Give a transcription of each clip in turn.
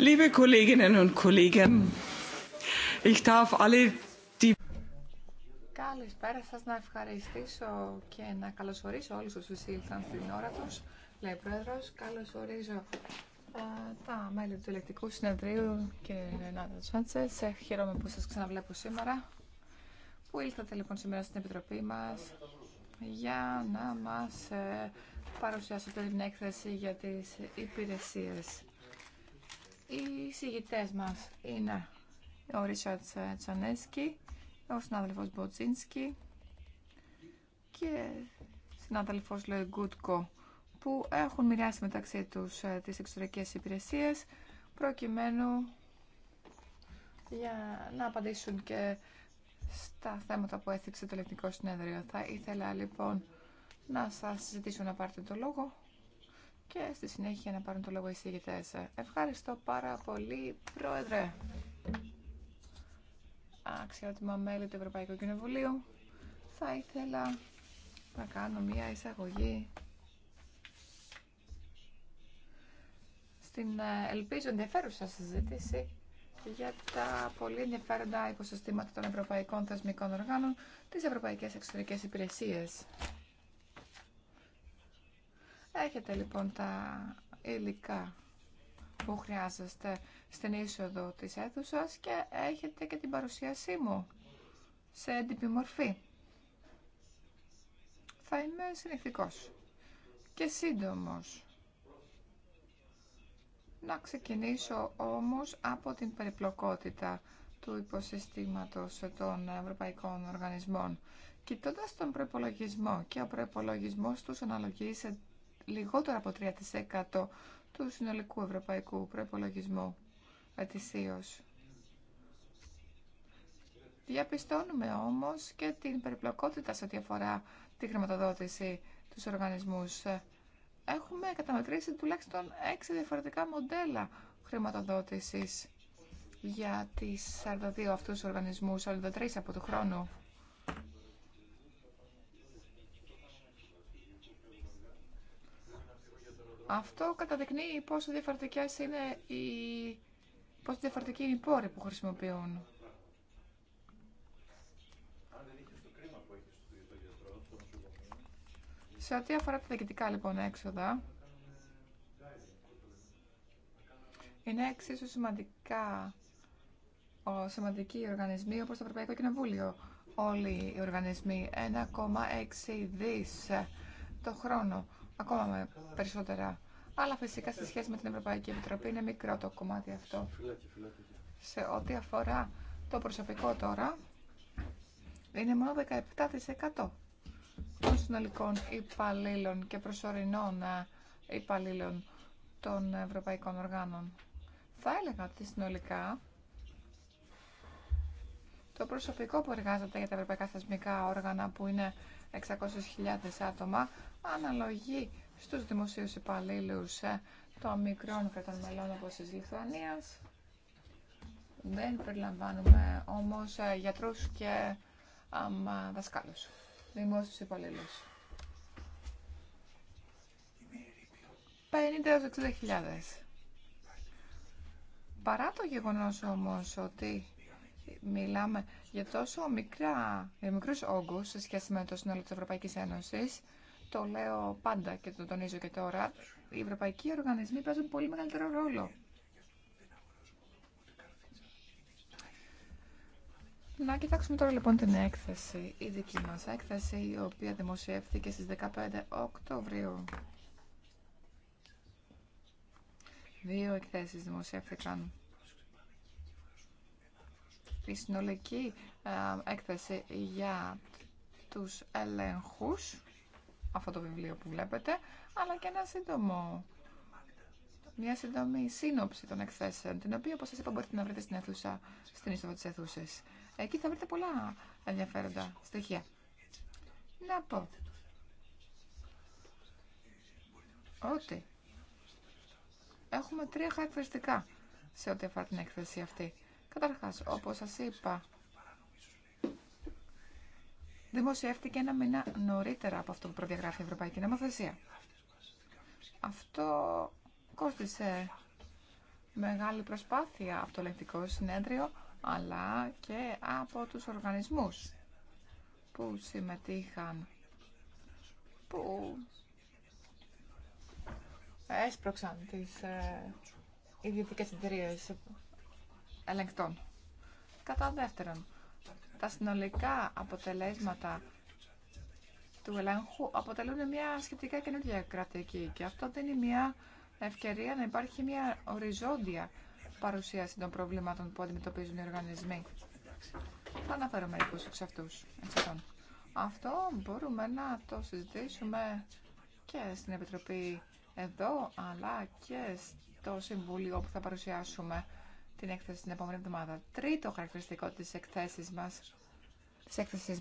Liebe Kolleginnen und Kollegen, ich darf alle die Καλησπέρα σας, να ευχαριστήσω και να καλωσορίσω όλους όσους ήλθαν στην ώρα τους. Λέει Πρόεδρος, καλωσορίζω ε, τα μέλη του Ελεκτικού Συνεδρίου και Ρενάτα Σε ε, Χαίρομαι που σας ξαναβλέπω σήμερα. Που ήλθατε λοιπόν σήμερα στην Επιτροπή μας για να μας ε, παρουσιάσετε την έκθεση για τις υπηρεσίες οι συγητές μας είναι ο Ρίτσαρτ Τσανέσκι, ο συνάδελφος Μποτζίνσκι και συνάδελφος Λεγκούτκο που έχουν μοιράσει μεταξύ τους ε, τις εξωτερικές υπηρεσίες προκειμένου για να απαντήσουν και στα θέματα που έθιξε το ελληνικό Συνέδριο. Θα ήθελα λοιπόν να σας ζητήσω να πάρετε το λόγο και στη συνέχεια να πάρουν το λόγο οι συγγητές. Ευχαριστώ πάρα πολύ, Πρόεδρε. Αξιότιμα μέλη του Ευρωπαϊκού Κοινοβουλίου, θα ήθελα να κάνω μία εισαγωγή στην ε, ελπίζω ενδιαφέρουσα συζήτηση για τα πολύ ενδιαφέροντα υποσυστήματα των ευρωπαϊκών θεσμικών οργάνων, της Ευρωπαϊκής εξωτερικής υπηρεσίες. Έχετε λοιπόν τα υλικά που χρειάζεστε στην είσοδο της αίθουσας και έχετε και την παρουσίασή μου σε έντυπη μορφή. Θα είμαι συνεχτικός και σύντομος. Να ξεκινήσω όμως από την περιπλοκότητα του υποσυστήματος των ευρωπαϊκών οργανισμών. Κοιτώντας τον προπολογισμό και ο προπολογισμό τους αναλογεί σε λιγότερο από 3% του συνολικού ευρωπαϊκού προϋπολογισμού ετησίως. Διαπιστώνουμε όμως και την περιπλοκότητα σε ό,τι αφορά τη χρηματοδότηση τους οργανισμούς. Έχουμε καταμετρήσει τουλάχιστον έξι διαφορετικά μοντέλα χρηματοδότησης για τις 42 αυτούς οργανισμούς, 43 από του χρόνου. Αυτό καταδεικνύει πόσο, διαφορετικέ είναι οι... πόσο διαφορετικοί είναι οι πόροι που χρησιμοποιούν. Σε ό,τι αφορά τα διοικητικά λοιπόν έξοδα, είναι εξίσου σημαντικά ο σημαντικοί οργανισμοί όπως το Ευρωπαϊκό Κοινοβούλιο. Όλοι οι οργανισμοί 1,6 δις το χρόνο ακόμα με περισσότερα. Αλλά φυσικά σε σχέση με την Ευρωπαϊκή Επιτροπή είναι μικρό το κομμάτι αυτό. Σε ό,τι αφορά το προσωπικό τώρα, είναι μόνο 17% των συνολικών υπαλλήλων και προσωρινών ε, υπαλλήλων των ευρωπαϊκών οργάνων. Θα έλεγα ότι συνολικά το προσωπικό που εργάζεται για τα ευρωπαϊκά θεσμικά όργανα που είναι 600.000 άτομα αναλογεί στους δημοσίους υπαλλήλους ε, των μικρών κρατομελών όπως της Λιθουανίας. Δεν περιλαμβάνουμε όμως ε, γιατρούς και αμα, δασκάλους, δημόσιους υπαλλήλους. 50-60 Παρά το γεγονός όμως ότι μιλάμε για τόσο μικρά, για μικρούς όγκους σε σχέση με το σύνολο της Ευρωπαϊκής Ένωσης, το λέω πάντα και το τονίζω και τώρα, οι ευρωπαϊκοί οργανισμοί παίζουν πολύ μεγαλύτερο ρόλο. Να κοιτάξουμε τώρα λοιπόν την έκθεση, η δική μας έκθεση, η οποία δημοσιεύθηκε στις 15 Οκτωβρίου. Δύο εκθέσεις δημοσιεύθηκαν. Η συνολική έκθεση για τους ελέγχους αυτό το βιβλίο που βλέπετε, αλλά και ένα σύντομο, μια σύντομη σύνοψη των εκθέσεων, την οποία, όπως σας είπα, μπορείτε να βρείτε στην αίθουσα, στην είσοδο της αίθουσας. Εκεί θα βρείτε πολλά ενδιαφέροντα στοιχεία. Να πω ότι έχουμε τρία χαρακτηριστικά σε ό,τι αφορά την έκθεση αυτή. Καταρχάς, όπως σας είπα, δημοσιεύτηκε ένα μήνα νωρίτερα από αυτό που προδιαγράφει η Ευρωπαϊκή Νομοθεσία. Αυτό κόστισε μεγάλη προσπάθεια από το ελεγκτικό συνέδριο, αλλά και από τους οργανισμούς που συμμετείχαν, που έσπρωξαν τις ε, ιδιωτικές εταιρείε ελεγκτών. Κατά δεύτερον, τα συνολικά αποτελέσματα του ελέγχου αποτελούν μια σχετικά καινούργια κρατική και αυτό δίνει μια ευκαιρία να υπάρχει μια οριζόντια παρουσίαση των προβλήματων που αντιμετωπίζουν οι οργανισμοί. Θα αναφέρω μερικούς εξ αυτούς. Αυτό μπορούμε να το συζητήσουμε και στην Επιτροπή εδώ, αλλά και στο Συμβούλιο που θα παρουσιάσουμε την έκθεση την επόμενη εβδομάδα. Τρίτο χαρακτηριστικό της εκθέσης μας, της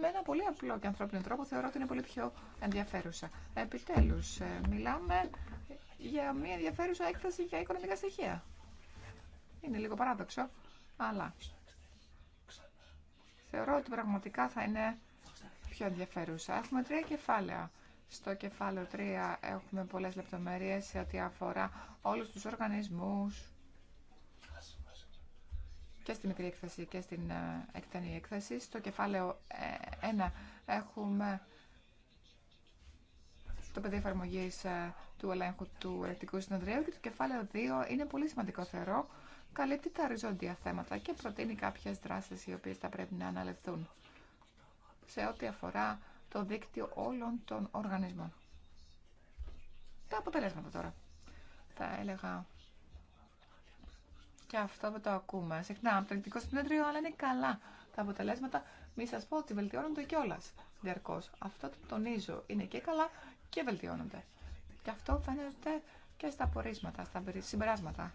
με ένα πολύ απλό και ανθρώπινο τρόπο θεωρώ ότι είναι πολύ πιο ενδιαφέρουσα. Επιτέλους, ε, μιλάμε για μια ενδιαφέρουσα έκθεση για οικονομικά στοιχεία. Είναι λίγο παράδοξο, αλλά θεωρώ ότι πραγματικά θα είναι πιο ενδιαφέρουσα. Έχουμε τρία κεφάλαια. Στο κεφάλαιο 3 έχουμε πολλές λεπτομέρειες σε ό,τι αφορά όλους τους οργανισμούς, και στη μικρή έκθεση και στην ε, εκτενή έκθεση. Στο κεφάλαιο 1 ε, έχουμε το πεδίο εφαρμογή ε, του ελέγχου του Ελεκτικού Συνεδρίου και το κεφάλαιο 2 είναι πολύ σημαντικό θεωρώ. Καλύπτει τα οριζόντια θέματα και προτείνει κάποιε δράσει οι οποίε θα πρέπει να αναλευθούν σε ό,τι αφορά το δίκτυο όλων των οργανισμών. Τα αποτελέσματα τώρα. Θα έλεγα και αυτό δεν το ακούμε συχνά από το ελληνικό συνέδριο, αλλά είναι καλά τα αποτελέσματα. Μη σα πω ότι βελτιώνονται κιόλα διαρκώ. Αυτό το τονίζω. Είναι και καλά και βελτιώνονται. Και αυτό φαίνεται και στα πορίσματα, στα συμπεράσματα.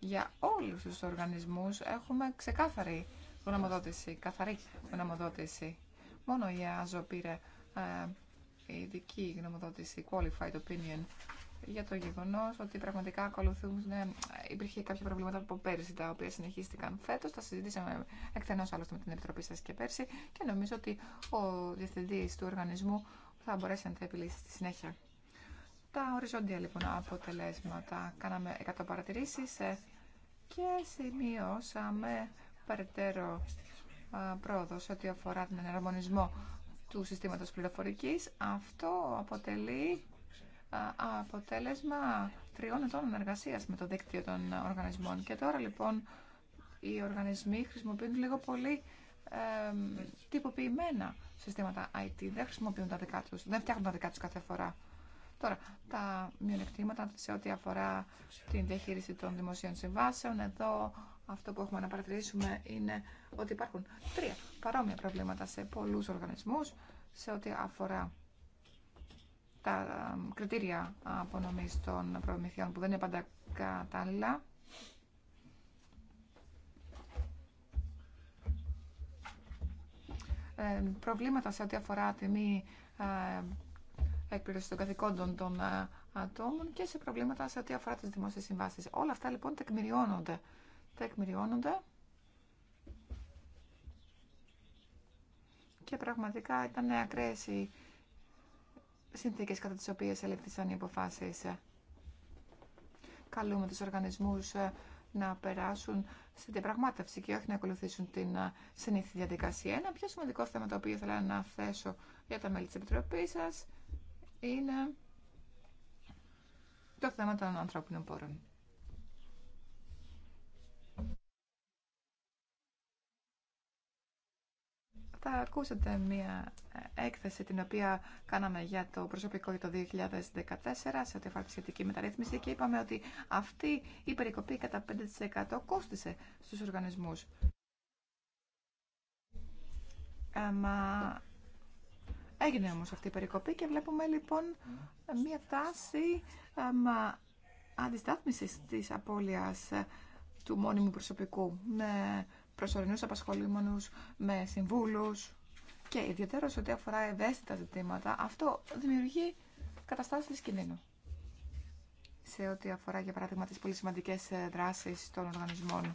Για όλους τους οργανισμούς έχουμε ξεκάθαρη γνωμοδότηση, καθαρή γνωμοδότηση. Μόνο η ΑΖΟ πήρε ε, ειδική γνωμοδότηση, qualified opinion, για το γεγονό ότι πραγματικά ακολουθούν. Ε, υπήρχε κάποια προβλήματα από πέρυσι τα οποία συνεχίστηκαν φέτο. Τα συζήτησαμε εκτενώ άλλωστε με την Επιτροπή σα και πέρσι και νομίζω ότι ο διευθυντή του οργανισμού θα μπορέσει να τα επιλύσει στη συνέχεια. Τα οριζόντια λοιπόν αποτελέσματα. Κάναμε 100 παρατηρήσει ε, και σημειώσαμε περαιτέρω ε, πρόοδο σε ό,τι αφορά τον εναρμονισμό του συστήματος πληροφορικής. Αυτό αποτελεί αποτέλεσμα τριών ετών εργασία με το δίκτυο των οργανισμών. Και τώρα λοιπόν οι οργανισμοί χρησιμοποιούν λίγο πολύ ε, τυποποιημένα συστήματα IT. Δεν χρησιμοποιούν τα δικά του. δεν φτιάχνουν τα δικά του κάθε φορά. Τώρα, τα μειονεκτήματα σε ό,τι αφορά την διαχείριση των δημοσίων συμβάσεων, εδώ αυτό που έχουμε να παρατηρήσουμε είναι ότι υπάρχουν τρία παρόμοια προβλήματα σε πολλούς οργανισμούς σε ό,τι αφορά τα ε, κριτήρια απονομής των προμηθειών που δεν είναι πάντα κατάλληλα. Ε, προβλήματα σε ό,τι αφορά τιμή ε, εκπληρώση των καθηκόντων των ε, ατόμων και σε προβλήματα σε ό,τι αφορά τις δημόσιες συμβάσεις. Όλα αυτά λοιπόν τεκμηριώνονται. Τεκμηριώνονται και πραγματικά ήταν ακραίες οι συνθήκες κατά τις οποίες ελήφθησαν οι αποφάσεις. Καλούμε τους οργανισμούς ε, να περάσουν στην διαπραγμάτευση και όχι να ακολουθήσουν την ε, συνήθεια διαδικασία. Ένα πιο σημαντικό θέμα το οποίο ήθελα να θέσω για τα μέλη της Επιτροπής σας είναι το θέμα των ανθρώπινων πόρων. θα ακούσετε μία ε, έκθεση την οποία κάναμε για το προσωπικό για το 2014 σε ό,τι αφορά τη σχετική μεταρρύθμιση και είπαμε ότι αυτή η περικοπή κατά 5% κόστησε στους οργανισμούς. Αμα... Ε, έγινε όμως αυτή η περικοπή και βλέπουμε λοιπόν μία τάση αμα... Ε, αντιστάθμισης της απώλειας του μόνιμου προσωπικού με προσωρινούς απασχολήμονους, με συμβούλους και ιδιαίτερα σε ό,τι αφορά ευαίσθητα ζητήματα, αυτό δημιουργεί καταστάσεις κινδύνου. Σε ό,τι αφορά, για παράδειγμα, τις πολύ σημαντικέ ε, δράσεις των οργανισμών,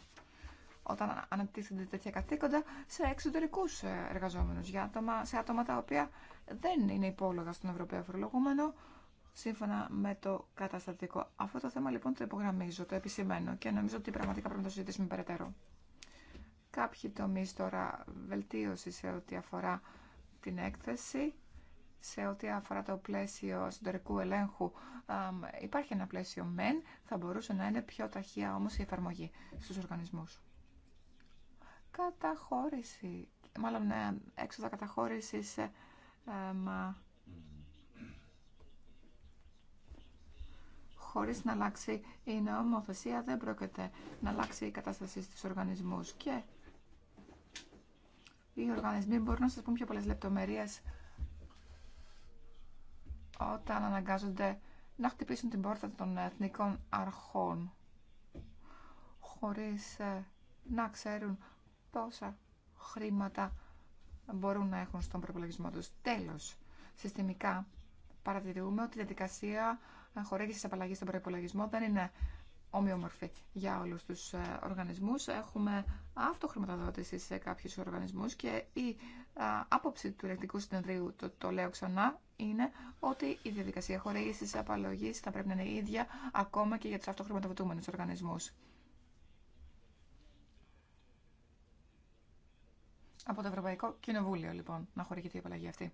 όταν αναπτύσσονται τέτοια καθήκοντα σε εξωτερικούς ε, εργαζόμενους, για άτομα, σε άτομα τα οποία δεν είναι υπόλογα στον Ευρωπαίο Φορολογούμενο, σύμφωνα με το καταστατικό. Αυτό το θέμα λοιπόν το υπογραμμίζω, το επισημαίνω και νομίζω ότι πραγματικά πρέπει να το συζητήσουμε περαιτέρω. Κάποιοι τομεί τώρα βελτίωση σε ό,τι αφορά την έκθεση, σε ό,τι αφορά το πλαίσιο συντορικού ελέγχου. Υπάρχει ένα πλαίσιο μεν, θα μπορούσε να είναι πιο ταχεία όμως η εφαρμογή στους οργανισμούς. Καταχώρηση, μάλλον ε, έξοδα καταχώρησης ε, χωρίς να αλλάξει η νομοθεσία δεν πρόκειται να αλλάξει η κατάσταση στους οργανισμούς και οι οργανισμοί μπορούν να σας πούν πιο πολλές λεπτομέρειες όταν αναγκάζονται να χτυπήσουν την πόρτα των εθνικών αρχών χωρίς ε, να ξέρουν πόσα χρήματα μπορούν να έχουν στον προπολογισμό τους. Τέλος, συστημικά παρατηρούμε ότι η διαδικασία χορήγησης απαλλαγής στον προπολογισμό δεν είναι ομοιόμορφη για όλους τους ε, οργανισμούς. Έχουμε αυτοχρηματοδότηση σε κάποιους οργανισμούς και η άποψη του ελεκτικού συνεδρίου, το, το λέω ξανά, είναι ότι η διαδικασία χορήγησης απαλλογή θα πρέπει να είναι η ίδια ακόμα και για τους αυτοχρηματοδοτούμενους οργανισμούς. Από το Ευρωπαϊκό Κοινοβούλιο, λοιπόν, να χορηγηθεί η απαλλαγή αυτή.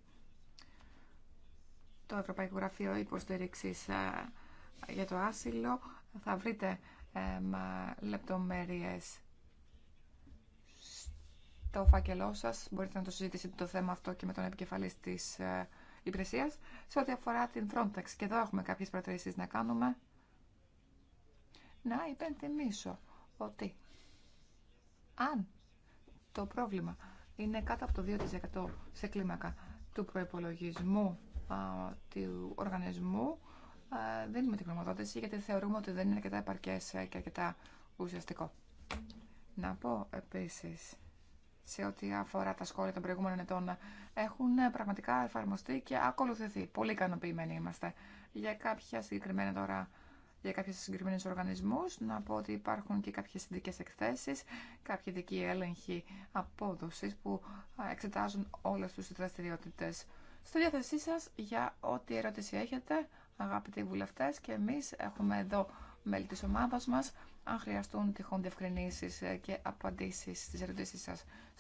Το Ευρωπαϊκό Γραφείο Υποστήριξη για το Άσυλο θα βρείτε λεπτομέρειες το φάκελό σα, Μπορείτε να το συζητήσετε το θέμα αυτό και με τον επικεφαλής της ε, υπηρεσία Σε ό,τι αφορά την Frontex, και εδώ έχουμε κάποιες προτεραιήσεις να κάνουμε. Να υπενθυμίσω ότι αν το πρόβλημα είναι κάτω από το 2% σε κλίμακα του προπολογισμού του οργανισμού, α, δίνουμε την γιατί θεωρούμε ότι δεν είναι αρκετά επαρκέ ε, και αρκετά ουσιαστικό. Να πω επίσης σε ό,τι αφορά τα σχόλια των προηγούμενων ετών έχουν πραγματικά εφαρμοστεί και ακολουθηθεί. Πολύ ικανοποιημένοι είμαστε. Για κάποια συγκεκριμένα τώρα, για κάποιου συγκεκριμένου οργανισμού, να πω ότι υπάρχουν και κάποιε ειδικέ εκθέσει, κάποιοι ειδικοί έλεγχοι απόδοση που εξετάζουν όλε του δραστηριότητε. στη διάθεσή σα για ό,τι ερώτηση έχετε, αγαπητοί βουλευτέ, και εμεί έχουμε εδώ μέλη τη ομάδα μας αν χρειαστούν τυχόν διευκρινήσει ε, και απαντήσει στις ερωτήσει σα.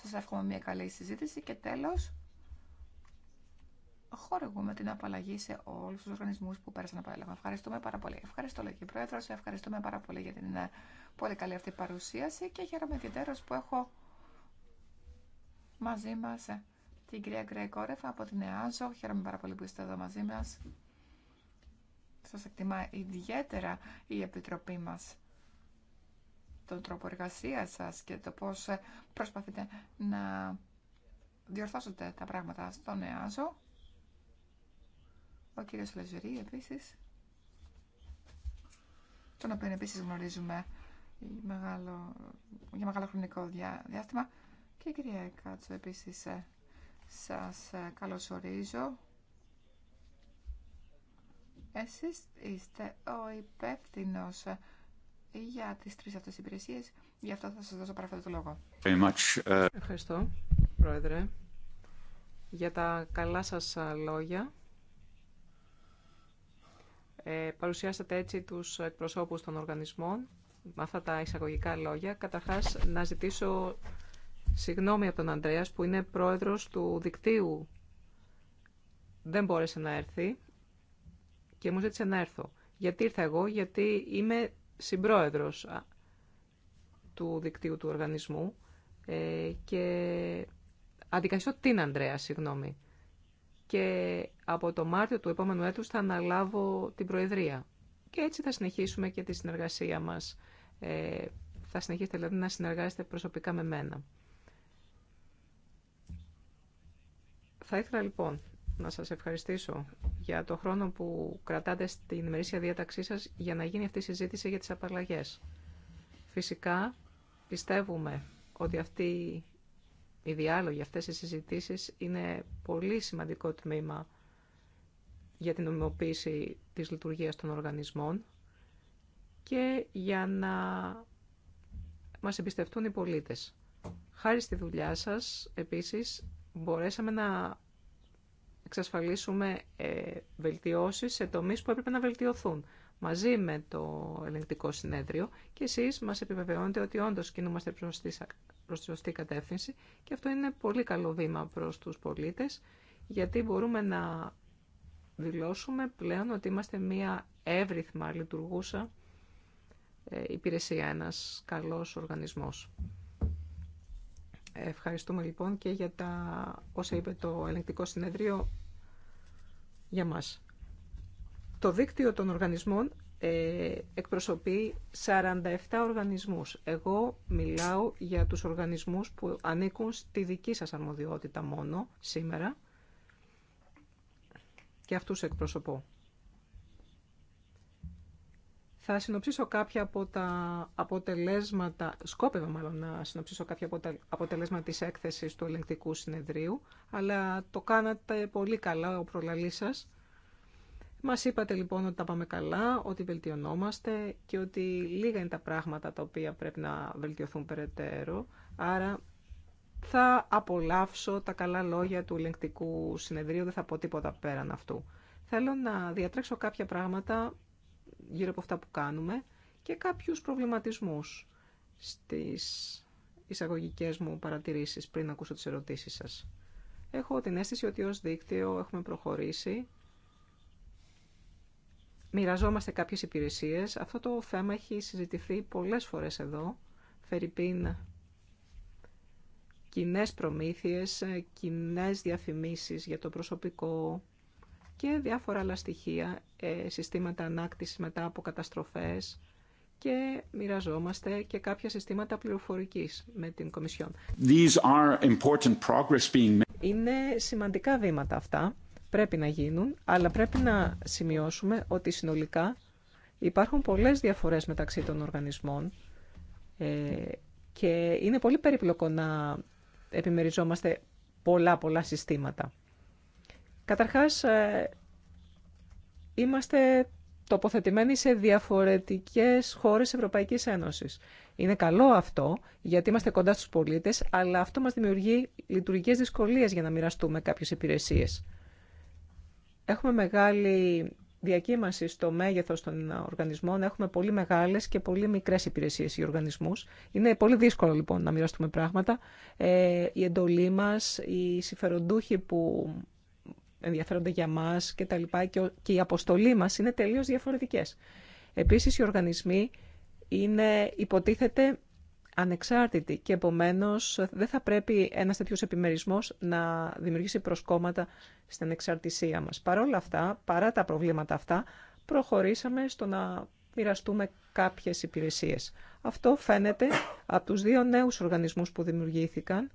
Σα εύχομαι μια καλή συζήτηση και τέλο χορηγούμε την απαλλαγή σε όλου του οργανισμού που πέρασαν από έλεγχο. Ευχαριστούμε πάρα πολύ. Ευχαριστώ η Πρόεδρο. ευχαριστούμε πάρα πολύ για την ε, πολύ καλή αυτή παρουσίαση και χαίρομαι ιδιαίτερω που έχω μαζί μα, ε, την κυρία Γκρέκόρεφα από την ΕΑΖΟ. Χαίρομαι πάρα πολύ που είστε εδώ μαζί μα. Σας εκτιμά ιδιαίτερα η Επιτροπή μας τον τρόπο εργασία σας και το πώς ε, προσπαθείτε να διορθώσετε τα πράγματα στον ΕΑΖΟ. Ο κύριος Λεζερή επίσης, τον οποίο επίσης γνωρίζουμε μεγάλο, για μεγάλο χρονικό διάστημα. Και η κυρία Κάτσο επίσης ε, σας ε, καλωσορίζω. Εσείς είστε ο υπεύθυνος για τις τρεις αυτές υπηρεσίες. Γι' αυτό θα σας δώσω παραφέρον το λόγο. Ε, Ευχαριστώ, Πρόεδρε, για τα καλά σας λόγια. Ε, παρουσιάσατε έτσι τους εκπροσώπους των οργανισμών με αυτά τα εισαγωγικά λόγια. Καταρχάς, να ζητήσω συγγνώμη από τον Ανδρέας που είναι πρόεδρος του δικτύου. Δεν μπόρεσε να έρθει και μου ζήτησε να έρθω. Γιατί ήρθα εγώ, γιατί είμαι συμπρόεδρος του δικτύου του οργανισμού ε, και αντικαθιστώ την Ανδρέα, συγγνώμη. Και από το Μάρτιο του επόμενου έτους θα αναλάβω την Προεδρία. Και έτσι θα συνεχίσουμε και τη συνεργασία μας. Ε, θα συνεχίσετε δηλαδή να συνεργάζεστε προσωπικά με μένα. Θα ήθελα λοιπόν να σας ευχαριστήσω για το χρόνο που κρατάτε στην ημερήσια διάταξή σας για να γίνει αυτή η συζήτηση για τις απαλλαγές. Φυσικά πιστεύουμε ότι αυτή η διάλογοι, αυτές οι συζητήσεις είναι πολύ σημαντικό τμήμα για την νομιμοποίηση της λειτουργίας των οργανισμών και για να μας εμπιστευτούν οι πολίτες. Χάρη στη δουλειά σας, επίσης, μπορέσαμε να εξασφαλίσουμε ε, βελτιώσεις σε τομείς που έπρεπε να βελτιωθούν μαζί με το ελεγκτικό συνέδριο και εσείς μας επιβεβαιώνετε ότι όντως κινούμαστε προς τη, σωστή κατεύθυνση και αυτό είναι πολύ καλό βήμα προς τους πολίτες γιατί μπορούμε να δηλώσουμε πλέον ότι είμαστε μία εύρυθμα λειτουργούσα ε, υπηρεσία, ένας καλός οργανισμός. Ευχαριστούμε λοιπόν και για τα όσα είπε το ελεγκτικό συνεδρίο για μας. Το δίκτυο των οργανισμών ε, εκπροσωπεί 47 οργανισμούς. Εγώ μιλάω για τους οργανισμούς που ανήκουν στη δική σας αρμοδιότητα μόνο σήμερα και αυτούς εκπροσωπώ. Θα συνοψίσω κάποια από τα αποτελέσματα, σκόπευα μάλλον να συνοψίσω κάποια από τα αποτελέσματα της έκθεσης του ελεγκτικού συνεδρίου, αλλά το κάνατε πολύ καλά ο προλαλής σας. Μας είπατε λοιπόν ότι τα πάμε καλά, ότι βελτιωνόμαστε και ότι λίγα είναι τα πράγματα τα οποία πρέπει να βελτιωθούν περαιτέρω. Άρα θα απολαύσω τα καλά λόγια του ελεγκτικού συνεδρίου, δεν θα πω τίποτα πέραν αυτού. Θέλω να διατρέξω κάποια πράγματα γύρω από αυτά που κάνουμε και κάποιους προβληματισμούς στις εισαγωγικές μου παρατηρήσεις πριν ακούσω τις ερωτήσεις σας. Έχω την αίσθηση ότι ως δίκτυο έχουμε προχωρήσει, μοιραζόμαστε κάποιες υπηρεσίες. Αυτό το θέμα έχει συζητηθεί πολλές φορές εδώ, Φερρυπίν κοινέ προμήθειες, ε, κοινέ διαφημίσεις για το προσωπικό, και διάφορα άλλα στοιχεία, ε, συστήματα ανάκτησης μετά από καταστροφές και μοιραζόμαστε και κάποια συστήματα πληροφορικής με την Κομισιόν. Είναι σημαντικά βήματα αυτά, πρέπει να γίνουν, αλλά πρέπει να σημειώσουμε ότι συνολικά υπάρχουν πολλές διαφορές μεταξύ των οργανισμών ε, και είναι πολύ περίπλοκο να επιμεριζόμαστε πολλά πολλά συστήματα. Καταρχάς, ε, είμαστε τοποθετημένοι σε διαφορετικές χώρες Ευρωπαϊκής Ένωσης. Είναι καλό αυτό, γιατί είμαστε κοντά στους πολίτες, αλλά αυτό μας δημιουργεί λειτουργικές δυσκολίες για να μοιραστούμε κάποιες υπηρεσίες. Έχουμε μεγάλη διακύμαση στο μέγεθος των οργανισμών, έχουμε πολύ μεγάλες και πολύ μικρές υπηρεσίες για οργανισμούς. Είναι πολύ δύσκολο λοιπόν να μοιραστούμε πράγματα. Ε, η εντολή μας, οι συμφεροντούχοι που ενδιαφέρονται για μας και τα λοιπά και, και η αποστολή μα είναι τελείως διαφορετικές. Επίσης οι οργανισμοί είναι υποτίθεται ανεξάρτητοι και επομένως δεν θα πρέπει ένας τέτοιο επιμερισμός να δημιουργήσει προσκόμματα στην εξαρτησία μας. Παρ' όλα αυτά, παρά τα προβλήματα αυτά, προχωρήσαμε στο να μοιραστούμε κάποιες υπηρεσίες. Αυτό φαίνεται από τους δύο νέους οργανισμούς που δημιουργήθηκαν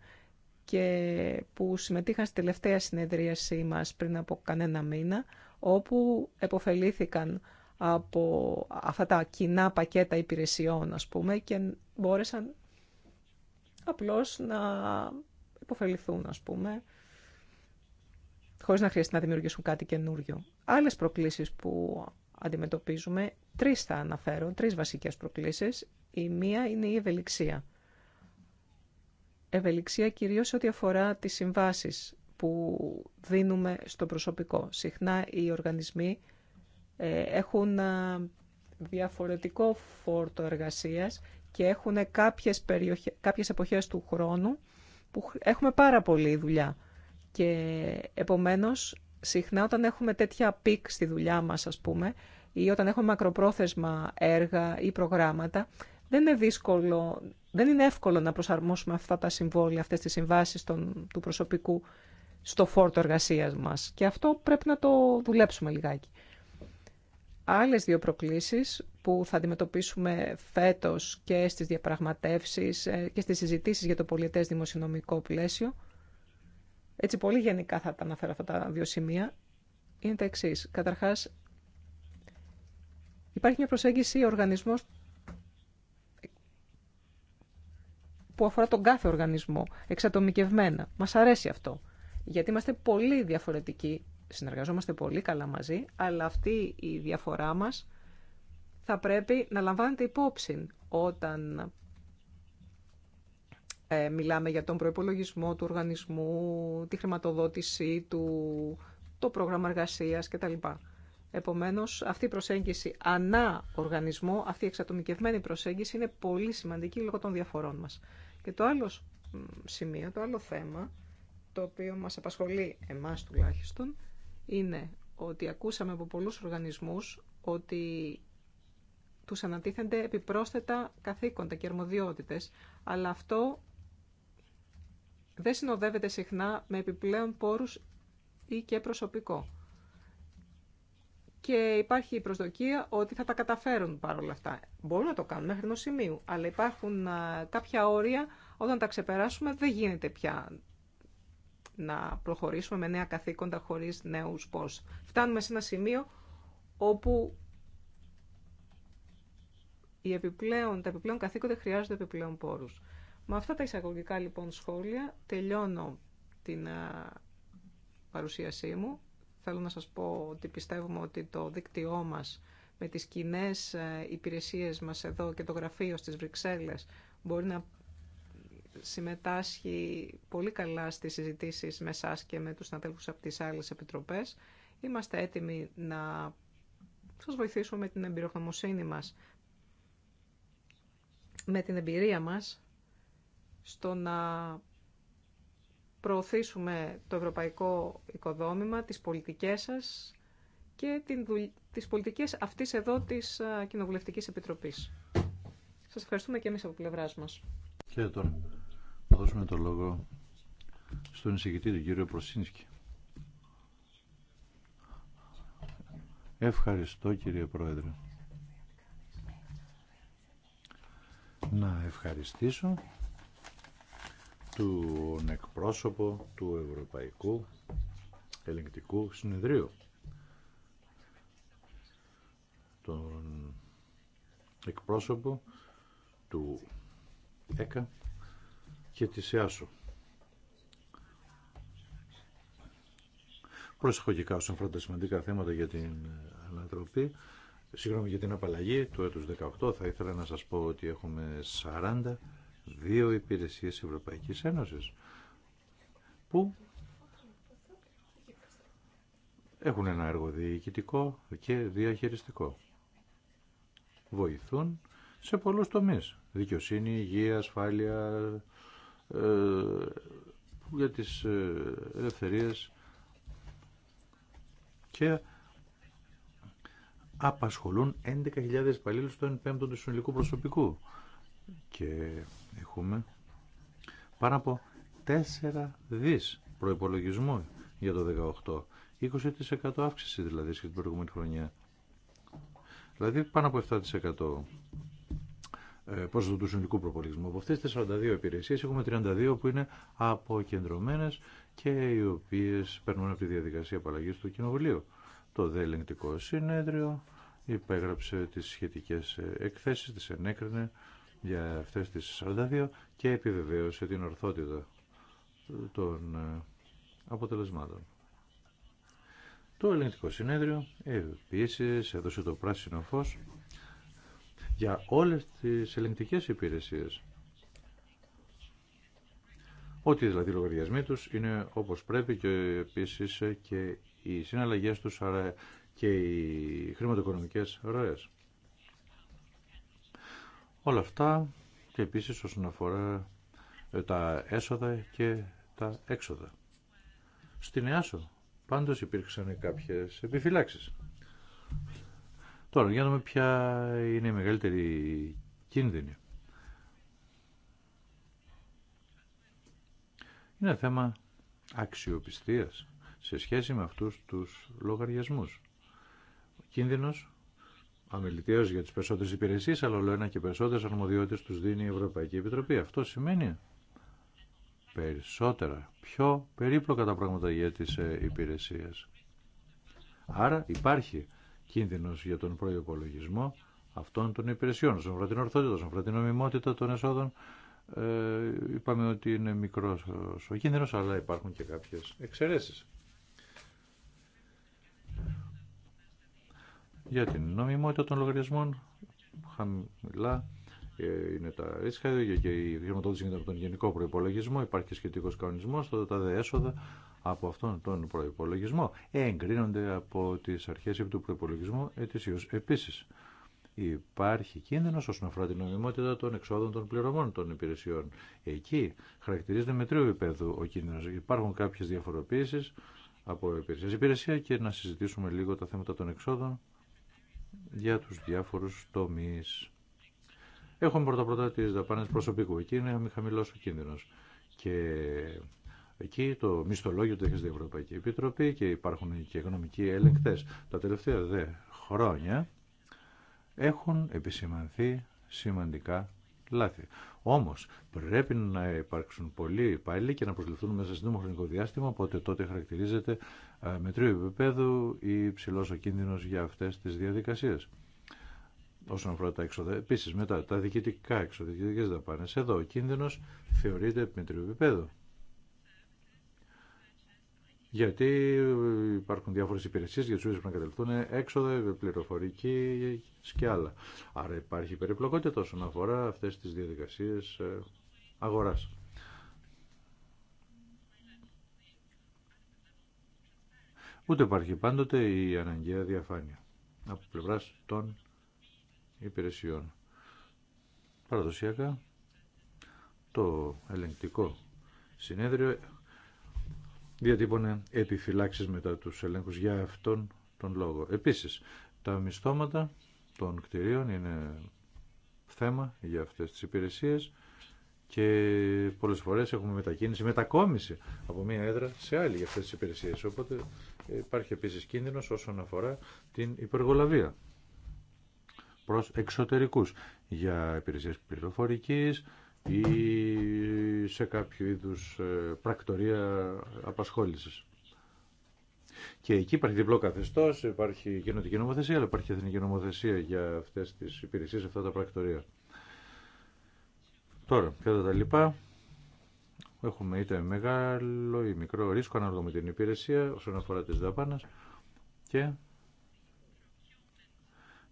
και που συμμετείχαν στη τελευταία συνεδρίασή μας πριν από κανένα μήνα, όπου εποφελήθηκαν από αυτά τα κοινά πακέτα υπηρεσιών, ας πούμε, και μπόρεσαν απλώς να εποφεληθούν, ας πούμε, χωρίς να χρειαστεί να δημιουργήσουν κάτι καινούριο. Άλλες προκλήσεις που αντιμετωπίζουμε, τρεις θα αναφέρω, τρεις βασικές προκλήσεις. Η μία είναι η ευελιξία ευελιξία κυρίως ό,τι αφορά τις συμβάσεις που δίνουμε στο προσωπικό. Συχνά οι οργανισμοί ε, έχουν διαφορετικό φόρτο εργασίας και έχουν κάποιες, περιοχές, κάποιες εποχές του χρόνου που έχουμε πάρα πολύ δουλειά. Και επομένως, συχνά όταν έχουμε τέτοια πικ στη δουλειά μας, ας πούμε, ή όταν έχουμε μακροπρόθεσμα έργα ή προγράμματα, δεν είναι δύσκολο δεν είναι εύκολο να προσαρμόσουμε αυτά τα συμβόλαια, αυτές τις συμβάσεις του προσωπικού στο φόρτο εργασίας μας. Και αυτό πρέπει να το δουλέψουμε λιγάκι. Άλλες δύο προκλήσεις που θα αντιμετωπίσουμε φέτος και στις διαπραγματεύσεις ε, και στις συζητήσεις για το πολιτές δημοσιονομικό πλαίσιο, έτσι πολύ γενικά θα τα αναφέρω αυτά τα δύο σημεία, είναι τα εξή. Καταρχάς, υπάρχει μια προσέγγιση οργανισμός που αφορά τον κάθε οργανισμό, εξατομικευμένα. Μας αρέσει αυτό, γιατί είμαστε πολύ διαφορετικοί, συνεργαζόμαστε πολύ καλά μαζί, αλλά αυτή η διαφορά μας θα πρέπει να λαμβάνεται υπόψη όταν ε, μιλάμε για τον προϋπολογισμό του οργανισμού, τη χρηματοδότησή του, το πρόγραμμα εργασίας κτλ. Επομένως, αυτή η προσέγγιση ανά οργανισμό, αυτή η εξατομικευμένη προσέγγιση είναι πολύ σημαντική λόγω των διαφορών μας. Και το άλλο σημείο, το άλλο θέμα, το οποίο μας απασχολεί εμάς τουλάχιστον, είναι ότι ακούσαμε από πολλούς οργανισμούς ότι τους ανατίθενται επιπρόσθετα καθήκοντα και αρμοδιότητες, αλλά αυτό δεν συνοδεύεται συχνά με επιπλέον πόρους ή και προσωπικό και υπάρχει η προσδοκία ότι θα τα καταφέρουν παρόλα αυτά. Μπορούν να το κάνουν μέχρι ενό σημείου, αλλά υπάρχουν κάποια όρια όταν τα ξεπεράσουμε δεν γίνεται πια να προχωρήσουμε με νέα καθήκοντα χωρίς νέους πώς. Φτάνουμε σε ένα σημείο όπου οι επιπλέον, τα επιπλέον καθήκοντα χρειάζονται επιπλέον πόρους. Με αυτά τα εισαγωγικά λοιπόν σχόλια τελειώνω την παρουσίασή μου. Θέλω να σας πω ότι πιστεύουμε ότι το δίκτυό μας με τις κοινέ ε, υπηρεσίες μας εδώ και το γραφείο στις Βρυξέλλες μπορεί να συμμετάσχει πολύ καλά στις συζητήσεις με εσά και με τους συναδέλφους από τις άλλες επιτροπές. Είμαστε έτοιμοι να σας βοηθήσουμε με την εμπειρογνωμοσύνη μας, με την εμπειρία μας, στο να προωθήσουμε το ευρωπαϊκό οικοδόμημα, τις πολιτικές σας και τις πολιτικές αυτής εδώ της Κοινοβουλευτικής Επιτροπής. Σας ευχαριστούμε και εμείς από πλευράς μας. Και τώρα θα δώσουμε το λόγο στον εισηγητή του κύριο Προσίνσκι. Ευχαριστώ κύριε Πρόεδρε. Να ευχαριστήσω του εκπρόσωπο του Ευρωπαϊκού Ελεγκτικού Συνεδρίου τον εκπρόσωπο του ΕΚΑ και της ΕΑΣΟ. Προσεχογικά όσον αφορά τα σημαντικά θέματα για την ανατροπή, συγγνώμη για την απαλλαγή του έτους 18, θα ήθελα να σας πω ότι έχουμε 40 δύο υπηρεσίες Ευρωπαϊκής Ένωσης που έχουν ένα έργο διοικητικό και διαχειριστικό. Βοηθούν σε πολλούς τομείς. Δικαιοσύνη, υγεία, ασφάλεια, ε, για τις ε, ελευθερίες και απασχολούν 11.000 υπαλλήλους στον 5 του συνολικού προσωπικού και Έχουμε πάνω από 4 δις προϋπολογισμό για το 18. 20% αύξηση δηλαδή σχετικά την προηγούμενη χρονιά. Δηλαδή πάνω από 7% ε, πόσο του συνολικού προπολογισμού. Από αυτές τις 42 υπηρεσίε έχουμε 32 που είναι αποκεντρωμένες και οι οποίες περνούν από τη διαδικασία απαλλαγής του Κοινοβουλίου. Το δε συνέδριο υπέγραψε τις σχετικές ε, εκθέσεις, τις ενέκρινε για αυτές τις 42 και επιβεβαίωσε την ορθότητα των ε, αποτελεσμάτων. Το Ελληνικό Συνέδριο επίσης έδωσε το πράσινο φως για όλες τις ελληνικές υπηρεσίες. Ό,τι δηλαδή οι λογαριασμοί τους είναι όπως πρέπει και επίσης και οι συναλλαγές τους και οι χρηματοοικονομικές ροές. Όλα αυτά και επίσης όσον αφορά ε, τα έσοδα και τα έξοδα. Στην ΕΑΣΟ πάντως υπήρξαν κάποιες επιφυλάξεις. Τώρα, για να δούμε ποια είναι η μεγαλύτερη κίνδυνη. Είναι θέμα αξιοπιστίας σε σχέση με αυτούς τους λογαριασμούς. Ο κίνδυνος αμεληταίο για τις περισσότερες υπηρεσίες, αλλά όλο ένα και περισσότερες αρμοδιότητες του δίνει η Ευρωπαϊκή Επιτροπή. Αυτό σημαίνει περισσότερα, πιο περίπλοκα τα πράγματα για τις ε, υπηρεσίες. Άρα υπάρχει κίνδυνος για τον προπολογισμό αυτών των υπηρεσιών. Στον αφορά την ορθότητα, στον αφορά την νομιμότητα των εσόδων, ε, είπαμε ότι είναι μικρό ο κίνδυνο, αλλά υπάρχουν και κάποιε εξαιρεσει. για την νομιμότητα των λογαριασμών χαμηλά ε, είναι τα ρίσκα και η χρηματοδότηση γίνεται από τον γενικό προπολογισμό. Υπάρχει και σχετικό κανονισμό. τα δε έσοδα από αυτόν τον προπολογισμό εγκρίνονται από τι αρχέ του προπολογισμού ετησίω. Επίση, υπάρχει κίνδυνο όσον αφορά την νομιμότητα των εξόδων των πληρωμών των υπηρεσιών. Εκεί χαρακτηρίζεται με τρίο επίπεδο ο κίνδυνο. Υπάρχουν κάποιε διαφοροποιήσει από υπηρεσία σε υπηρεσία και να συζητήσουμε λίγο τα θέματα των εξόδων για τους διάφορους τομείς. Έχουμε πρώτα πρώτα τις δαπάνες προσωπικού. Εκεί είναι χαμηλός ο κίνδυνος. Και εκεί το μισθολόγιο το έχει στην Ευρωπαϊκή Επιτροπή και υπάρχουν και οικονομικοί ελεγκτές. Τα τελευταία δε χρόνια έχουν επισημανθεί σημαντικά λάθη. Όμω πρέπει να υπάρξουν πολλοί υπάλληλοι και να προσληφθούν μέσα σε σύντομο χρονικό διάστημα, οπότε τότε χαρακτηρίζεται ε, μετρίου επίπεδου ή ψηλός ο κίνδυνο για αυτές τις διαδικασίες. Όσον αφορά τα έξοδα, επίσης μετά τα διοικητικά έξοδα, διοικητικέ δαπάνε. εδώ ο κίνδυνος θεωρείται μετρίου επίπεδου. Γιατί υπάρχουν διάφορες υπηρεσίες για τις οποίες πρέπει να καταληφθούν έξοδα, πληροφορική και άλλα. Άρα υπάρχει περιπλοκότητα όσον αφορά αυτές τις διαδικασίες ε, αγοράς. ούτε υπάρχει πάντοτε η αναγκαία διαφάνεια από πλευρά των υπηρεσιών. Παραδοσιακά, το ελεγκτικό συνέδριο διατύπωνε επιφυλάξεις μετά τους ελέγχους για αυτόν τον λόγο. Επίσης, τα μισθώματα των κτηρίων είναι θέμα για αυτές τις υπηρεσίες και πολλές φορές έχουμε μετακίνηση, μετακόμιση από μία έδρα σε άλλη για αυτές τις υπηρεσίες. Οπότε ε, υπάρχει επίσης κίνδυνος όσον αφορά την υπεργολαβία προς εξωτερικούς για υπηρεσίες πληροφορικής ή σε κάποιο είδους ε, πρακτορία απασχόλησης. Και εκεί υπάρχει διπλό καθεστώ, υπάρχει κοινωτική νομοθεσία, αλλά υπάρχει εθνική νομοθεσία για αυτέ τι υπηρεσίε, αυτά τα πρακτορία. Τώρα, κατά τα λοιπά, Έχουμε είτε μεγάλο ή μικρό ρίσκο ανάλογα με την υπηρεσία όσον αφορά τις δαπάνες και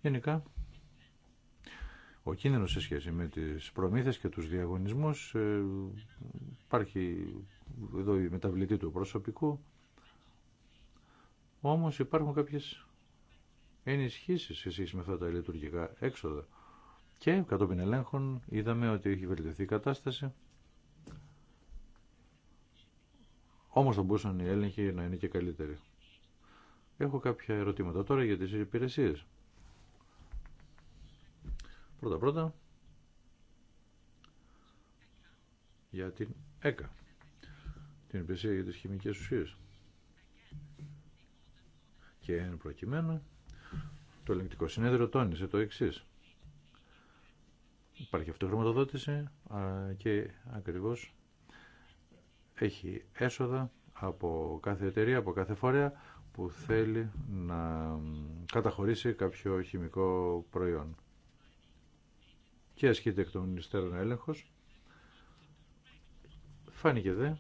γενικά ο κίνδυνος σε σχέση με τις προμήθειες και τους διαγωνισμούς ε, υπάρχει εδώ η μεταβλητή του προσωπικού όμως υπάρχουν κάποιες ενισχύσεις σε σχέση με αυτά τα λειτουργικά έξοδα και κατόπιν ελέγχων είδαμε ότι έχει βελτιωθεί η κατάσταση Όμως θα μπορούσαν οι έλεγχοι να είναι και καλύτεροι. Έχω κάποια ερωτήματα τώρα για τις υπηρεσίες. Πρώτα πρώτα για την ΕΚΑ, την υπηρεσία για τις χημικές ουσίες. Και εν προκειμένου το ελεγκτικό συνέδριο τόνισε το εξής. Υπάρχει αυτοχρηματοδότηση και ακριβώς έχει έσοδα από κάθε εταιρεία, από κάθε φορέα που θέλει να καταχωρήσει κάποιο χημικό προϊόν. Και ασκείται εκ των υστέρων έλεγχος. Φάνηκε δε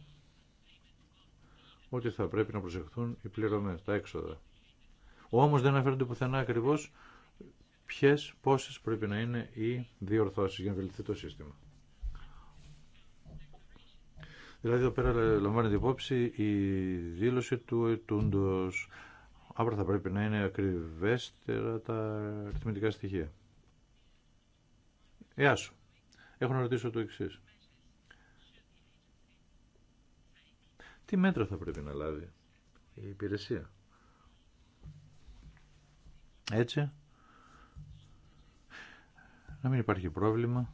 ότι θα πρέπει να προσεχθούν οι πληρωμές, τα έξοδα. Όμως δεν αναφέρονται πουθενά ακριβώς ποιες, πόσες πρέπει να είναι οι διορθώσεις για να βελτιθεί το σύστημα. Δηλαδή εδώ πέρα λαμβάνεται υπόψη η δήλωση του ετούντο αύριο θα πρέπει να είναι ακριβέστερα τα αριθμητικά στοιχεία. Γεια σου. Έχω να ρωτήσω το εξή. Τι μέτρα θα πρέπει να λάβει η υπηρεσία. Έτσι. Να μην υπάρχει πρόβλημα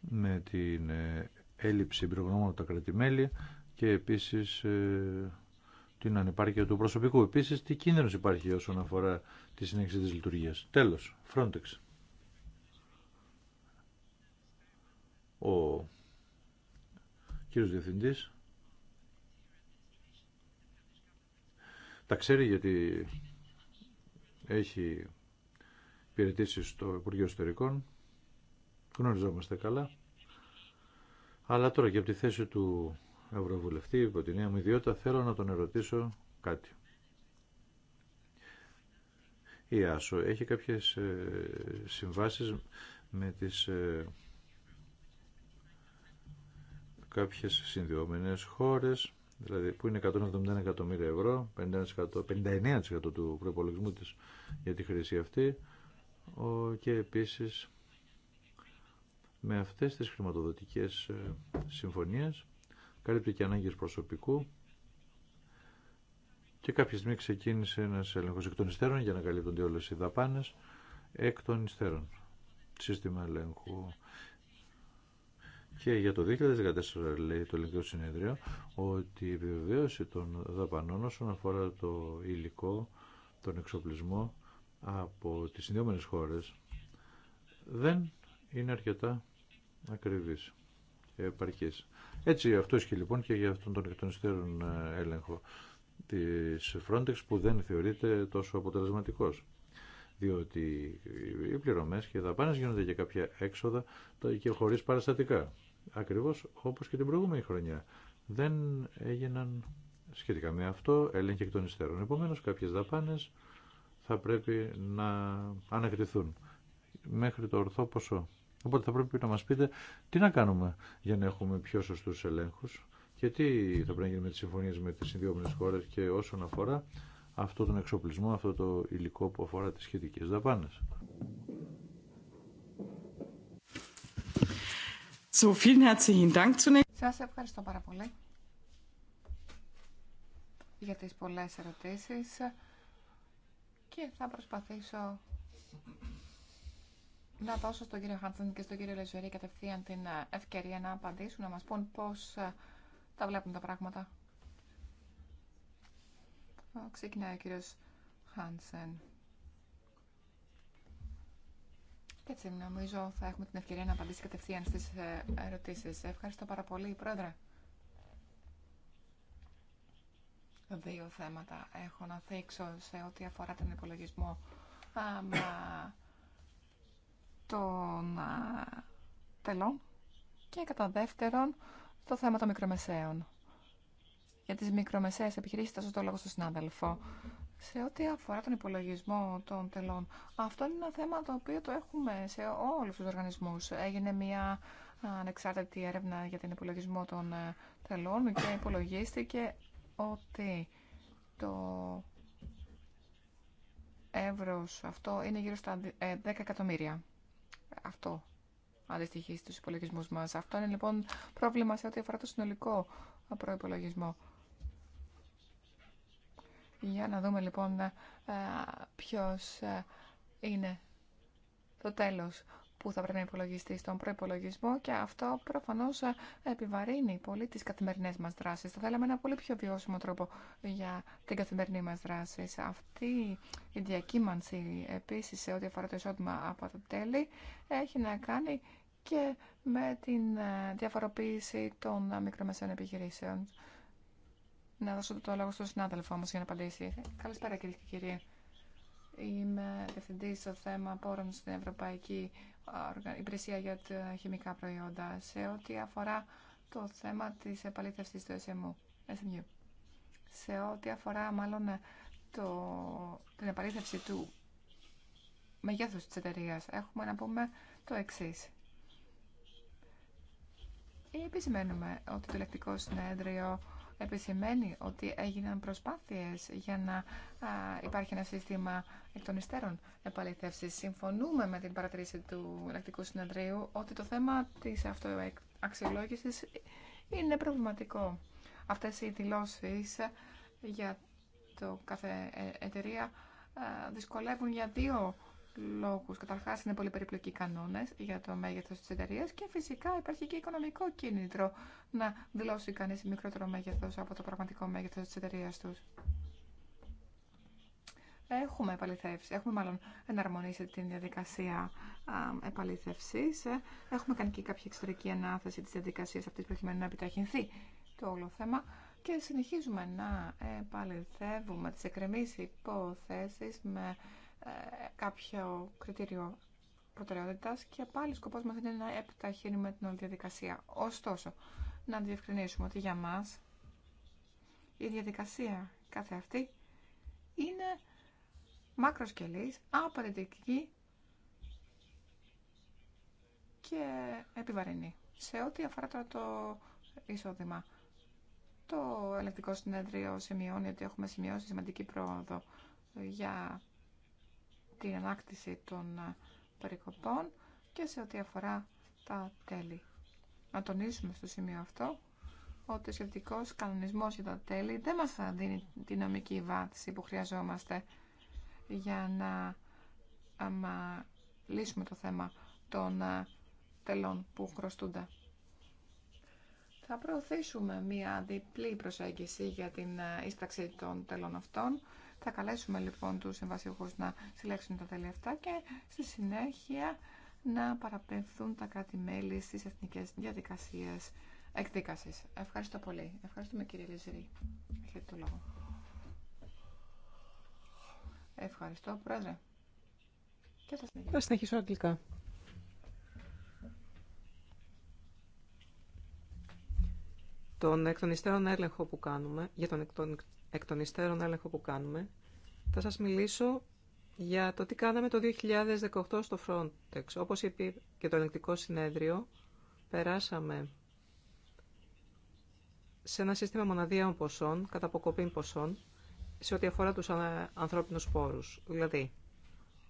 με την ε, έλλειψη εμπειρογνώμων από τα κρατημέλη και επίσης ε, την ανεπάρκεια του προσωπικού. Επίσης, τι κίνδυνος υπάρχει όσον αφορά τη συνέχιση της λειτουργίας. Τέλος, Frontex. Ο κύριος Διευθυντής τα ξέρει γιατί έχει υπηρετήσει στο Υπουργείο Ιστορικών. Γνωριζόμαστε καλά. Αλλά τώρα και από τη θέση του Ευρωβουλευτή, υπό τη νέα μου ιδιότητα, θέλω να τον ερωτήσω κάτι. Η Άσο έχει κάποιες ε, συμβάσεις με τις ε, κάποιες συνδυόμενες χώρες, δηλαδή που είναι 171 εκατομμύρια ευρώ, 59%, 59 του προπολογισμού της για τη χρήση αυτή, και επίσης με αυτές τις χρηματοδοτικές ε, συμφωνίες καλύπτει και ανάγκες προσωπικού και κάποια στιγμή ξεκίνησε ένας έλεγχος εκ των υστέρων για να καλύπτονται όλες οι δαπάνες εκ των υστέρων σύστημα ελέγχου. Και για το 2014 λέει το Ελληνικό Συνέδριο ότι η επιβεβαίωση των δαπανών όσον αφορά το υλικό, τον εξοπλισμό από τις συνδυόμενες χώρες δεν είναι αρκετά ακριβή και επαρκής. Έτσι αυτό ισχύει λοιπόν και για αυτόν τον εκ των υστέρων ε, έλεγχο τη Frontex που δεν θεωρείται τόσο αποτελεσματικό, διότι οι πληρωμές και οι δαπάνε γίνονται για κάποια έξοδα και χωρίς παραστατικά. Ακριβώς όπως και την προηγούμενη χρονιά. Δεν έγιναν σχετικά με αυτό έλεγχοι εκ των υστέρων. Επομένω, κάποιες δαπάνε θα πρέπει να ανακριθούν μέχρι το ορθό ποσό. Οπότε θα πρέπει να μας πείτε τι να κάνουμε για να έχουμε πιο σωστούς ελέγχους και τι θα πρέπει να γίνει με τις συμφωνίες με τις ιδιόμενες χώρες και όσον αφορά αυτό τον εξοπλισμό, αυτό το υλικό που αφορά τις σχετικές δαπάνες. Σας ευχαριστώ πάρα πολύ για τις πολλές ερωτήσεις και θα προσπαθήσω να δώσω στον κύριο Χάνσεν και στον κύριο Λεζουερή κατευθείαν την ε, ευκαιρία να απαντήσουν, να μας πούν πώς ε, τα βλέπουν τα πράγματα. Ξεκινάει ο κύριος Χάνσεν. Και έτσι νομίζω θα έχουμε την ευκαιρία να απαντήσει κατευθείαν στις ε, ερωτήσεις. Ευχαριστώ πάρα πολύ, Πρόεδρε. Δύο θέματα έχω να θέξω σε ό,τι αφορά τον υπολογισμό. Άμα των τελών και κατά δεύτερον το θέμα των μικρομεσαίων. Για τις μικρομεσαίες επιχειρήσεις θα το λόγο στον συνάδελφο. Σε ό,τι αφορά τον υπολογισμό των τελών, αυτό είναι ένα θέμα το οποίο το έχουμε σε όλους τους οργανισμούς. Έγινε μια ανεξάρτητη έρευνα για τον υπολογισμό των ε, τελών και υπολογίστηκε ότι το εύρος αυτό είναι γύρω στα 10 ε, εκατομμύρια αυτό αντιστοιχεί στους υπολογισμούς μας. Αυτό είναι λοιπόν πρόβλημα σε ό,τι αφορά το συνολικό προϋπολογισμό. Για να δούμε λοιπόν ε, ποιος ε, είναι το τέλος που θα πρέπει να υπολογιστεί στον προπολογισμό και αυτό προφανώ ε, επιβαρύνει πολύ τι καθημερινέ μα δράσει. Θα θέλαμε ένα πολύ πιο βιώσιμο τρόπο για την καθημερινή μα δράση. Αυτή η διακύμανση επίση σε ό,τι αφορά το εισόδημα από τα τέλη έχει να κάνει και με την ε, διαφοροποίηση των ε, μικρομεσαίων επιχειρήσεων. Να δώσω το λόγο στον συνάδελφό όμω για να απαντήσει. Καλησπέρα κύριε και κύριοι. Είμαι διευθυντή στο θέμα πόρων στην Ευρωπαϊκή υπηρεσία για τα χημικά προϊόντα σε ό,τι αφορά το θέμα της επαλήθευσης του SMU, SMU. Σε ό,τι αφορά μάλλον το, την επαλήθευση του μεγέθους της εταιρεία. έχουμε να πούμε το εξή. Επισημαίνουμε ότι το ελεκτικό συνέδριο επισημαίνει ότι έγιναν προσπάθειες για να υπάρχει ένα σύστημα εκ των υστέρων επαληθεύσης. Συμφωνούμε με την παρατηρήση του Ελεκτικού Συνεδρίου ότι το θέμα της αυτοαξιολόγησης είναι προβληματικό. Αυτές οι δηλώσει για το κάθε ε, εταιρεία δυσκολεύουν για δύο λόγου. Καταρχάς είναι πολύ περιπλοκοί κανόνε για το μέγεθο τη εταιρεία και φυσικά υπάρχει και οικονομικό κίνητρο να δηλώσει κανεί μικρότερο μέγεθο από το πραγματικό μέγεθο τη εταιρεία του. Έχουμε επαληθεύσει, έχουμε μάλλον εναρμονίσει την διαδικασία επαληθεύση. Έχουμε κάνει και κάποια εξωτερική ανάθεση τη διαδικασία αυτή προκειμένου να επιταχυνθεί το όλο θέμα και συνεχίζουμε να επαληθεύουμε τις εκκρεμίσεις υποθέσεις με ε, κάποιο κριτήριο προτεραιότητα και πάλι σκοπό μας είναι να επιταχύνουμε την όλη διαδικασία. Ωστόσο, να διευκρινίσουμε ότι για μας η διαδικασία κάθε αυτή είναι μακροσκελής, απαραίτητη και επιβαρυνή. Σε ό,τι αφορά τώρα το εισόδημα, το ελεκτικό συνέδριο σημειώνει ότι έχουμε σημειώσει σημαντική πρόοδο για την ανάκτηση των ε, περικοπών και σε ό,τι αφορά τα τέλη. Να τονίσουμε στο σημείο αυτό ότι ο σχετικό κανονισμό για τα τέλη δεν μα δίνει τη νομική βάθηση που χρειαζόμαστε για να άμα, λύσουμε το θέμα των ε, τελών που χρωστούνται. Θα προωθήσουμε μία διπλή προσέγγιση για την ε, ίσταξη των τελών αυτών θα καλέσουμε λοιπόν τους συμβασιούχους να συλλέξουν τα τέλη αυτά και στη συνέχεια να παραπέμφθουν τα κράτη-μέλη στις εθνικές διαδικασίες εκδίκασης. Ευχαριστώ πολύ. Ευχαριστούμε κύριε Λιζερή. το Ευχαριστώ, Πρόεδρε. Και θα συνεχίσω. Θα αγγλικά. Τον εκ έλεγχο που κάνουμε, για τον εκ εκ των υστέρων έλεγχο που κάνουμε, θα σας μιλήσω για το τι κάναμε το 2018 στο Frontex. Όπως είπε και το ελεγκτικό συνέδριο, περάσαμε σε ένα σύστημα μοναδιαίων ποσών, κατά αποκοπήν ποσών, σε ό,τι αφορά τους ανθρώπινους πόρους. Δηλαδή,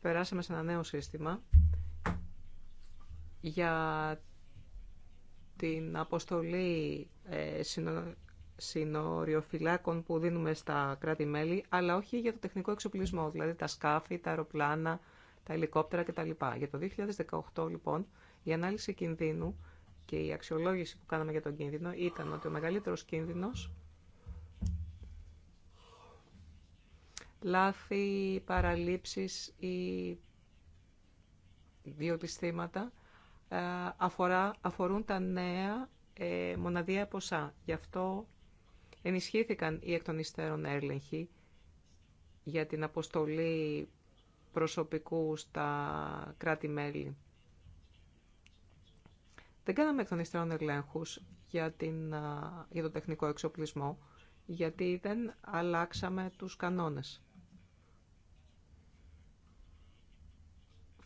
περάσαμε σε ένα νέο σύστημα για την αποστολή ε, συνοριοφυλάκων που δίνουμε στα κράτη-μέλη, αλλά όχι για το τεχνικό εξοπλισμό, δηλαδή τα σκάφη, τα αεροπλάνα, τα ελικόπτερα κτλ. Για το 2018, λοιπόν, η ανάλυση κινδύνου και η αξιολόγηση που κάναμε για τον κίνδυνο ήταν ότι ο μεγαλύτερος κίνδυνος λάθη, παραλήψεις ή διοπιστήματα ε, αφορά, αφορούν τα νέα ε, μοναδία ποσά. Γι' αυτό ενισχύθηκαν οι εκ των υστέρων έλεγχοι για την αποστολή προσωπικού στα κράτη-μέλη. Δεν κάναμε εκ των για, την, για τον τεχνικό εξοπλισμό, γιατί δεν αλλάξαμε τους κανόνες.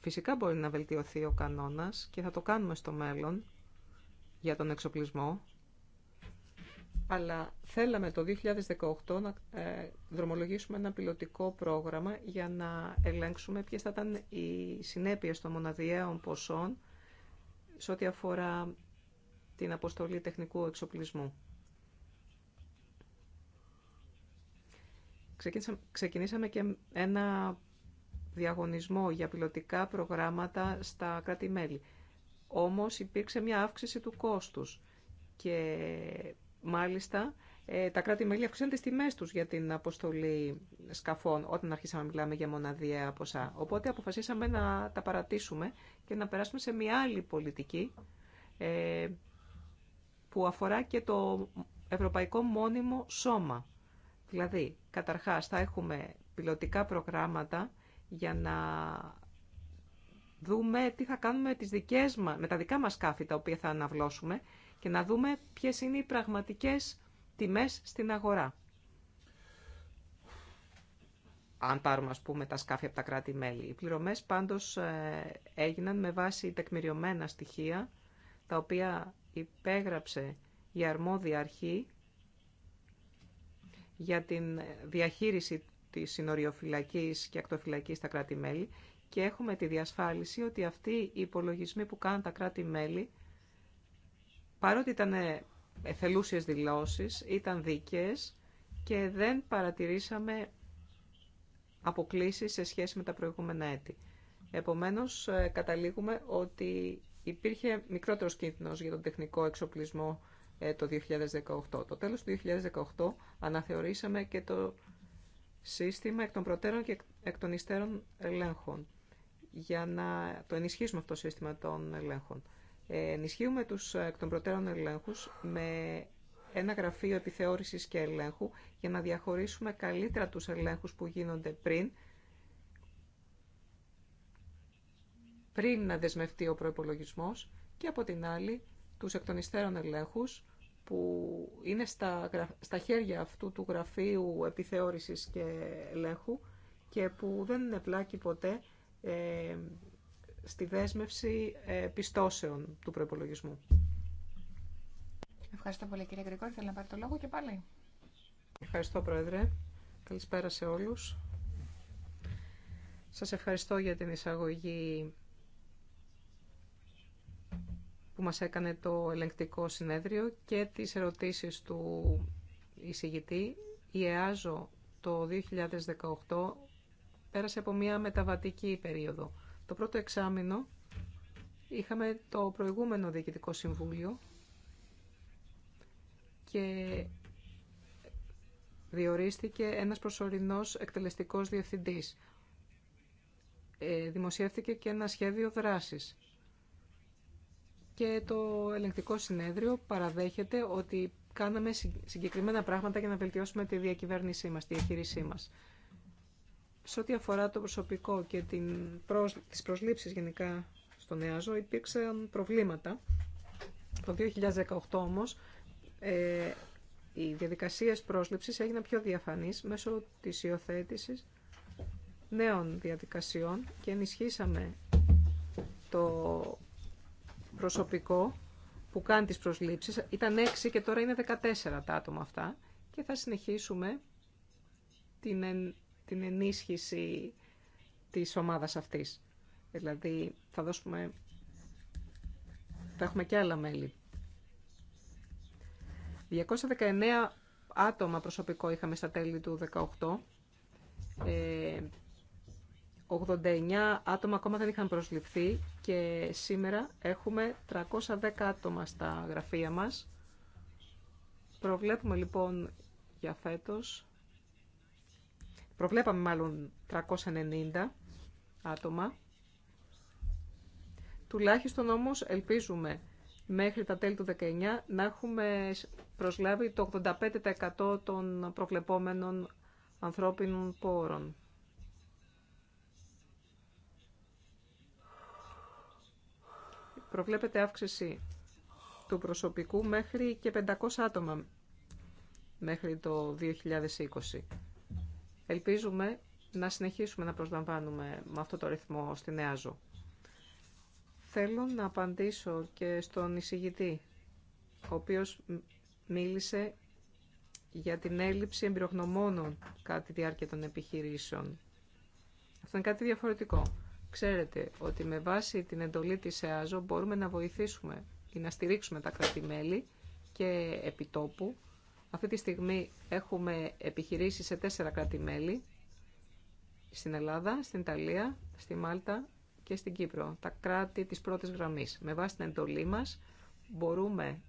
Φυσικά μπορεί να βελτιωθεί ο κανόνας και θα το κάνουμε στο μέλλον για τον εξοπλισμό, αλλά θέλαμε το 2018 να ε, δρομολογήσουμε ένα πιλωτικό πρόγραμμα για να ελέγξουμε ποιες θα ήταν οι συνέπειες των μοναδιαίων ποσών σε ό,τι αφορά την αποστολή τεχνικού εξοπλισμού. Ξεκινήσαμε και ένα διαγωνισμό για πιλωτικά προγράμματα στα κράτη-μέλη. Όμως υπήρξε μια αύξηση του κόστους και Μάλιστα, ε, τα κράτη-μέλη αυξάνουν τις τιμές τους για την αποστολή σκαφών όταν αρχίσαμε να μιλάμε για μοναδιαία ποσά. Οπότε αποφασίσαμε να τα παρατήσουμε και να περάσουμε σε μια άλλη πολιτική ε, που αφορά και το Ευρωπαϊκό Μόνιμο Σώμα. Δηλαδή, καταρχάς θα έχουμε πιλωτικά προγράμματα για να δούμε τι θα κάνουμε τις με τα δικά μας σκάφη τα οποία θα αναβλώσουμε και να δούμε ποιες είναι οι πραγματικές τιμές στην αγορά. Αν πάρουμε, ας πούμε, τα σκάφη από τα κράτη-μέλη. Οι πληρωμές πάντως ε, έγιναν με βάση τεκμηριωμένα στοιχεία, τα οποία υπέγραψε η αρμόδια αρχή για την διαχείριση της συνοριοφυλακής και ακτοφυλακής στα κράτη-μέλη και έχουμε τη διασφάλιση ότι αυτοί οι υπολογισμοί που κάνουν τα κράτη-μέλη παρότι ήταν ε, εθελούσιες δηλώσεις, ήταν δίκαιες και δεν παρατηρήσαμε αποκλήσεις σε σχέση με τα προηγούμενα έτη. Επομένως, ε, καταλήγουμε ότι υπήρχε μικρότερος κίνδυνος για τον τεχνικό εξοπλισμό ε, το 2018. Το τέλος του 2018 αναθεωρήσαμε και το σύστημα εκ των προτέρων και εκ των υστέρων ελέγχων για να το ενισχύσουμε αυτό το σύστημα των ελέγχων ενισχύουμε τους ε, εκ των προτέρων ελέγχους με ένα γραφείο επιθεώρησης και ελέγχου για να διαχωρίσουμε καλύτερα τους ελέγχους που γίνονται πριν πριν να δεσμευτεί ο προϋπολογισμός και από την άλλη τους εκ των υστέρων ελέγχους που είναι στα, χέρια αυτού του γραφείου επιθεώρησης και ελέγχου και που δεν είναι ποτέ ε, στη δέσμευση ε, πιστώσεων του προπολογισμού. Ευχαριστώ πολύ κύριε Γκρικόρ, Θέλω να πάρει το λόγο και πάλι. Ευχαριστώ Πρόεδρε. Καλησπέρα σε όλους. Σας ευχαριστώ για την εισαγωγή που μας έκανε το ελεγκτικό συνέδριο και τις ερωτήσεις του εισηγητή. Η ΕΑΖΟ το 2018 πέρασε από μια μεταβατική περίοδο. Το πρώτο εξάμεινο είχαμε το προηγούμενο Διοικητικό Συμβούλιο και διορίστηκε ένας προσωρινός εκτελεστικός διευθυντής. Ε, δημοσιεύτηκε και ένα σχέδιο δράσης. Και το ελεγκτικό συνέδριο παραδέχεται ότι κάναμε συγκεκριμένα πράγματα για να βελτιώσουμε τη διακυβέρνησή μας, τη διαχείρισή μας σε ό,τι αφορά το προσωπικό και την προσ... τις προσλήψεις γενικά στον ΕΑΖΟ υπήρξαν προβλήματα. Το 2018 όμως ε, οι διαδικασίες πρόσληψης έγιναν πιο διαφανείς μέσω της υιοθέτηση νέων διαδικασιών και ενισχύσαμε το προσωπικό που κάνει τις προσλήψεις. Ήταν 6 και τώρα είναι 14 τα άτομα αυτά και θα συνεχίσουμε την την ενίσχυση της ομάδας αυτής. Δηλαδή θα δώσουμε... Θα έχουμε και άλλα μέλη. 219 άτομα προσωπικό είχαμε στα τέλη του 18. 89 ε, άτομα ακόμα δεν είχαν προσληφθεί και σήμερα έχουμε 310 άτομα στα γραφεία μας. Προβλέπουμε λοιπόν για φέτος προβλέπαμε μάλλον 390 άτομα. Τουλάχιστον όμως ελπίζουμε μέχρι τα τέλη του 19 να έχουμε προσλάβει το 85% των προβλεπόμενων ανθρώπινων πόρων. Προβλέπεται αύξηση του προσωπικού μέχρι και 500 άτομα μέχρι το 2020. Ελπίζουμε να συνεχίσουμε να προσλαμβάνουμε με αυτό το ρυθμό στην ΕΑΖΟ. Θέλω να απαντήσω και στον εισηγητή, ο οποίος μίλησε για την έλλειψη εμπειρογνωμόνων κατά τη διάρκεια των επιχειρήσεων. Αυτό είναι κάτι διαφορετικό. Ξέρετε ότι με βάση την εντολή της ΕΑΖΟ μπορούμε να βοηθήσουμε ή να στηρίξουμε τα κρατη και επιτόπου αυτή τη στιγμή έχουμε επιχειρήσει σε τέσσερα κράτη-μέλη, στην Ελλάδα, στην Ιταλία, στη Μάλτα και στην Κύπρο, τα κράτη της πρώτης γραμμής. Με βάση την εντολή μας μπορούμε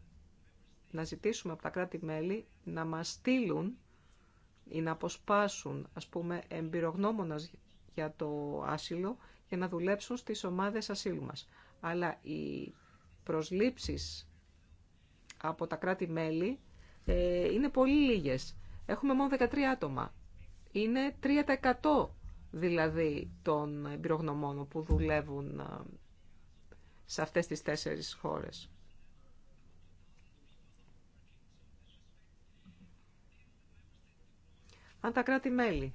να ζητήσουμε από τα κράτη-μέλη να μας στείλουν ή να αποσπάσουν, ας πούμε, εμπειρογνώμονας για το άσυλο και να δουλέψουν στις ομάδες ασύλου μας. Αλλά οι προσλήψεις από τα κράτη-μέλη ε, είναι πολύ λίγες. Έχουμε μόνο 13 άτομα. Είναι 3% δηλαδή των εμπειρογνωμών που δουλεύουν ε, σε αυτές τις τέσσερις χώρες. Αν τα κράτη-μέλη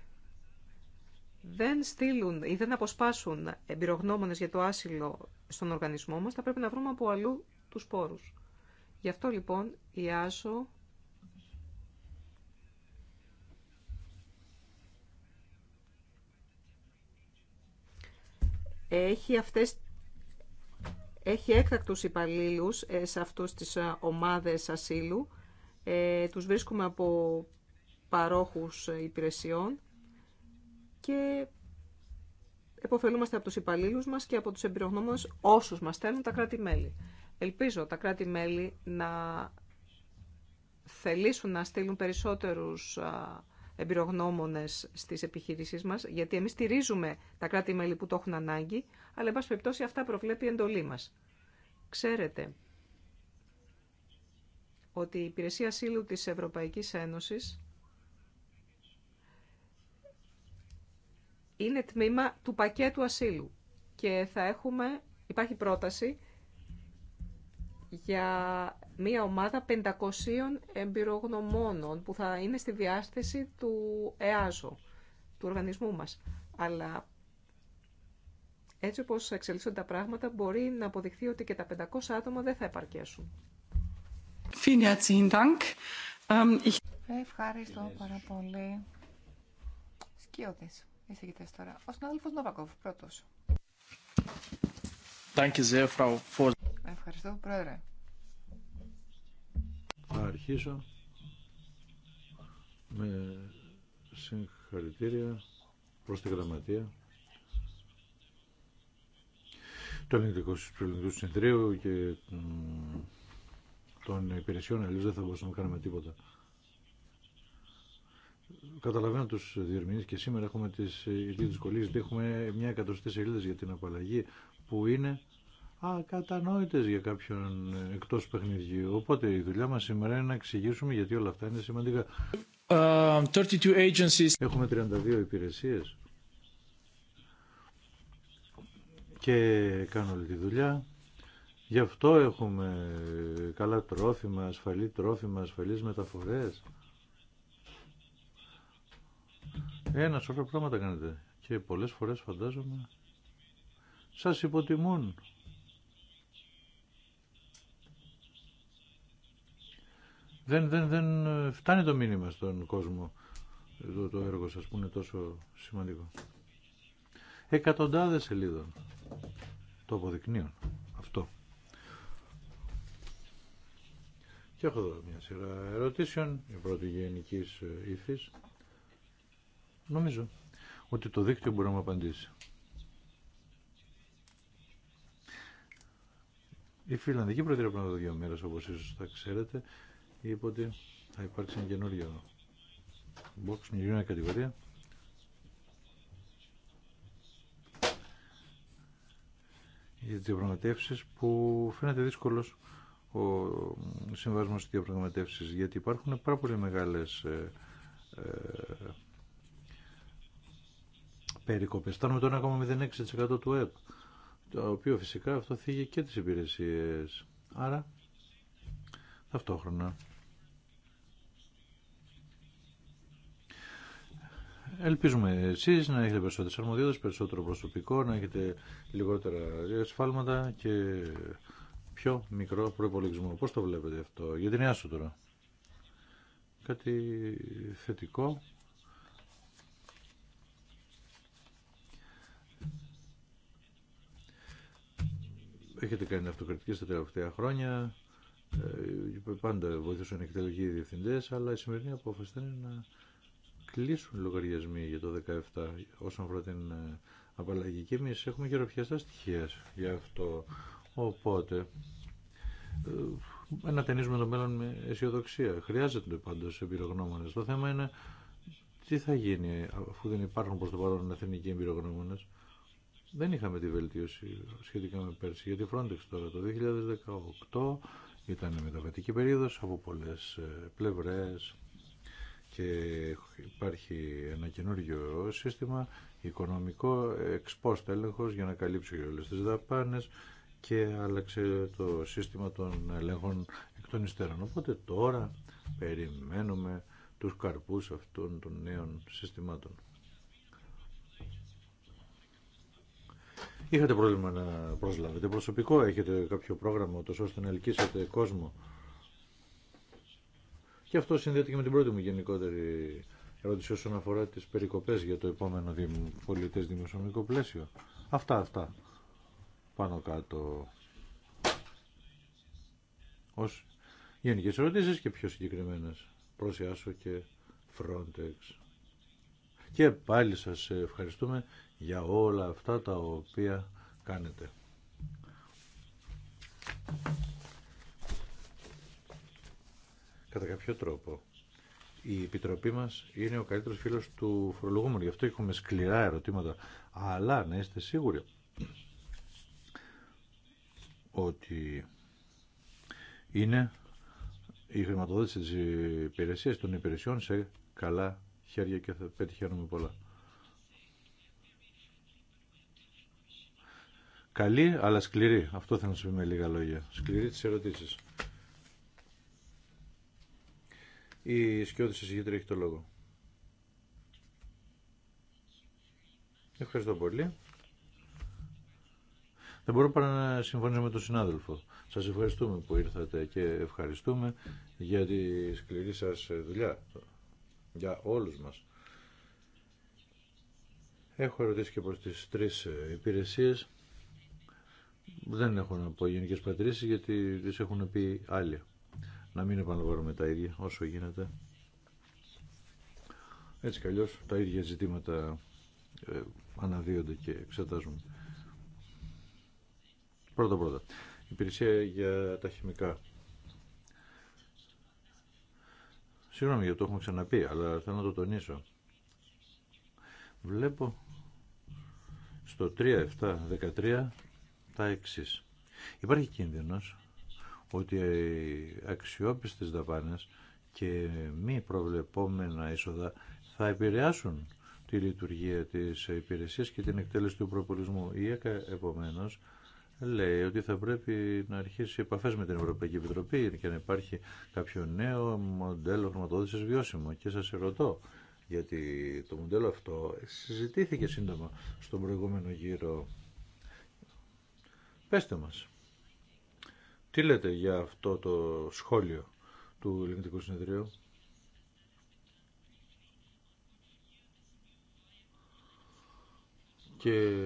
δεν στείλουν ή δεν αποσπάσουν εμπειρογνώμονες για το άσυλο στον οργανισμό μας, θα πρέπει να βρούμε από αλλού τους πόρους. Γι' αυτό λοιπόν η ΆΣΟ έχει, αυτές, έχει έκτακτους υπαλλήλους ε, σε αυτούς τις ε, ομάδες ασύλου. Ε, τους βρίσκουμε από παρόχους ε, υπηρεσιών και εποφελούμαστε από τους υπαλλήλους μας και από τους εμπειρογνώμονες όσους μας στέλνουν τα κράτη-μέλη. Ελπίζω τα κράτη-μέλη να θελήσουν να στείλουν περισσότερους εμπειρογνώμονες στις επιχειρήσεις μας, γιατί εμείς στηρίζουμε τα κράτη-μέλη που το έχουν ανάγκη, αλλά εν πάση περιπτώσει αυτά προβλέπει η εντολή μας. Ξέρετε ότι η Υπηρεσία Ασύλου της Ευρωπαϊκής Ένωσης είναι τμήμα του πακέτου ασύλου και θα έχουμε, υπάρχει πρόταση για μια ομάδα 500 εμπειρογνωμόνων που θα είναι στη διάσταση του ΕΑΖΟ, του οργανισμού μας. Αλλά έτσι όπως εξελίσσονται τα πράγματα μπορεί να αποδειχθεί ότι και τα 500 άτομα δεν θα επαρκέσουν. Ähm, Ευχαριστώ πάρα πολύ. Σκιώτες, εισηγητές τώρα. Ο συνάδελφος Νοβακόφ, πρώτος. Ευχαριστώ, Πρόεδρε. Θα αρχίσω με συγχαρητήρια προς τη Γραμματεία το ελληνικό του και των υπηρεσιών, αλλιώς δεν θα μπορούσαμε να κάνουμε τίποτα. Καταλαβαίνω τους διερμηνείς και σήμερα έχουμε τις ίδιες δυσκολίες, έχουμε μια εκατοστή σελίδα για την απαλλαγή που είναι ακατανόητες για κάποιον εκτός παιχνιδιού. Οπότε η δουλειά μας σήμερα είναι να εξηγήσουμε γιατί όλα αυτά είναι σημαντικά. Uh, ε, 32 agencies. Έχουμε 32 υπηρεσίες και κάνω όλη τη δουλειά. Γι' αυτό έχουμε καλά τρόφιμα, ασφαλή τρόφιμα, ασφαλείς μεταφορές. Ένα σωρό πράγματα κάνετε και πολλές φορές φαντάζομαι σας υποτιμούν. δεν, δεν, δεν ε, φτάνει το μήνυμα στον κόσμο το, το έργο σας που είναι τόσο σημαντικό. Εκατοντάδες σελίδων το αποδεικνύουν αυτό. Και έχω εδώ μια σειρά ερωτήσεων, η πρώτη γενική ε, ύφη. Νομίζω ότι το δίκτυο μπορεί να μου απαντήσει. Η Φιλανδική Προεδρία πριν δύο μέρε, όπω ίσω θα ξέρετε, είπε ότι θα υπάρξει ένα καινούριο box, μια κατηγορία. Για τι διαπραγματεύσει που φαίνεται δύσκολος ο συμβασμό στι διαπραγματεύσει γιατί υπάρχουν πάρα πολύ μεγάλε ε, ε, περικοπές. Φτάνουμε το 1,06% του ΕΠ το οποίο φυσικά αυτό θίγει και τις υπηρεσίες. Άρα ταυτόχρονα Ελπίζουμε εσεί να έχετε περισσότερες αρμοδιότητε, περισσότερο προσωπικό, να έχετε λιγότερα σφάλματα και πιο μικρό προπολογισμό. Πώς το βλέπετε αυτό για την ΕΑΣΟ τώρα. Κάτι θετικό. Έχετε κάνει αυτοκριτική στα τελευταία χρόνια. Ε, πάντα βοηθούσαν οι εκτελικοί διευθυντέ, αλλά η σημερινή απόφαση είναι να κλείσουν λογαριασμοί για το 2017 όσον αφορά την ε, απαλλαγή και εμεί έχουμε χειροπιαστά στοιχεία γι' αυτό. Οπότε, ένα ε, ανατενίζουμε το μέλλον με αισιοδοξία. Χρειάζεται πάντω εμπειρογνώμονε. Το θέμα είναι τι θα γίνει αφού δεν υπάρχουν προ το παρόν εθνικοί εμπειρογνώμονε. Δεν είχαμε τη βελτίωση σχετικά με πέρσι για τη Frontex τώρα. Το 2018 ήταν μεταβατική περίοδο από πολλέ ε, πλευρέ και υπάρχει ένα καινούργιο σύστημα οικονομικό εξπόστα έλεγχος για να καλύψει όλες τις δαπάνες και άλλαξε το σύστημα των ελέγχων εκ των υστέρων. Οπότε τώρα περιμένουμε τους καρπούς αυτών των νέων συστημάτων. Είχατε πρόβλημα να προσλάβετε προσωπικό, έχετε κάποιο πρόγραμμα τόσο ώστε να ελκύσετε κόσμο. Και αυτό συνδέεται και με την πρώτη μου γενικότερη ερώτηση όσον αφορά τις περικοπές για το επόμενο πολιτές δημοσιονομικό πλαίσιο. Αυτά, αυτά. Πάνω κάτω. Ως γενικές ερωτήσεις και πιο συγκεκριμένες. Προσιάσω και Frontex. Και πάλι σας ευχαριστούμε για όλα αυτά τα οποία κάνετε κατά κάποιο τρόπο. Η Επιτροπή μας είναι ο καλύτερος φίλος του φορολογούμενου, γι' αυτό έχουμε σκληρά ερωτήματα. Αλλά να είστε σίγουροι ότι είναι η χρηματοδότηση της υπηρεσίας των υπηρεσιών σε καλά χέρια και θα πετυχαίνουμε πολλά. Καλή αλλά σκληρή. Αυτό θέλω να σου πει με λίγα λόγια. Σκληρή τις ερωτήσεις. Η σκιώδη συζήτρια έχει το λόγο. Ευχαριστώ πολύ. Δεν μπορώ παρά να συμφωνήσω με τον συνάδελφο. Σας ευχαριστούμε που ήρθατε και ευχαριστούμε για τη σκληρή σα δουλειά, για όλους μας. Έχω ερωτήσει και προ τις τρει υπηρεσίες. Δεν έχω να πω γενικές πατρίσει γιατί τι έχουν πει άλλοι να μην επαναλαμβάνουμε τα ίδια όσο γίνεται. Έτσι κι τα ίδια ζητήματα ε, αναδύονται και εξετάζουν. Πρώτα πρώτα, υπηρεσία για τα χημικά. Συγγνώμη γιατί το έχουμε ξαναπεί, αλλά θέλω να το τονίσω. Βλέπω στο 3.7.13 τα εξή. Υπάρχει κίνδυνος ότι οι αξιόπιστες δαπάνες και μη προβλεπόμενα είσοδα θα επηρεάσουν τη λειτουργία της υπηρεσίας και την εκτέλεση του προπολισμού. Η ΕΚΑ, επομένως, λέει ότι θα πρέπει να αρχίσει επαφές με την Ευρωπαϊκή Επιτροπή και να υπάρχει κάποιο νέο μοντέλο χρηματοδότησης βιώσιμο. Και σας ερωτώ, γιατί το μοντέλο αυτό συζητήθηκε σύντομα στον προηγούμενο γύρο. Πέστε μας, τι λέτε για αυτό το σχόλιο του Ελληνικού Συνεδρίου. Και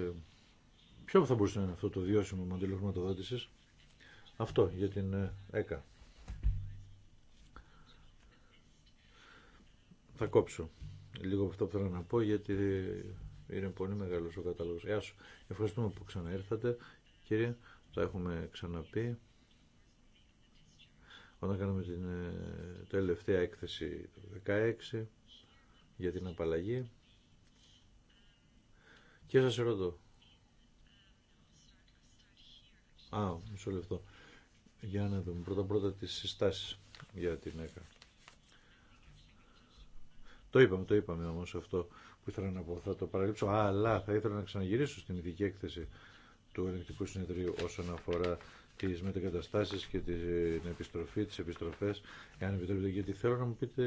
ποιο θα μπορούσε να είναι αυτό το βιώσιμο μοντέλο χρηματοδότηση. Αυτό για την ε, ΕΚΑ. Θα κόψω λίγο από αυτό που θέλω να πω γιατί είναι πολύ μεγάλος ο κατάλογος. Ευχαριστούμε που ξαναήρθατε κύριε. Τα έχουμε ξαναπεί όταν κάναμε την ε, τελευταία έκθεση του 16 για την απαλλαγή και σας ρωτώ Α, μισό λεπτό για να δούμε πρώτα πρώτα τις συστάσεις για την ΕΚΑ το είπαμε, το είπαμε όμως αυτό που ήθελα να πω, θα το παραλείψω αλλά θα ήθελα να ξαναγυρίσω στην ειδική έκθεση του ελεγκτικού συνεδρίου όσον αφορά τις μετακαταστάσεις και την επιστροφή, τις επιστροφές, εάν επιτρέπετε, γιατί θέλω να μου πείτε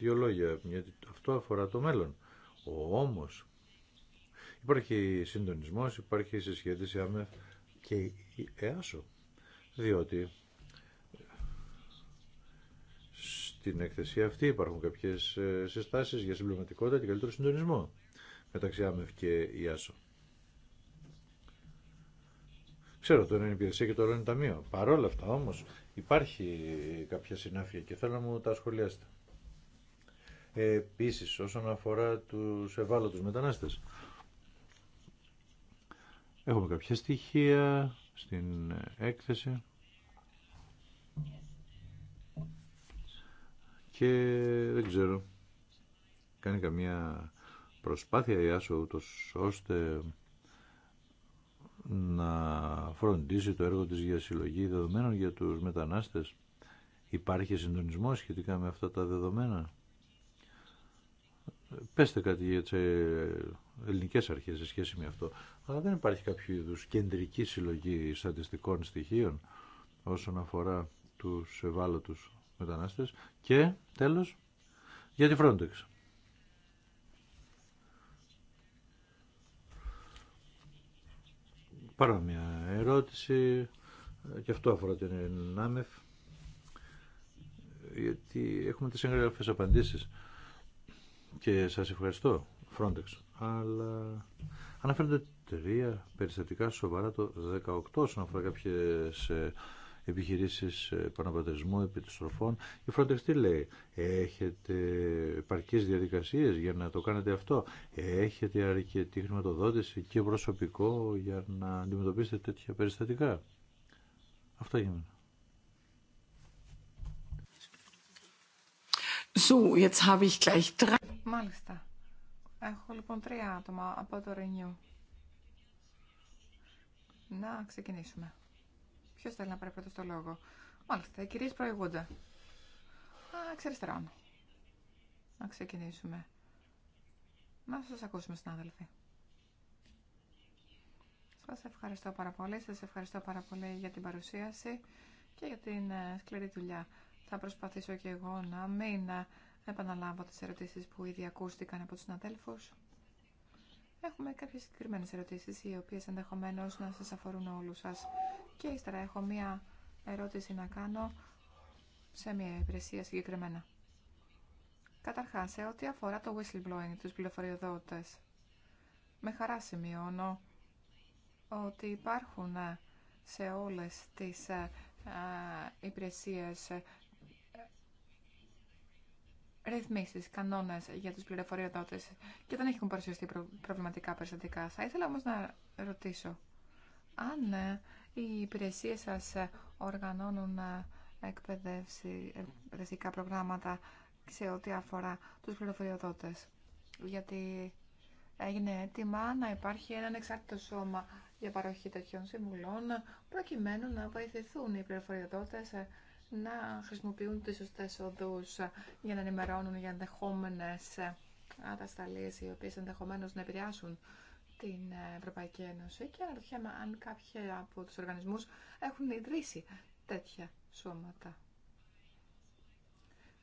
δύο λόγια, γιατί αυτό αφορά το μέλλον. Ο, όμως, υπάρχει συντονισμός, υπάρχει συσχέτιση ΑΜΕΦ και ΕΑΣΟ, διότι στην έκθεση αυτή υπάρχουν κάποιες ε, συστάσεις για συμπληρωματικότητα και καλύτερο συντονισμό μεταξύ ΑΜΕΦ και ΕΑΣΟ. Ξέρω το είναι υπηρεσία και το είναι ταμείο. Παρόλα αυτά όμως υπάρχει κάποια συνάφεια και θέλω να μου τα σχολιάσετε. Επίση, όσον αφορά του ευάλωτου μετανάστες, έχουμε κάποια στοιχεία στην έκθεση και δεν ξέρω, κάνει καμία προσπάθεια η Άσο ώστε να φροντίσει το έργο της για συλλογή δεδομένων για τους μετανάστες. Υπάρχει συντονισμό σχετικά με αυτά τα δεδομένα. Πεστε κάτι για τις ε, ελληνικές αρχές σε σχέση με αυτό. Αλλά δεν υπάρχει κάποιο είδους κεντρική συλλογή στατιστικών στοιχείων όσον αφορά τους ευάλωτους μετανάστες. Και τέλος για τη Frontex. μια ερώτηση και αυτό αφορά την ΝΑΜΕΦ γιατί έχουμε τις εγγραφές απαντήσεις και σας ευχαριστώ Frontex αλλά αναφέρονται τρία περιστατικά σοβαρά το 18 όσον αφορά κάποιες ε, Επιχειρήσει ε, επαναπατρισμού, επιστροφών. Η Frontex λέει, έχετε παρκείς διαδικασίε για να το κάνετε αυτό, έχετε αρκετή χρηματοδότηση και προσωπικό για να αντιμετωπίσετε τέτοια περιστατικά. Αυτό γίνεται. So, jetzt habe ich gleich drei. Μάλιστα. Έχω λοιπόν τρία άτομα από το Renew. Να ξεκινήσουμε. Ποιο θέλει να πάρει πρώτο το λόγο. Μάλιστα, οι κυρίε προηγούνται. Α, εξαριστερά. Να ξεκινήσουμε. Να σα ακούσουμε, συνάδελφοι. Σα ευχαριστώ πάρα πολύ. σα ευχαριστώ πάρα πολύ για την παρουσίαση και για την ε, σκληρή δουλειά. Θα προσπαθήσω και εγώ να μην ε, επαναλάβω τι ερωτήσει που ήδη ακούστηκαν από του συναδέλφου. Έχουμε κάποιε συγκεκριμένε ερωτήσει, οι οποίε ενδεχομένω να σα αφορούν όλου σα. Και ύστερα έχω μία ερώτηση να κάνω σε μία υπηρεσία συγκεκριμένα. Καταρχάς, σε ό,τι αφορά το whistleblowing, τους πληροφοριοδότες, με χαρά σημειώνω ότι υπάρχουν ε, σε όλες τις ε, ε, υπηρεσίες ρυθμίσεις, κανόνες για τους πληροφοριοδότες και δεν έχουν παρουσιαστεί προβληματικά περιστατικά. Θα ήθελα όμω να ρωτήσω αν ε, οι υπηρεσίες σας ε, οργανώνουν ε, εκπαιδευτικά προγράμματα σε ό,τι αφορά τους πληροφοριοδότες. Γιατί έγινε έτοιμα να υπάρχει ένα εξάρτητο σώμα για παροχή τέτοιων συμβουλών, προκειμένου να βοηθηθούν οι πληροφοριοδότες να χρησιμοποιούν τις σωστές οδούς για να ενημερώνουν για ενδεχόμενες ατασταλίες οι οποίες ενδεχομένως να επηρεάσουν την Ευρωπαϊκή Ένωση και αναρωτιέμαι αν κάποιοι από τους οργανισμούς έχουν ιδρύσει τέτοια σώματα.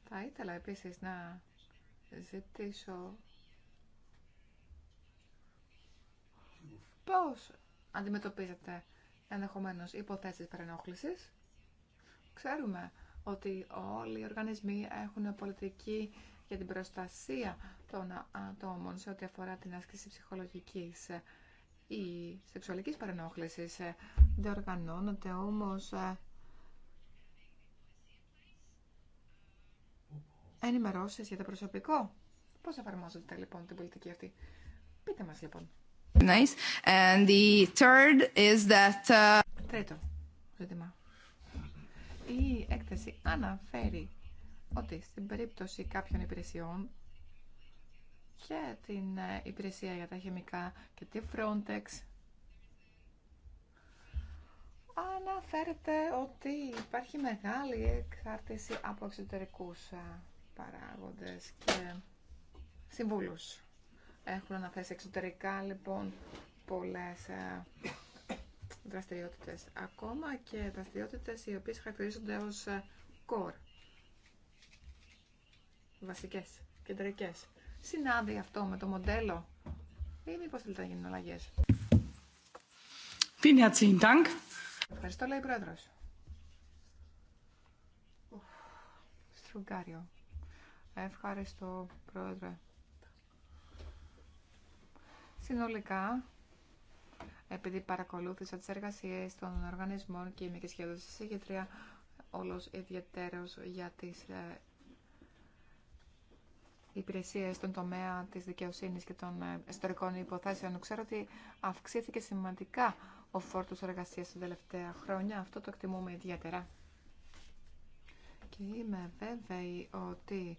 Θα ήθελα επίσης να ζητήσω πώς αντιμετωπίζετε ενδεχομένω υποθέσεις παρενόχλησης. Ξέρουμε ότι όλοι οι οργανισμοί έχουν πολιτική για την προστασία των ατόμων σε ό,τι αφορά την άσκηση ψυχολογικής ή σεξουαλικής παρενόχλησης ε, οργανώνονται όμως ε, ενημερώσεις για το προσωπικό. Πώς εφαρμόζεται λοιπόν την πολιτική αυτή. Πείτε μας λοιπόν. Nice. And the third is that, uh, Τρίτο ζήτημα. Η έκθεση αναφέρει ότι στην περίπτωση κάποιων υπηρεσιών και την ε, υπηρεσία για τα χημικά και τη Frontex αναφέρεται ότι υπάρχει μεγάλη εξάρτηση από εξωτερικούς ε, παράγοντες και συμβούλους. Έχουν αναθέσει εξωτερικά λοιπόν πολλές ε, δραστηριότητες ακόμα και δραστηριότητες οι οποίες χαρακτηρίζονται ως core βασικές, κεντρικές συνάδει αυτό με το μοντέλο ή μήπω θέλετε να γίνουν αλλαγέ. Ευχαριστώ, λέει η πρόεδρο. Στρουγκάριο. Ευχαριστώ, πρόεδρε. Συνολικά, επειδή παρακολούθησα τις εργασίες των οργανισμών και είμαι και σχεδόν συγγετρία όλος ιδιαίτερος για τις ε, υπηρεσίε στον τομέα της δικαιοσύνη και των ιστορικών ε, υποθέσεων. Ξέρω ότι αυξήθηκε σημαντικά ο φόρτο εργασία τα τελευταία χρόνια. Αυτό το εκτιμούμε ιδιαίτερα. Και είμαι βέβαιη ότι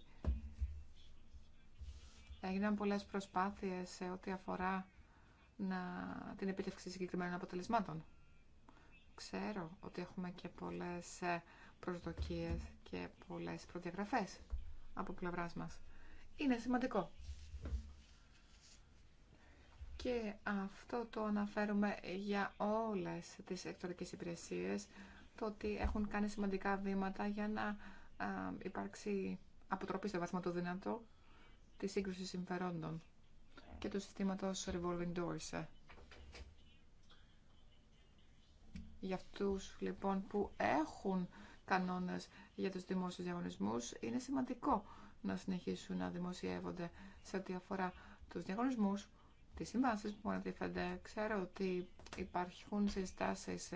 έγιναν πολλές προσπάθειες σε ό,τι αφορά να... την επίτευξη συγκεκριμένων αποτελεσμάτων. Ξέρω ότι έχουμε και πολλές ε, προσδοκίες και πολλές προδιαγραφές από πλευράς μας είναι σημαντικό. Και αυτό το αναφέρουμε για όλες τις εκτορικές υπηρεσίες, το ότι έχουν κάνει σημαντικά βήματα για να υπάρξει αποτροπή στο βαθμό του δυνατό τη σύγκρουση συμφερόντων και του συστήματος revolving doors. Για αυτούς λοιπόν που έχουν κανόνες για τους δημόσιους διαγωνισμούς είναι σημαντικό να συνεχίσουν να δημοσιεύονται σε ό,τι αφορά τους διαγωνισμούς, τις συμβάσεις που αντιφένται. Ξέρω ότι υπάρχουν συστάσεις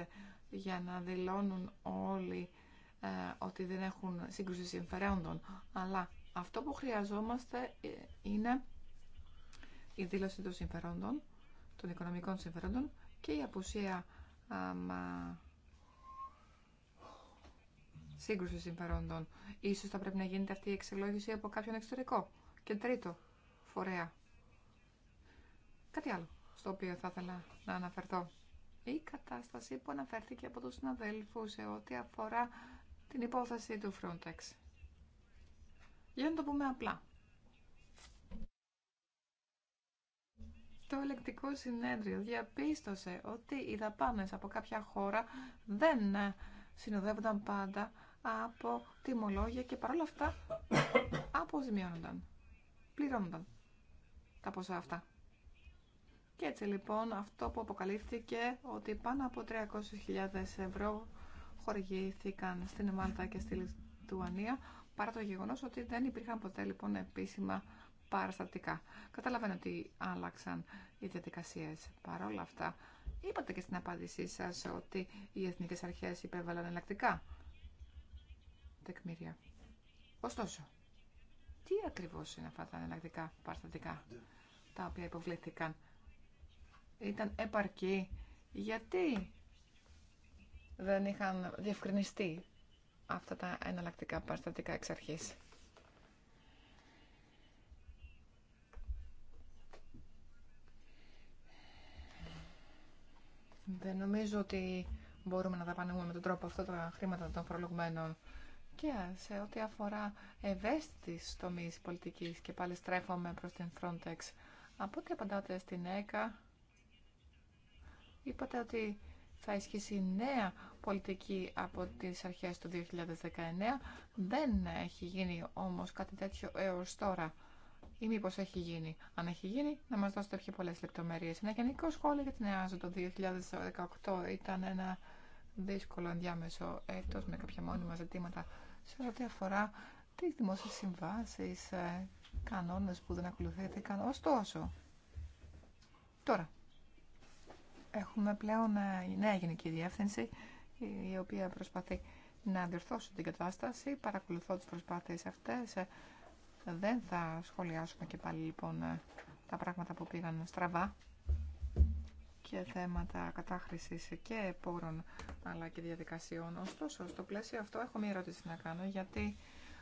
για να δηλώνουν όλοι ε, ότι δεν έχουν σύγκρουση συμφερόντων, αλλά αυτό που χρειαζόμαστε ε, είναι η δήλωση των συμφερόντων, των οικονομικών συμφερόντων και η απουσία σύγκρουση συμφερόντων. Ίσως θα πρέπει να γίνεται αυτή η εξελόγηση από κάποιον εξωτερικό και τρίτο φορέα. Κάτι άλλο στο οποίο θα ήθελα να αναφερθώ. Η κατάσταση που αναφέρθηκε από τους συναδέλφου σε ό,τι αφορά την υπόθεση του Frontex. Για να το πούμε απλά. Το ελεκτικό συνέδριο διαπίστωσε ότι οι δαπάνες από κάποια χώρα δεν συνοδεύονταν πάντα από τιμολόγια και παρόλα αυτά αποζημιώνονταν. Πληρώνονταν τα ποσά αυτά. Και έτσι λοιπόν αυτό που αποκαλύφθηκε ότι πάνω από 300.000 ευρώ χορηγήθηκαν στην Μάλτα και στη Λιτουανία παρά το γεγονός ότι δεν υπήρχαν ποτέ λοιπόν επίσημα παραστατικά. Καταλαβαίνω ότι άλλαξαν οι διαδικασίε παρόλα αυτά. Είπατε και στην απάντησή σας ότι οι εθνικές αρχές υπέβαλαν εναλλακτικά τεκμήρια. Ωστόσο, τι ακριβώς είναι αυτά τα εναλλακτικά παραστατικά τα οποία υποβλήθηκαν. Ήταν επαρκή. Γιατί δεν είχαν διευκρινιστεί αυτά τα εναλλακτικά παραστατικά εξ αρχής. Δεν νομίζω ότι μπορούμε να δαπανούμε με τον τρόπο αυτό τα χρήματα των φορολογμένων. Και σε ό,τι αφορά ευαίσθητης τομείς πολιτικής και πάλι στρέφομαι προς την Frontex, από ό,τι απαντάτε στην ΕΚΑ, είπατε ότι θα ισχύσει νέα πολιτική από τις αρχές του 2019. Δεν έχει γίνει όμως κάτι τέτοιο έως τώρα. Ή μήπως έχει γίνει. Αν έχει γίνει, να μας δώσετε πιο πολλές λεπτομέρειες. Ένα γενικό σχόλιο για την ΕΑΖΟ το 2018 ήταν ένα δύσκολο ενδιάμεσο έτος με κάποια μόνιμα ζητήματα σε ό,τι αφορά τις δημόσιες συμβάσεις, ε, κανόνες που δεν ακολουθήθηκαν. Ωστόσο, τώρα, έχουμε πλέον ε, η νέα Γενική Διεύθυνση, η οποία προσπαθεί να διορθώσει την κατάσταση. Παρακολουθώ τις προσπάθειες αυτές. Ε, δεν θα σχολιάσουμε και πάλι λοιπόν τα πράγματα που πήγαν στραβά και θέματα κατάχρησης και πόρων αλλά και διαδικασιών. Ωστόσο, στο πλαίσιο αυτό έχω μία ερώτηση να κάνω γιατί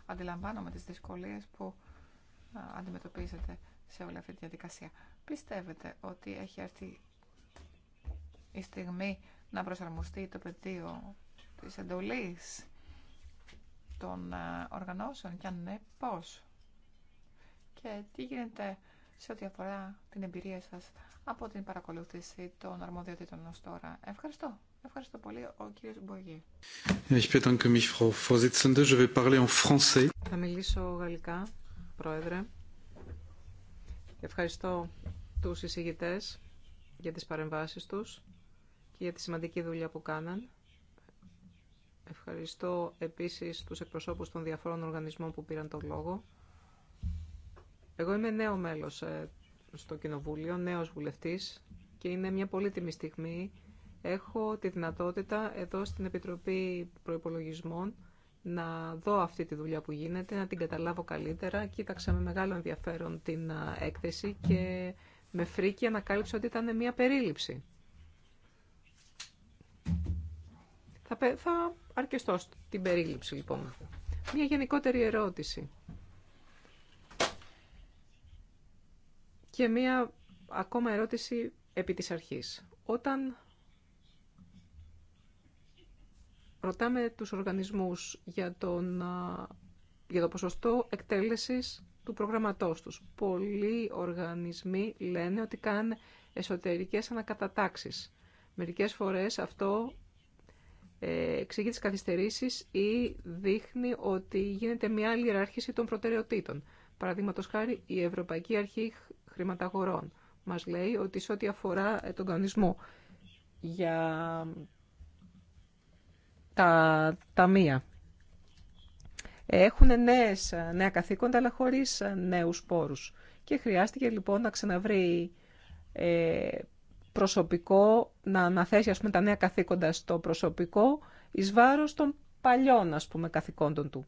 αντιλαμβάνομαι τις δυσκολίες που αντιμετωπίζετε σε όλη αυτή τη διαδικασία. Πιστεύετε ότι έχει έρθει η στιγμή να προσαρμοστεί το πεδίο της εντολής των οργανώσεων και αν ναι, πώς. Και τι γίνεται σε ό,τι αφορά την εμπειρία σας από την παρακολούθηση των αρμοδιοτήτων ως τώρα. Ευχαριστώ. Ευχαριστώ πολύ, ο κύριος Μπογή. Θα μιλήσω γαλλικά, πρόεδρε. Ευχαριστώ τους εισηγητές για τις παρεμβάσεις τους και για τη σημαντική δουλειά που κάναν. Ευχαριστώ επίσης τους εκπροσώπους των διαφόρων οργανισμών που πήραν τον λόγο. Εγώ είμαι νέο μέλος ε, στο Κοινοβούλιο, νέος βουλευτής και είναι μια πολύτιμη στιγμή. Έχω τη δυνατότητα εδώ στην Επιτροπή Προϋπολογισμών να δω αυτή τη δουλειά που γίνεται, να την καταλάβω καλύτερα. Κοίταξα με μεγάλο ενδιαφέρον την έκθεση και με φρίκη ανακάλυψα ότι ήταν μια περίληψη. Θα αρκεστώ την περίληψη λοιπόν. Μια γενικότερη ερώτηση Και μία ακόμα ερώτηση επί της αρχής. Όταν ρωτάμε τους οργανισμούς για, τον, για το ποσοστό εκτέλεσης του προγραμματός τους, πολλοί οργανισμοί λένε ότι κάνουν εσωτερικές ανακατατάξεις. Μερικές φορές αυτό ε, εξηγεί τις καθυστερήσεις ή δείχνει ότι γίνεται μια άλλη ιεράρχηση των προτεραιοτήτων. Παραδείγματο χάρη, η Ευρωπαϊκή προτεραιοτητων παραδειγματος χαρη η ευρωπαικη αρχη χρηματαγορών. Μας λέει ότι σε ό,τι αφορά ε, τον κανονισμό για τα ταμεία, έχουν νέες, νέα καθήκοντα, αλλά χωρίς νέους πόρους. Και χρειάστηκε λοιπόν να ξαναβρει ε, προσωπικό, να αναθέσει ας πούμε, τα νέα καθήκοντα στο προσωπικό, εις βάρος των παλιών ας πούμε, καθηκόντων του.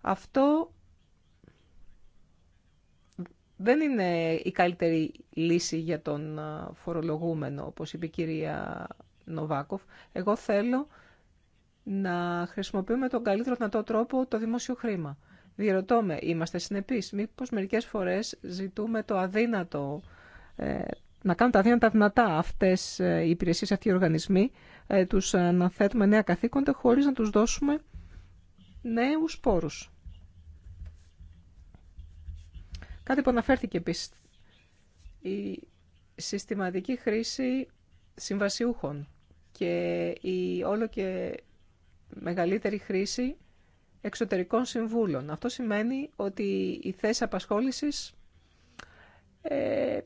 Αυτό δεν είναι η καλύτερη λύση για τον φορολογούμενο, όπως είπε η κυρία Νοβάκοφ. Εγώ θέλω να χρησιμοποιούμε τον καλύτερο δυνατό τρόπο το δημόσιο χρήμα. Διερωτώ με, είμαστε συνεπείς, μήπως μερικές φορές ζητούμε το αδύνατο, ε, να κάνουν τα αδύνατα δυνατά αυτές ε, οι υπηρεσίες, αυτοί οι οργανισμοί, ε, τους να θέτουμε νέα καθήκοντα χωρίς να τους δώσουμε νέους πόρους. Κάτι που αναφέρθηκε επίση Η συστηματική χρήση συμβασιούχων και η όλο και μεγαλύτερη χρήση εξωτερικών συμβούλων. Αυτό σημαίνει ότι οι θέση απασχόλησης ε,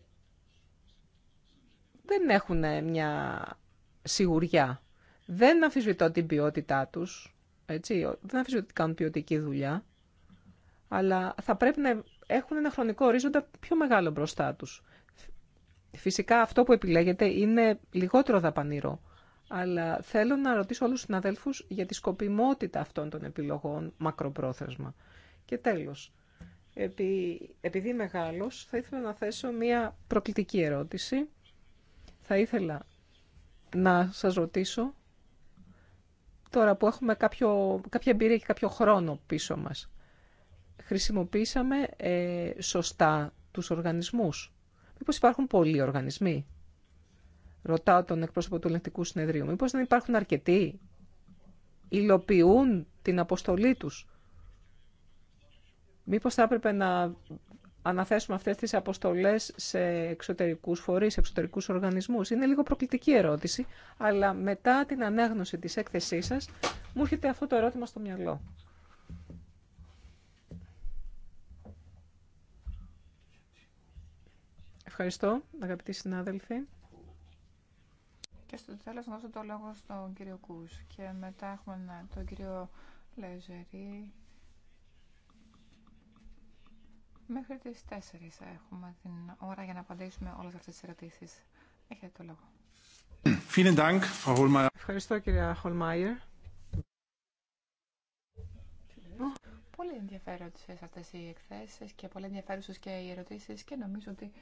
δεν έχουν μια σιγουριά. Δεν αφισβητώ την ποιότητά τους, έτσι, δεν αφισβητώ ότι κάνουν ποιοτική δουλειά, αλλά θα πρέπει να έχουν ένα χρονικό ορίζοντα πιο μεγάλο μπροστά του. Φυσικά αυτό που επιλέγετε είναι λιγότερο δαπανηρό. Αλλά θέλω να ρωτήσω όλους τους συναδέλφους για τη σκοπιμότητα αυτών των επιλογών μακροπρόθεσμα. Και τέλος, επειδή είμαι θα ήθελα να θέσω μία προκλητική ερώτηση. Θα ήθελα να σας ρωτήσω, τώρα που έχουμε κάποιο, κάποια εμπειρία και κάποιο χρόνο πίσω μας, χρησιμοποίησαμε ε, σωστά τους οργανισμούς. Μήπως υπάρχουν πολλοί οργανισμοί. Ρωτάω τον εκπρόσωπο του ελεγκτικού συνεδρίου. Μήπως δεν υπάρχουν αρκετοί. Υλοποιούν την αποστολή τους. Μήπως θα έπρεπε να αναθέσουμε αυτές τις αποστολές σε εξωτερικούς φορείς, σε εξωτερικούς οργανισμούς. Είναι λίγο προκλητική ερώτηση, αλλά μετά την ανάγνωση της έκθεσής σας μου έρχεται αυτό το ερώτημα στο μυαλό. Ευχαριστώ, αγαπητοί συνάδελφοι. Και στο τέλος να δώσω το λόγο στον κύριο Κούς και μετά έχουμε τον κύριο Λεζερή. Μέχρι τις 4 έχουμε την ώρα για να απαντήσουμε όλες αυτές τις ερωτήσεις. Έχετε το λόγο. Ευχαριστώ κυρία Χολμάιερ. Πολύ σε αυτές οι εκθέσεις και πολύ ενδιαφέρουσες και οι ερωτήσεις και νομίζω ότι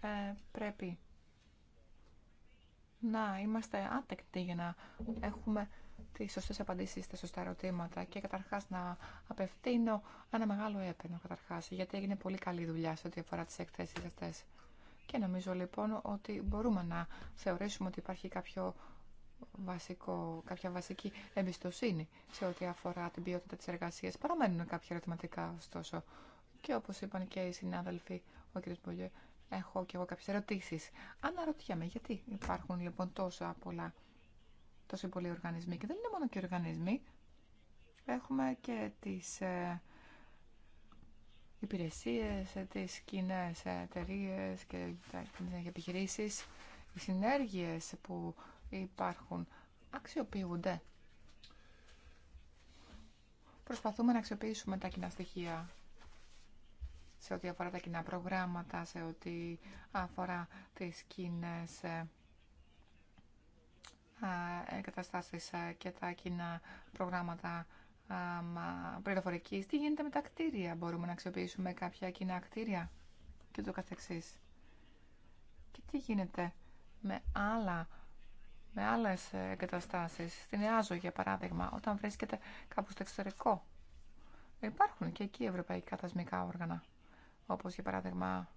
ε, πρέπει να είμαστε άτεκτοι για να έχουμε τι σωστέ απαντήσει στα σωστά ερωτήματα και καταρχά να απευθύνω ένα μεγάλο έπαινο καταρχάς γιατί έγινε πολύ καλή δουλειά σε ό,τι αφορά τι εκθέσει αυτέ. Και νομίζω λοιπόν ότι μπορούμε να θεωρήσουμε ότι υπάρχει κάποιο βασικό, κάποια βασική εμπιστοσύνη σε ό,τι αφορά την ποιότητα της εργασίας. Παραμένουν κάποια ερωτηματικά ωστόσο και όπως είπαν και οι συνάδελφοι ο κ. Μπολιέ έχω και εγώ κάποιες ερωτήσεις. Αναρωτιέμαι γιατί υπάρχουν λοιπόν τόσο πολλά, τόσο πολλοί οργανισμοί και δεν είναι μόνο και οργανισμοί. Έχουμε και τις ε, υπηρεσίες, ε, τις κοινέ εταιρείε και τα κοινές επιχειρήσεις. Οι συνέργειες που υπάρχουν αξιοποιούνται. Προσπαθούμε να αξιοποιήσουμε τα κοινά στοιχεία σε ό,τι αφορά τα κοινά προγράμματα, σε ό,τι αφορά τις κοινέ ε, εγκαταστάσεις ε, και τα κοινά προγράμματα πληροφορικής. Τι γίνεται με τα κτίρια, μπορούμε να αξιοποιήσουμε κάποια κοινά κτίρια και το καθεξής. Και τι γίνεται με άλλα με άλλες εγκαταστάσεις, στην ΕΑΖΟ για παράδειγμα, όταν βρίσκεται κάπου στο εξωτερικό. Υπάρχουν και εκεί ευρωπαϊκά θεσμικά όργανα όπως για παράδειγμα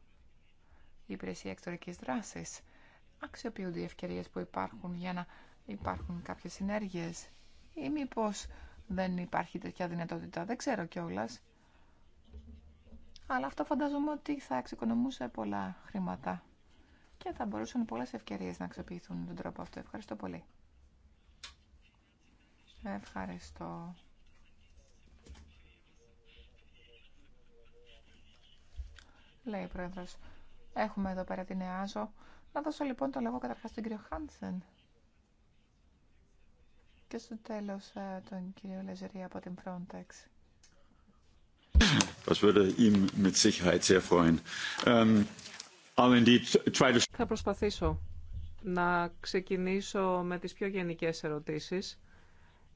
η υπηρεσία εξωτερικής δράσης. Αξιοποιούνται οι ευκαιρίες που υπάρχουν για να υπάρχουν κάποιες συνέργειες ή μήπω δεν υπάρχει τέτοια δυνατότητα. Δεν ξέρω κιόλα. Αλλά αυτό φαντάζομαι ότι θα εξοικονομούσε πολλά χρήματα και θα μπορούσαν πολλές ευκαιρίες να αξιοποιηθούν τον τρόπο αυτό. Ευχαριστώ πολύ. Ευχαριστώ. λέει ο πρόεδρο. Έχουμε εδώ πέρα την ΕΑΖΟ. Να δώσω λοιπόν το λόγο καταρχάς στον κύριο Χάνσεν. Και στο τέλο ε, τον κύριο Λεζερή από την Frontex. Θα προσπαθήσω να ξεκινήσω με τις πιο γενικές ερωτήσεις.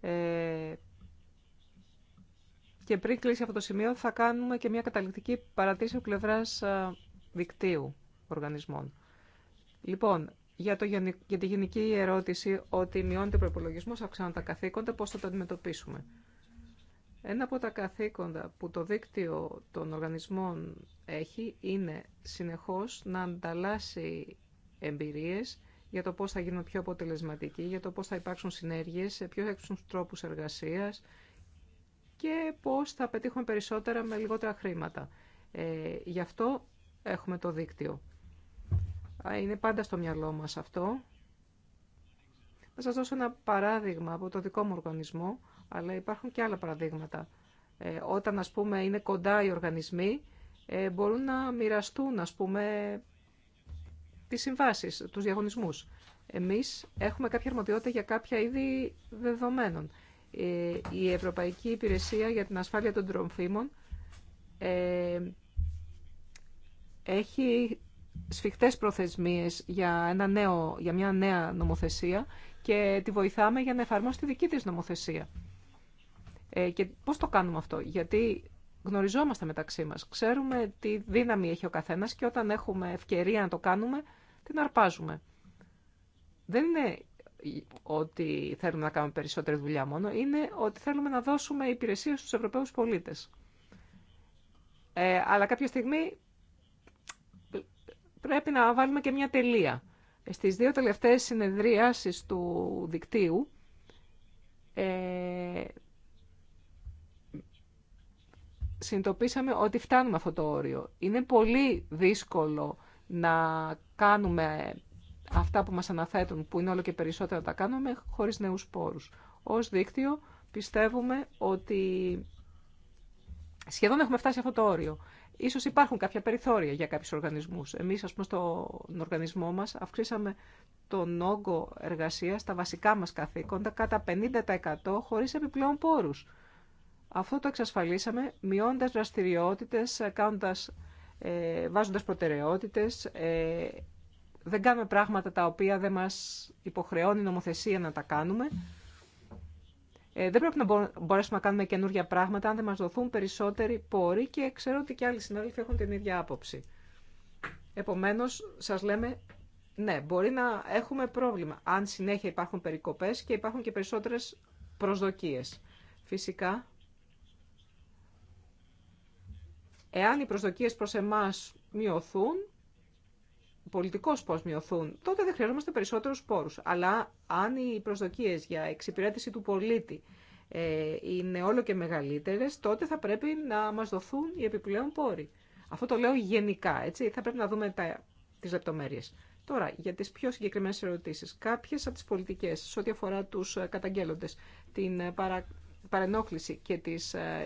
Ε, και πριν κλείσει αυτό το σημείο θα κάνουμε και μια καταληκτική παρατήρηση από πλευρά δικτύου οργανισμών. Λοιπόν, για, το, για τη γενική ερώτηση ότι μειώνεται ο προπολογισμό, αυξάνονται τα καθήκοντα, πώ θα το αντιμετωπίσουμε. Ένα από τα καθήκοντα που το δίκτυο των οργανισμών έχει είναι συνεχώς να ανταλλάσσει εμπειρίες για το πώς θα γίνουν πιο αποτελεσματικοί, για το πώς θα υπάρξουν συνέργειες, σε ποιους έξουν τρόπους εργασίας, και πώς θα πετύχουμε περισσότερα με λιγότερα χρήματα. Ε, γι' αυτό έχουμε το δίκτυο. Είναι πάντα στο μυαλό μας αυτό. Θα σας δώσω ένα παράδειγμα από το δικό μου οργανισμό, αλλά υπάρχουν και άλλα παραδείγματα. Ε, όταν, ας πούμε, είναι κοντά οι οργανισμοί, ε, μπορούν να μοιραστούν, ας πούμε, τις συμβάσεις, τους διαγωνισμούς. Εμείς έχουμε κάποια αρμοδιότητα για κάποια είδη δεδομένων η Ευρωπαϊκή Υπηρεσία για την Ασφάλεια των Τροφίμων ε, έχει σφιχτές προθεσμίες για, ένα νέο, για μια νέα νομοθεσία και τη βοηθάμε για να εφαρμόσει τη δική της νομοθεσία. Ε, και πώς το κάνουμε αυτό, γιατί γνωριζόμαστε μεταξύ μας, ξέρουμε τι δύναμη έχει ο καθένας και όταν έχουμε ευκαιρία να το κάνουμε, την αρπάζουμε. Δεν είναι ότι θέλουμε να κάνουμε περισσότερη δουλειά μόνο, είναι ότι θέλουμε να δώσουμε υπηρεσία στους Ευρωπαίους πολίτες. Ε, αλλά κάποια στιγμή πρέπει να βάλουμε και μια τελεία. Στις δύο τελευταίες συνεδρίασεις του δικτύου ε, συνειδητοποίησαμε ότι φτάνουμε αυτό το όριο. Είναι πολύ δύσκολο να κάνουμε αυτά που μας αναθέτουν, που είναι όλο και περισσότερο τα κάνουμε, χωρίς νέους πόρους. Ως δίκτυο πιστεύουμε ότι σχεδόν έχουμε φτάσει αυτό το όριο. Ίσως υπάρχουν κάποια περιθώρια για κάποιους οργανισμούς. Εμείς, ας πούμε, στον οργανισμό μας αυξήσαμε τον όγκο εργασίας, τα βασικά μας καθήκοντα, κατά 50% χωρίς επιπλέον πόρους. Αυτό το εξασφαλίσαμε μειώντας δραστηριότητες, κάνοντας, ε, βάζοντας προτεραιότητες, ε, δεν κάνουμε πράγματα τα οποία δεν μας υποχρεώνει η νομοθεσία να τα κάνουμε. Ε, δεν πρέπει να μπορέσουμε να κάνουμε καινούργια πράγματα αν δεν μας δοθούν περισσότεροι πόροι και ξέρω ότι και άλλοι συνάδελφοι έχουν την ίδια άποψη. Επομένως, σας λέμε, ναι, μπορεί να έχουμε πρόβλημα αν συνέχεια υπάρχουν περικοπές και υπάρχουν και περισσότερες προσδοκίες. Φυσικά, εάν οι προσδοκίες προς εμάς μειωθούν, πολιτικό πώ μειωθούν, τότε δεν χρειαζόμαστε περισσότερου πόρου. Αλλά αν οι προσδοκίε για εξυπηρέτηση του πολίτη ε, είναι όλο και μεγαλύτερε, τότε θα πρέπει να μα δοθούν οι επιπλέον πόροι. Αυτό το λέω γενικά, έτσι. Θα πρέπει να δούμε τι λεπτομέρειε. Τώρα, για τι πιο συγκεκριμένε ερωτήσει. Κάποιε από τι πολιτικέ, σε ό,τι αφορά του ε, καταγγέλλοντε, την ε, παρα... παρενόχληση και τι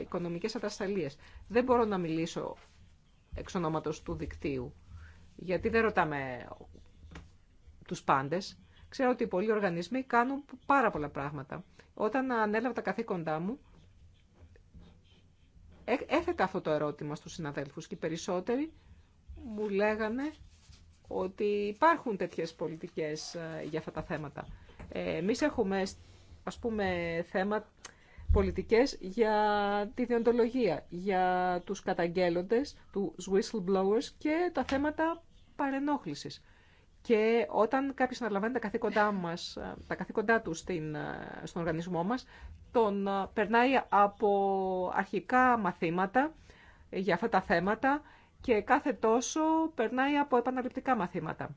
οικονομικέ ατασταλίε, δεν μπορώ να μιλήσω εξ του δικτύου γιατί δεν ρωτάμε τους πάντες. Ξέρω ότι πολλοί οργανισμοί κάνουν πάρα πολλά πράγματα. Όταν ανέλαβα τα καθήκοντά μου, ε, έθετα αυτό το ερώτημα στους συναδέλφους και οι περισσότεροι μου λέγανε ότι υπάρχουν τέτοιες πολιτικές ε, για αυτά τα θέματα. Ε, εμείς έχουμε, ας πούμε, θέμα πολιτικές για τη διοντολογία, για τους καταγγέλλοντες, τους whistleblowers και τα θέματα παρενόχλησης. Και όταν κάποιο αναλαμβάνει τα καθήκοντά, μας, τα καθήκοντά του στην, στον οργανισμό μας, τον ε, περνάει από αρχικά μαθήματα για αυτά τα θέματα και κάθε τόσο περνάει από επαναληπτικά μαθήματα.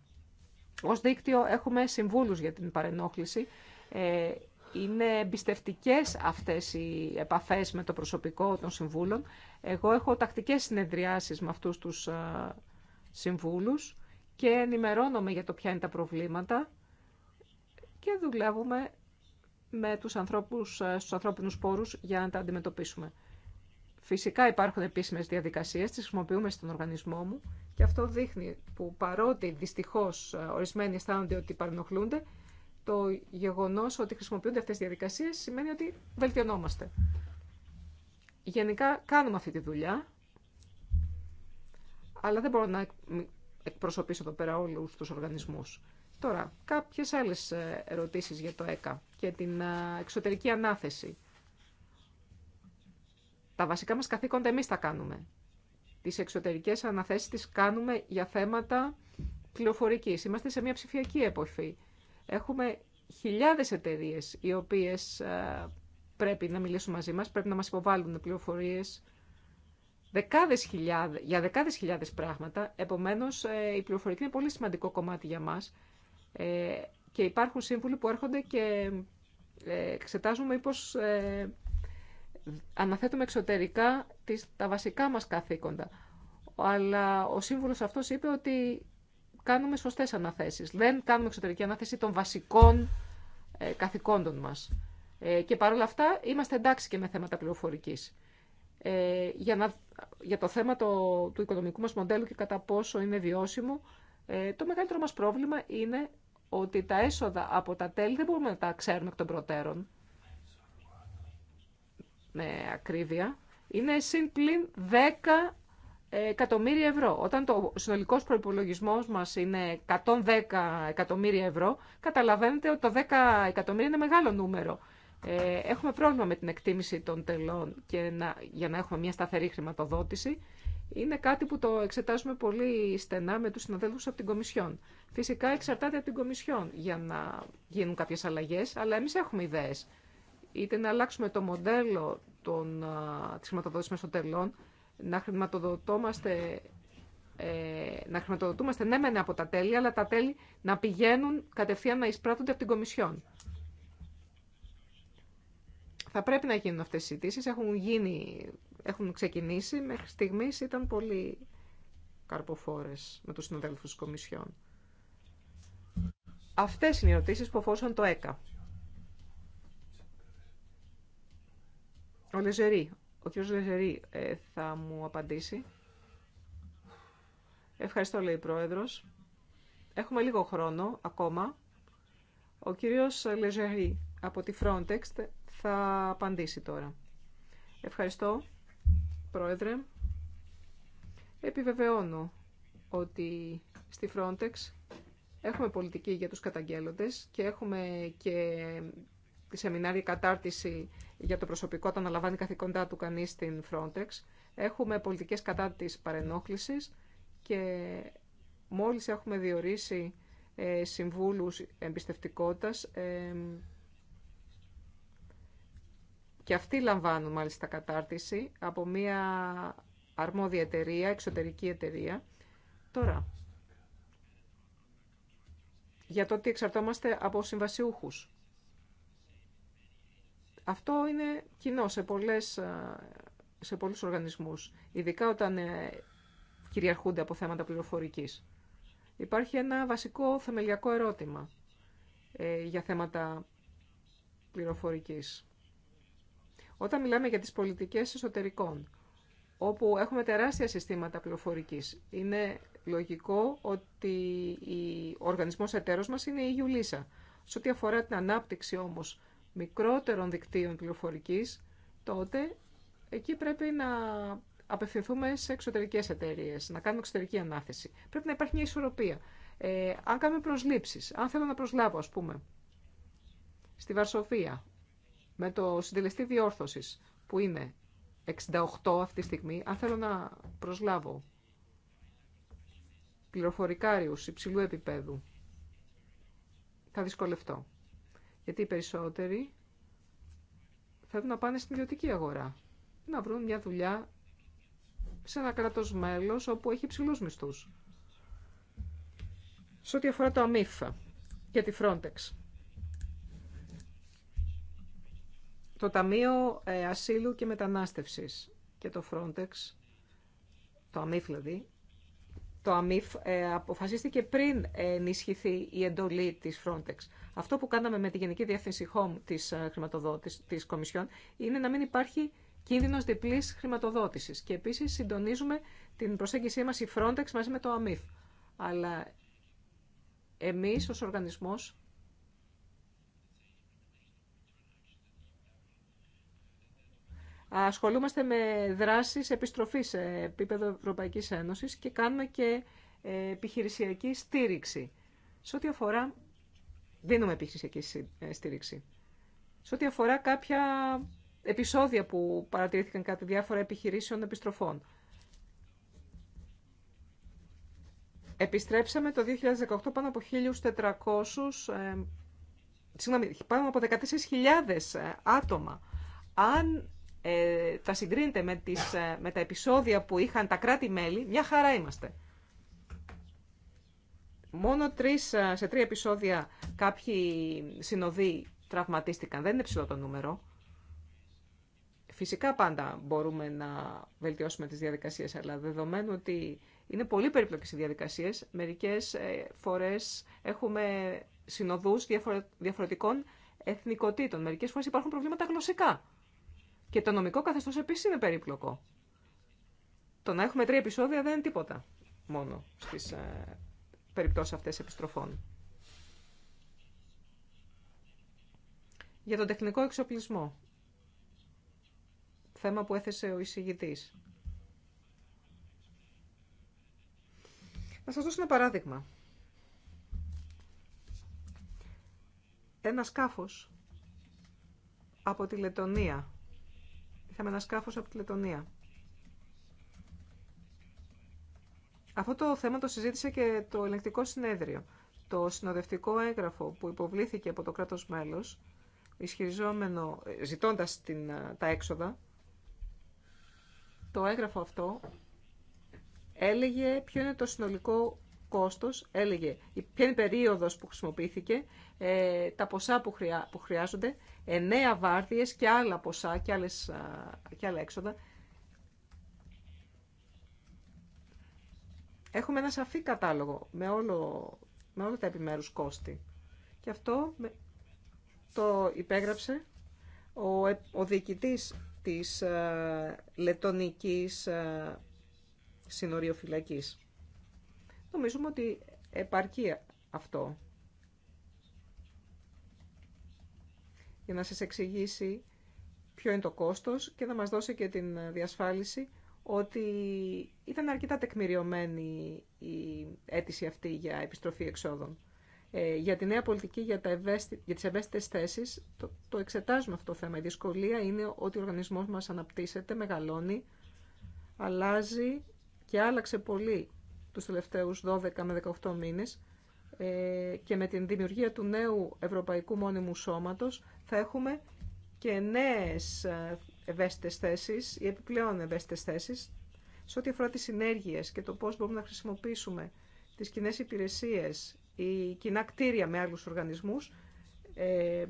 Ως δίκτυο έχουμε συμβούλους για την παρενόχληση. Ε, είναι εμπιστευτικέ αυτές οι επαφές με το προσωπικό των συμβούλων. Εγώ έχω τακτικές συνεδριάσεις με αυτούς τους ε, συμβούλους και ενημερώνομαι για το ποια είναι τα προβλήματα και δουλεύουμε με τους ανθρώπους, ε, στους ανθρώπινους πόρους για να τα αντιμετωπίσουμε. Φυσικά υπάρχουν επίσημες διαδικασίες, τις χρησιμοποιούμε στον οργανισμό μου και αυτό δείχνει που παρότι δυστυχώς ε, ορισμένοι αισθάνονται ότι παρενοχλούνται, το γεγονός ότι χρησιμοποιούνται αυτές οι διαδικασίες σημαίνει ότι βελτιωνόμαστε. Γενικά κάνουμε αυτή τη δουλειά αλλά δεν μπορώ να εκπροσωπήσω εδώ πέρα όλου τους οργανισμούς. Τώρα, κάποιες άλλες ε, ερωτήσεις για το ΕΚΑ και την ε, εξωτερική ανάθεση. Τα βασικά μας καθήκοντα εμεί τα κάνουμε. Τις εξωτερικές αναθέσεις τις κάνουμε για θέματα πληροφορική. Είμαστε σε μια ψηφιακή εποχή. Έχουμε χιλιάδες εταιρείε οι οποίες ε, πρέπει να μιλήσουν μαζί μας, πρέπει να μας υποβάλουν πληροφορίες δεκάδες χιλιάδες, για δεκάδες χιλιάδες πράγματα. Επομένως, ε, η πληροφορική είναι πολύ σημαντικό κομμάτι για μας. Ε, και υπάρχουν σύμβουλοι που έρχονται και ε, εξετάζουμε μήπως αναθέτουμε εξωτερικά τις, τα βασικά μας καθήκοντα. Αλλά ο σύμβουλος αυτός είπε ότι κάνουμε σωστές αναθέσεις. Δεν κάνουμε εξωτερική ανάθεση των βασικών καθηκόντων μας. Ε, και παρόλα αυτά είμαστε εντάξει και με θέματα πληροφορικής. Ε, για να για το θέμα το, του οικονομικού μας μοντέλου και κατά πόσο είναι βιώσιμο, ε, το μεγαλύτερο μας πρόβλημα είναι ότι τα έσοδα από τα τέλη δεν μπορούμε να τα ξέρουμε εκ των προτέρων με ακρίβεια. Είναι συν πλην 10 ε, εκατομμύρια ευρώ. Όταν το συνολικό προπολογισμό μα είναι 110 εκατομμύρια ευρώ, καταλαβαίνετε ότι το 10 εκατομμύρια είναι μεγάλο νούμερο ε, έχουμε πρόβλημα με την εκτίμηση των τελών και να, για να έχουμε μια σταθερή χρηματοδότηση. Είναι κάτι που το εξετάζουμε πολύ στενά με τους συναδέλφους από την Κομισιόν. Φυσικά εξαρτάται από την Κομισιόν για να γίνουν κάποιες αλλαγές, αλλά εμείς έχουμε ιδέες. Είτε να αλλάξουμε το μοντέλο των, της χρηματοδότησης μέσω τελών, να χρηματοδοτούμαστε, ε, να χρηματοδοτούμαστε ναι μεν από τα τέλη, αλλά τα τέλη να πηγαίνουν κατευθείαν να εισπράττονται από την Κομισιόν. Θα πρέπει να γίνουν αυτές οι συζητήσεις. Έχουν, γίνει, έχουν ξεκινήσει. Μέχρι στιγμής ήταν πολύ καρποφόρες με τους συναδέλφους της Κομισιόν. Αυτές είναι οι ερωτήσεις που αφορούσαν το ΕΚΑ. Ο Λεζερή, ο κ. Λεζερή ε, θα μου απαντήσει. Ευχαριστώ, λέει η Πρόεδρος. Έχουμε λίγο χρόνο ακόμα. Ο κύριος Λεζερή από τη Frontex θα απαντήσει τώρα. Ευχαριστώ, Πρόεδρε. Επιβεβαιώνω ότι στη Frontex έχουμε πολιτική για τους καταγγέλλοντες και έχουμε και τη σεμινάρια κατάρτιση για το προσωπικό όταν αναλαμβάνει καθηκοντά του κανείς στην Frontex. Έχουμε πολιτικές κατά της παρενόχλησης και μόλις έχουμε διορίσει ε, συμβούλους εμπιστευτικότητας ε, και αυτοί λαμβάνουν μάλιστα κατάρτιση από μια αρμόδια εταιρεία, εξωτερική εταιρεία. Τώρα, για το ότι εξαρτώμαστε από συμβασιούχους. Αυτό είναι κοινό σε, πολλές, ε, σε πολλούς οργανισμούς, ειδικά όταν ε, κυριαρχούνται από θέματα πληροφορικής. Υπάρχει ένα βασικό θεμελιακό ερώτημα ε, για θέματα πληροφορικής. Όταν μιλάμε για τις πολιτικές εσωτερικών, όπου έχουμε τεράστια συστήματα πληροφορικής, είναι λογικό ότι ο οργανισμός εταίρος μας είναι η Ιουλίσα. Σε ό,τι αφορά την ανάπτυξη όμως μικρότερων δικτύων πληροφορικής, τότε εκεί πρέπει να απευθυνθούμε σε εξωτερικές εταιρείε, να κάνουμε εξωτερική ανάθεση. Πρέπει να υπάρχει μια ισορροπία. Ε, αν κάνουμε προσλήψεις, αν θέλω να προσλάβω, ας πούμε, στη Βαρσοβία με το συντελεστή διόρθωση που είναι 68 αυτή τη στιγμή, αν θέλω να προσλάβω πληροφορικάριους υψηλού επίπεδου, θα δυσκολευτώ. Γιατί οι περισσότεροι θέλουν να πάνε στην ιδιωτική αγορά, να βρουν μια δουλειά σε ένα κράτος μέλος όπου έχει υψηλούς μισθούς. Σε ό,τι αφορά το αμύφα για τη Frontex. Το Ταμείο ε, Ασύλου και Μετανάστευσης και το Frontex, το ΑΜΙΦ δηλαδή, το ΑΜΙΦ ε, αποφασίστηκε πριν ενισχυθεί η εντολή της Frontex. Αυτό που κάναμε με τη Γενική Διεύθυνση Home της ε, χρηματοδότησης της Κομισιόν είναι να μην υπάρχει κίνδυνος διπλής χρηματοδότησης. Και επίσης συντονίζουμε την προσέγγιση μας η Frontex μαζί με το ΑΜΙΦ. Αλλά εμείς ως οργανισμός ασχολούμαστε με δράσεις επιστροφής σε επίπεδο Ευρωπαϊκής Ένωσης και κάνουμε και ε, επιχειρησιακή στήριξη. Σε ό,τι αφορά, δίνουμε επιχειρησιακή ε, στήριξη. Σε ό,τι αφορά κάποια επεισόδια που παρατηρήθηκαν κάτι διάφορα επιχειρήσεων επιστροφών. Επιστρέψαμε το 2018 πάνω από 1.400, ε, συγγνώμη, πάνω από 14.000 άτομα. Αν τα ε, συγκρίνετε με, τις, ε, με τα επεισόδια που είχαν τα κράτη-μέλη, μια χαρά είμαστε. Μόνο τρεις, ε, σε τρία επεισόδια κάποιοι συνοδοί τραυματίστηκαν. Δεν είναι ψηλό το νούμερο. Φυσικά πάντα μπορούμε να βελτιώσουμε τις διαδικασίες, αλλά δεδομένου ότι είναι πολύ περίπλοκες οι διαδικασίες, μερικές φορές έχουμε συνοδούς διαφορετικών εθνικοτήτων. Μερικές φορές υπάρχουν προβλήματα γλωσσικά. Και το νομικό καθεστώ επίση είναι περίπλοκο. Το να έχουμε τρία επεισόδια δεν είναι τίποτα μόνο στι ε, περιπτώσει αυτέ επιστροφών. Για τον τεχνικό εξοπλισμό. Θέμα που έθεσε ο εισηγητή. Να σας δώσω ένα παράδειγμα. Ένα σκάφος από τη Λετωνία Είχαμε ένα σκάφο από τη Λετωνία. Αυτό το θέμα το συζήτησε και το ελεγκτικό συνέδριο. Το συνοδευτικό έγγραφο που υποβλήθηκε από το κράτος μέλος, ισχυριζόμενο, ε, ζητώντας την, ε, τα έξοδα, το έγγραφο αυτό έλεγε ποιο είναι το συνολικό κόστος, έλεγε ποια είναι η περίοδος που χρησιμοποιήθηκε, ε, τα ποσά που, χρειάζονται, εννέα βάρδιες και άλλα ποσά και, άλλες, και άλλα έξοδα. Έχουμε ένα σαφή κατάλογο με, όλο, με όλα τα επιμέρους κόστη. Και αυτό το υπέγραψε ο, ο διοικητής της ε, λετονικής ε, συνοριοφυλακής. Νομίζουμε ότι επαρκεί αυτό. Για να σας εξηγήσει ποιο είναι το κόστος και να μας δώσει και την διασφάλιση ότι ήταν αρκετά τεκμηριωμένη η αίτηση αυτή για επιστροφή εξόδων. Ε, για τη νέα πολιτική, για, τα ευαίσθη, για τις ευαίσθητες θέσεις, το, το εξετάζουμε αυτό το θέμα. Η δυσκολία είναι ότι ο οργανισμός μας αναπτύσσεται, μεγαλώνει, αλλάζει και άλλαξε πολύ τους τελευταίους 12 με 18 μήνες ε, και με την δημιουργία του νέου Ευρωπαϊκού Μόνιμου Σώματος θα έχουμε και νέες ε, ευαίσθητες θέσεις ή επιπλέον ευαίσθητες θέσεις σε ό,τι αφορά τις συνέργειες και το πώς μπορούμε να χρησιμοποιήσουμε τις κοινέ υπηρεσίες ή κοινά κτίρια με άλλους οργανισμούς. Ε,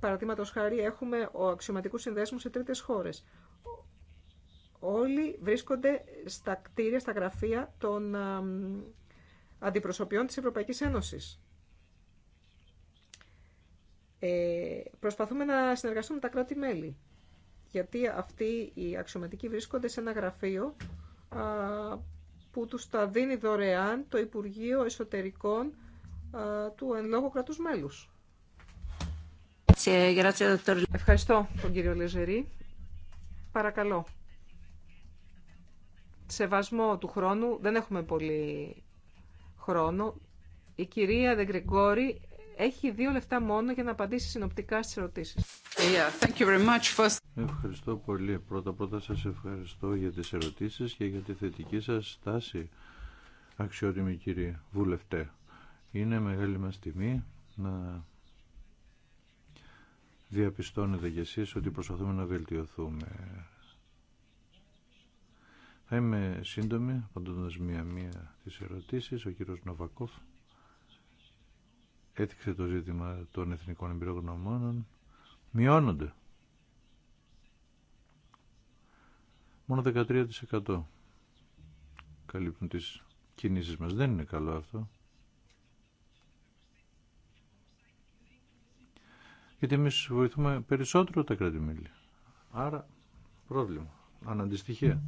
Παραδείγματο χάρη έχουμε ο αξιωματικούς συνδέσμους σε τρίτες χώρες όλοι βρίσκονται στα κτίρια, στα γραφεία των αντιπροσωπιών της Ευρωπαϊκής Ένωσης. Ε, προσπαθούμε να συνεργαστούμε με τα κράτη-μέλη, γιατί αυτοί οι αξιωματικοί βρίσκονται σε ένα γραφείο που τους τα δίνει δωρεάν το Υπουργείο Εσωτερικών του εν λόγω κρατούς μέλους. Ευχαριστώ τον κύριο Λεζερή. Παρακαλώ σεβασμό του χρόνου, δεν έχουμε πολύ χρόνο. Η κυρία Δεγκρεγκόρη έχει δύο λεφτά μόνο για να απαντήσει συνοπτικά στις ερωτήσεις. thank you very much Ευχαριστώ πολύ. Πρώτα πρώτα σας ευχαριστώ για τις ερωτήσεις και για τη θετική σας στάση, αξιότιμη κυρία Βουλευτέ. Είναι μεγάλη μας τιμή να διαπιστώνετε κι εσείς ότι προσπαθούμε να βελτιωθούμε θα είμαι σύντομη, απαντώντας μία-μία τις ερωτήσεις. Ο κύριος Νοβακόφ έθιξε το ζήτημα των εθνικών εμπειρογνωμόνων. Μειώνονται. Μόνο 13% καλύπτουν τις κινήσεις μας. Δεν είναι καλό αυτό. Γιατί εμεί βοηθούμε περισσότερο τα κρατη Άρα, πρόβλημα. Αναντιστοιχεία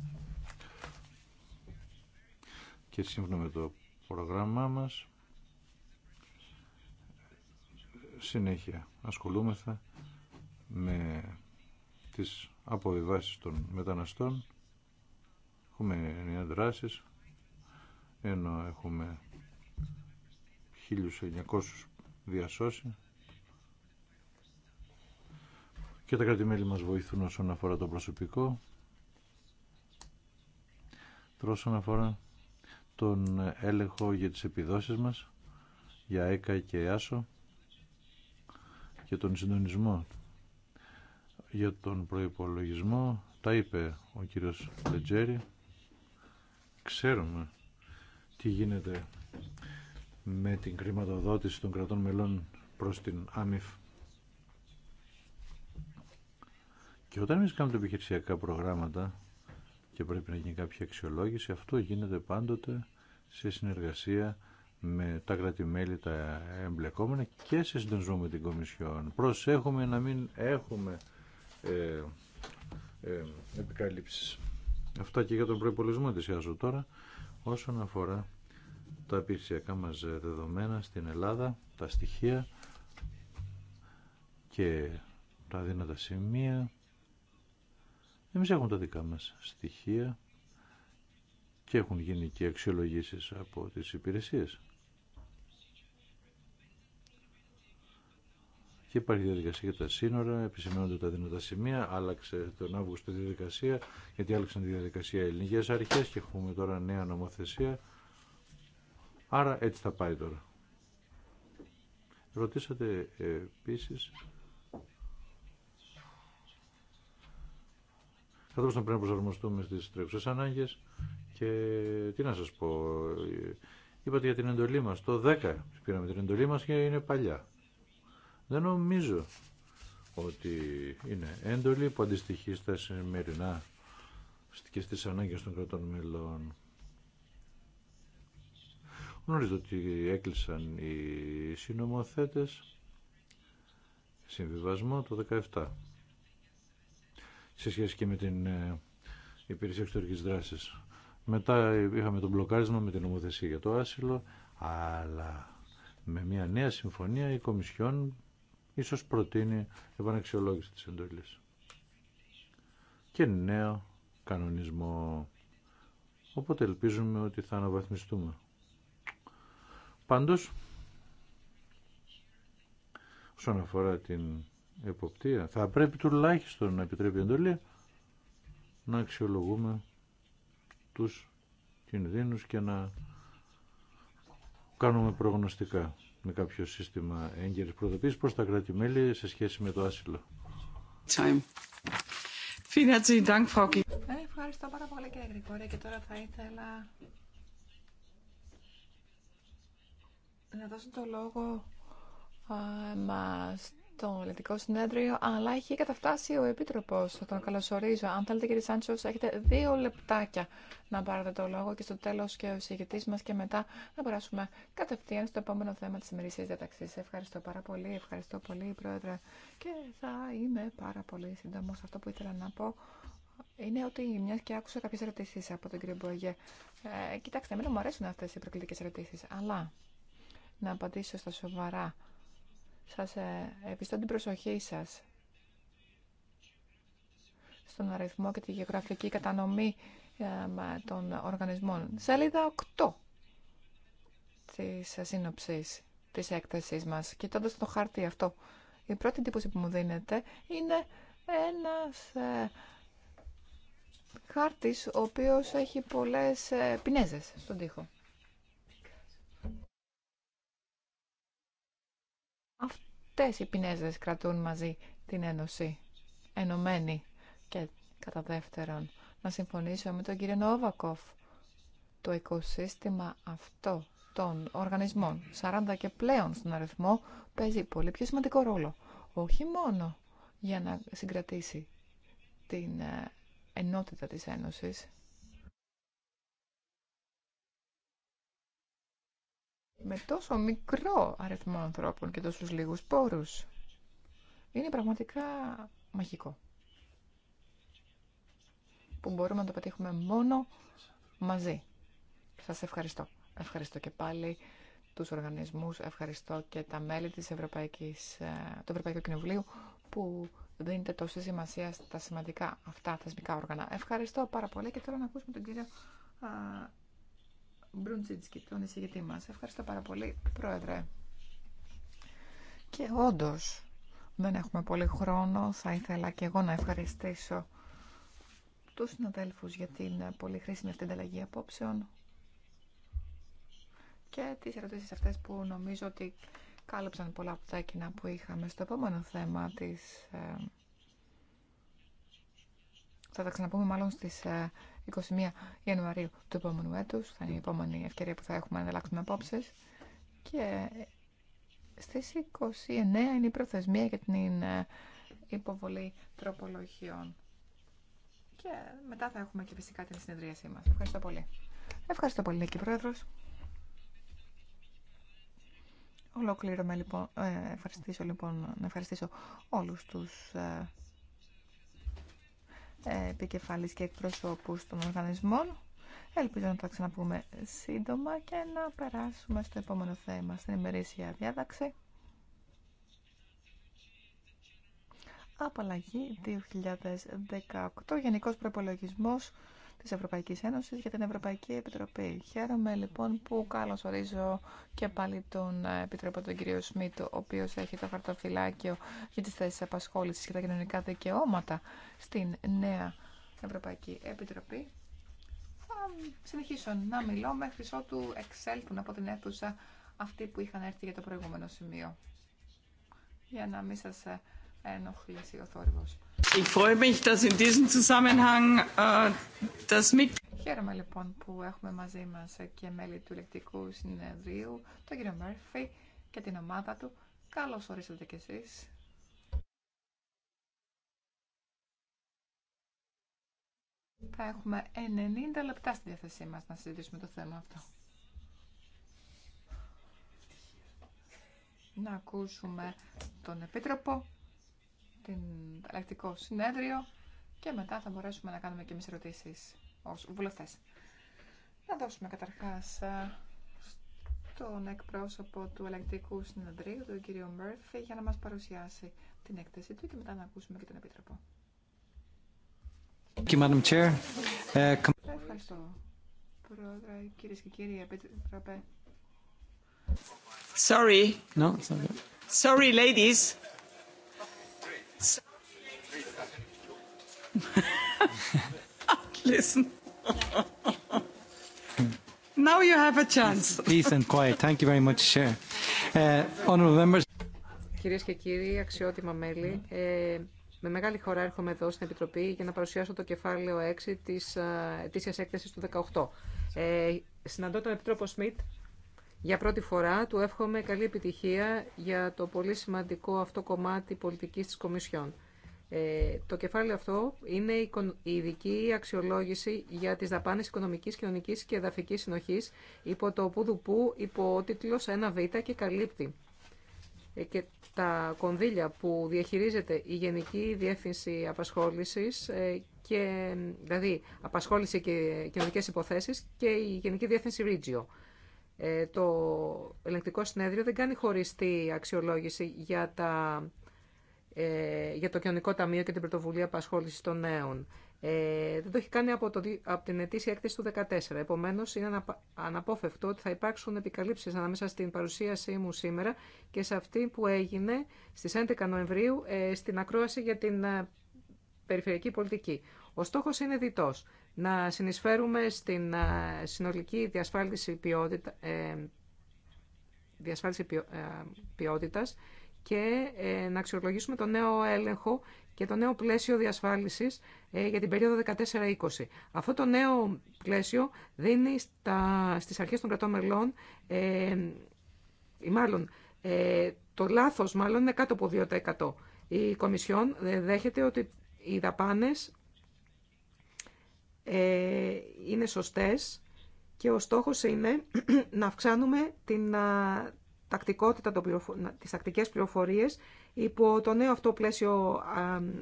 και σύμφωνα με το πρόγραμμά μας συνέχεια ασχολούμεθα με τις αποβιβάσεις των μεταναστών έχουμε εννέα δράσεις ενώ έχουμε 1900 διασώσει και τα κράτη-μέλη μας βοηθούν όσον αφορά το προσωπικό τώρα αφορά τον έλεγχο για τις επιδόσεις μας, για ΕΚΑ και ΕΑΣΟ και τον συντονισμό. Για τον προϋπολογισμό τα είπε ο κύριος Λετζέρη. Ξέρουμε τι γίνεται με την κρηματοδότηση των κρατών μελών προς την ΑΜΙΦ. Και όταν εμείς κάνουμε επιχειρησιακά προγράμματα, και πρέπει να γίνει κάποια αξιολόγηση. Αυτό γίνεται πάντοτε σε συνεργασία με τα κρατημέλη, τα εμπλεκόμενα και σε συντονισμό με την Κομισιόν. Προσέχουμε να μην έχουμε ε, ε, επικαλύψεις. Αυτά και για τον προπολογισμό της ΙΑΖΟ τώρα όσον αφορά τα πυρσιακά μας δεδομένα στην Ελλάδα, τα στοιχεία και τα δύνατα σημεία εμείς έχουμε τα δικά μας στοιχεία και έχουν γίνει και αξιολογήσεις από τις υπηρεσίες. Και υπάρχει διαδικασία για τα σύνορα, επισημαίνονται τα δυνατά σημεία, άλλαξε τον Αύγουστο τη διαδικασία, γιατί άλλαξαν τη διαδικασία οι ελληνικές αρχές και έχουμε τώρα νέα νομοθεσία. Άρα έτσι θα πάει τώρα. Ρωτήσατε επίσης Καθώς να πρέπει να προσαρμοστούμε στις τρέχουσες ανάγκες και τι να σας πω, είπατε για την εντολή μας, το 10 πήραμε την εντολή μας και είναι παλιά. Δεν νομίζω ότι είναι έντολη που αντιστοιχεί στα σημερινά και στις ανάγκες των κρατών μελών. Γνωρίζω ότι έκλεισαν οι συνομοθέτες συμβιβασμό το 17 σε σχέση και με την ε, υπηρεσία εξωτερική δράση. Μετά είχαμε τον μπλοκάρισμα με την νομοθεσία για το άσυλο, αλλά με μια νέα συμφωνία η Κομισιόν ίσως προτείνει επαναξιολόγηση της εντολής. Και νέο κανονισμό. Οπότε ελπίζουμε ότι θα αναβαθμιστούμε. Πάντως, όσον αφορά την εποπτεία. Θα πρέπει τουλάχιστον να επιτρέπει εντολή να αξιολογούμε τους κινδύνους και να κάνουμε προγνωστικά με κάποιο σύστημα έγκαιρης προδοπής προς τα κρατη σε σχέση με το άσυλο. Ε, ευχαριστώ πάρα πολύ κύριε Γρηγόρη και τώρα θα ήθελα να δώσω το λόγο ε, μας το Ελληνικό Συνέδριο, αλλά έχει καταφτάσει ο επίτροπο, Θα τον καλωσορίζω. Αν θέλετε, κύριε Σάντσο, έχετε δύο λεπτάκια να πάρετε το λόγο και στο τέλο και ο συγκεκριτή μα και μετά να περάσουμε κατευθείαν στο επόμενο θέμα τη ημερήσια διαταξή. Ευχαριστώ πάρα πολύ, ευχαριστώ πολύ, Πρόεδρε. Και θα είμαι πάρα πολύ σύντομο. Αυτό που ήθελα να πω είναι ότι μια και άκουσα κάποιε ερωτήσει από τον κύριο Μπογέ. Ε, κοιτάξτε, εμένα μου αρέσουν αυτέ οι προκλητικέ ερωτήσει, αλλά να απαντήσω στα σοβαρά σας ε, επιστώ την προσοχή σας στον αριθμό και τη γεωγραφική κατανομή των οργανισμών. Σελίδα 8 της σύνοψης της έκθεσής μας. Κοιτώντας το χάρτη αυτό, η πρώτη εντύπωση που μου δίνεται είναι ένας ε, χάρτης ο οποίος έχει πολλές ε, πινέζες στον τοίχο. αυτές οι Πινέζες κρατούν μαζί την Ένωση, ενωμένη. Και κατά δεύτερον, να συμφωνήσω με τον κύριο Νόβακοφ, το οικοσύστημα αυτό των οργανισμών, 40 και πλέον στον αριθμό, παίζει πολύ πιο σημαντικό ρόλο. Όχι μόνο για να συγκρατήσει την ε, ενότητα της Ένωσης, με τόσο μικρό αριθμό ανθρώπων και τόσους λίγους πόρους. Είναι πραγματικά μαγικό. Που μπορούμε να το πετύχουμε μόνο μαζί. Σας ευχαριστώ. Ευχαριστώ και πάλι τους οργανισμούς, ευχαριστώ και τα μέλη της Ευρωπαϊκής, ε, του Ευρωπαϊκού Κοινοβουλίου που δίνετε τόση σημασία στα σημαντικά αυτά θεσμικά όργανα. Ευχαριστώ πάρα πολύ και θέλω να ακούσουμε τον κύριο Μπρουντζίτσκι, τον εισηγητή μας. Ευχαριστώ πάρα πολύ, Πρόεδρε. Και όντως, δεν έχουμε πολύ χρόνο. Θα ήθελα και εγώ να ευχαριστήσω τους συναδέλφους για την πολύ χρήσιμη αυτή ανταλλαγή απόψεων και τις ερωτήσεις αυτές που νομίζω ότι κάλυψαν πολλά από τα κοινά που είχαμε στο επόμενο θέμα της... Ε, θα τα ξαναπούμε μάλλον στις ε, 21 Ιανουαρίου του επόμενου έτους. Θα είναι η επόμενη ευκαιρία που θα έχουμε να αλλάξουμε απόψει. Και στις 29 είναι η προθεσμία για την ε, υποβολή τροπολογιών. Και μετά θα έχουμε και φυσικά την συνεδρίασή μας. Ευχαριστώ πολύ. Ευχαριστώ πολύ, Νίκη Πρόεδρος. Ολοκλήρωμε, λοιπόν, ε, ευχαριστήσω, λοιπόν, να ευχαριστήσω όλους τους ε, επικεφαλής και εκπροσώπους των οργανισμών. Ελπίζω να τα ξαναπούμε σύντομα και να περάσουμε στο επόμενο θέμα, στην ημερήσια διάταξη. Απαλλαγή 2018, Γενικός προπολογισμό της Ευρωπαϊκής Ένωσης για την Ευρωπαϊκή Επιτροπή. Χαίρομαι λοιπόν που καλώς ορίζω και πάλι τον ε, Επιτροπό τον κύριο Σμίτ, ο οποίος έχει το χαρτοφυλάκιο για τις θέσει απασχόληση και τα κοινωνικά δικαιώματα στην νέα Ευρωπαϊκή Επιτροπή. Θα συνεχίσω να μιλώ μέχρι ότου εξέλθουν από την αίθουσα αυτοί που είχαν έρθει για το προηγούμενο σημείο για να μην σας ε, ενοχλήσει ο θόρυβος. Ich freue mich, dass in diesem Zusammenhang äh, das mit... Χαίρομαι λοιπόν που έχουμε μαζί μα και μέλη του ηλεκτρικού συνεδρίου, τον κύριο Μέρφυ και την ομάδα του. Καλώ ορίσατε κι εσεί. Θα έχουμε 90 λεπτά στη διάθεσή μα να συζητήσουμε το θέμα αυτό. Να ακούσουμε τον Επίτροπο την ελεκτικό συνέδριο και μετά θα μπορέσουμε να κάνουμε και εμείς ερωτήσεις ως βουλευτές. Να δώσουμε καταρχάς ε, τον εκπρόσωπο του ελεκτικού συνεδρίου, τον κύριο Μέρφυ, για να μας παρουσιάσει την έκθεση του και μετά να ακούσουμε και τον Επίτροπο. Ε, Ευχαριστώ, Πρόεδρε, κύριε και κύριοι Επίτροπε. Sorry. No, Sorry, ladies. Listen. Κυρίες και κύριοι, αξιότιμα μέλη, ε, με μεγάλη χώρα έρχομαι εδώ στην Επιτροπή για να παρουσιάσω το κεφάλαιο 6 της ε, ετήσιας έκθεσης του 18. Ε, συναντώ τον Επιτρόπο Σμιτ για πρώτη φορά του εύχομαι καλή επιτυχία για το πολύ σημαντικό αυτό κομμάτι πολιτικής της Κομισιόν. Ε, το κεφάλαιο αυτό είναι η ειδική αξιολόγηση για τις δαπάνες οικονομικής, κοινωνικής και εδαφικής συνοχής υπό το πουδουπού υπότιτλος 1β και καλύπτει ε, και τα κονδύλια που διαχειρίζεται η Γενική Διεύθυνση Απασχόλησης ε, και, δηλαδή απασχόληση και κοινωνικές υποθέσεις και η Γενική Διεύθυνση Ρίτζιο. Ε, το ελεγκτικό συνέδριο δεν κάνει χωριστή αξιολόγηση για, τα, ε, για το κοινωνικό ταμείο και την πρωτοβουλία απασχόληση των νέων. Ε, δεν το έχει κάνει από, το, από την ετήσια έκθεση του 2014. Επομένω, είναι αναπόφευκτο ότι θα υπάρξουν επικαλύψει ανάμεσα στην παρουσίασή μου σήμερα και σε αυτή που έγινε στι 11 Νοεμβρίου ε, στην ακρόαση για την περιφερειακή πολιτική. Ο στόχο είναι διτό να συνεισφέρουμε στην ε, συνολική διασφάλιση, ποιότητα, ε, διασφάλιση ε, ποιότητας και να αξιολογήσουμε το νέο έλεγχο και το νέο πλαίσιο διασφάλισης για την περίοδο 14-20. Αυτό το νέο πλαίσιο δίνει στα, στις αρχές των κρατών μελών, ή μάλλον το λάθος μάλλον είναι κάτω από 2%. Η Κομισιόν δέχεται ότι οι δαπάνες ε, είναι σωστές και ο στόχος είναι να αυξάνουμε την τακτικότητα τις τακτικές πληροφορίες υπό το νέο αυτό πλαίσιο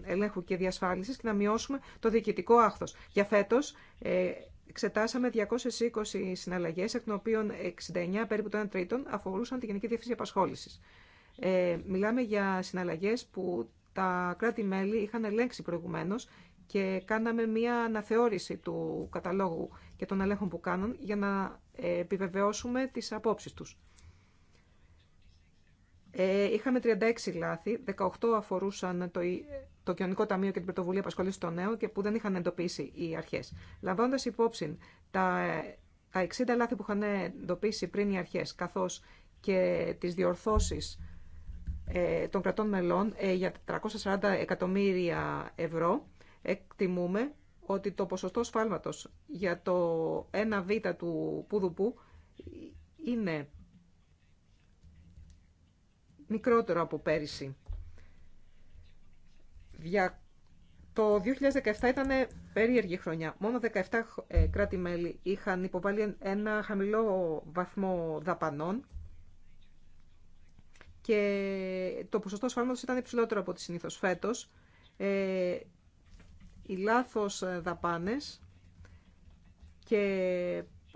ελέγχου και διασφάλισης και να μειώσουμε το διοικητικό άχθος. Για φέτος ε, εξετάσαμε 220 συναλλαγές, εκ των οποίων 69, περίπου το 1 τρίτον, αφορούσαν τη Γενική Διευθύνση Απασχόλησης. Ε, μιλάμε για συναλλαγές που τα κράτη-μέλη είχαν ελέγξει προηγουμένως και κάναμε μία αναθεώρηση του καταλόγου και των ελέγχων που κάνουν για να ε, επιβεβαιώσουμε τις απόψεις τους. Ε, είχαμε 36 λάθη, 18 αφορούσαν το, ε, το Κοινωνικό Ταμείο και την Πρωτοβουλία Απασχολήσεων των Νέων και που δεν είχαν εντοπίσει οι αρχές. Λαμβάνοντας υπόψη τα, τα 60 λάθη που είχαν εντοπίσει πριν οι αρχές, καθώς και τις διορθώσεις των κρατών μελών για 340 εκατομμύρια ευρώ, εκτιμούμε ότι το ποσοστό σφάλματος για το 1β του πουδουπού είναι μικρότερο από πέρυσι. Το 2017 ήταν περίεργη χρονιά. Μόνο 17 ε, κράτη-μέλη είχαν υποβάλει ένα χαμηλό βαθμό δαπανών και το ποσοστό σφάλματος ήταν υψηλότερο από τη συνήθως φέτος. Ε, οι λάθος ε, δαπάνες και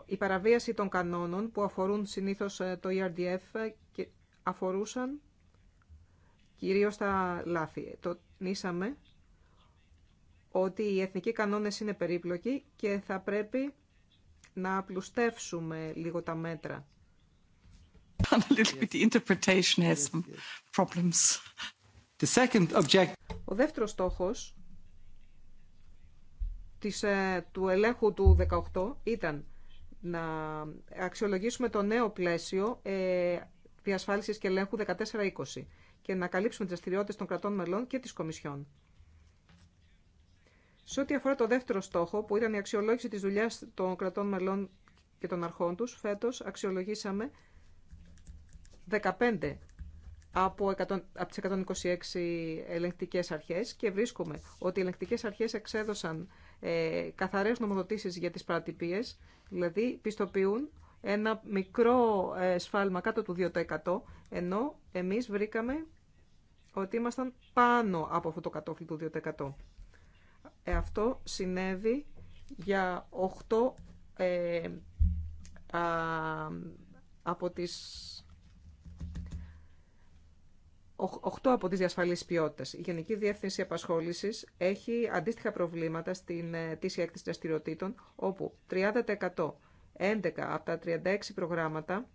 η παραβίαση των κανόνων που αφορούν συνήθως ε, το ERDF ε, και αφορούσαν κυρίως τα λάθη. Τονίσαμε ότι οι εθνικοί κανόνες είναι περίπλοκοι και θα πρέπει να απλουστεύσουμε λίγο τα μέτρα. Ο δεύτερος στόχος της, ε, του ελέγχου του 18 ήταν να αξιολογήσουμε το νέο πλαίσιο ε, διασφάλισης και ελέγχου 14-20 και να καλύψουμε τις δραστηριότητε των κρατών μελών και της Κομισιόν. Σε ό,τι αφορά το δεύτερο στόχο, που ήταν η αξιολόγηση της δουλειάς των κρατών μελών και των αρχών τους, φέτος αξιολογήσαμε 15 από, 100, τις 126 ελεγκτικές αρχές και βρίσκουμε ότι οι ελεγκτικές αρχές εξέδωσαν ε, καθαρές νομοδοτήσεις για τις παρατυπίες, δηλαδή πιστοποιούν ένα μικρό ε, σφάλμα κάτω του 2%, ενώ εμείς βρήκαμε ότι ήμασταν πάνω από αυτό το κατόφλι του 2%. Ε, αυτό συνέβη για 8 ε, α, από τις 8 από τις διασφαλίσεις ποιότητα. Η Γενική Διεύθυνση Απασχόλησης έχει αντίστοιχα προβλήματα στην ε, τήση έκθεση δραστηριοτήτων, όπου 30% 11 από τα 36 προγράμματα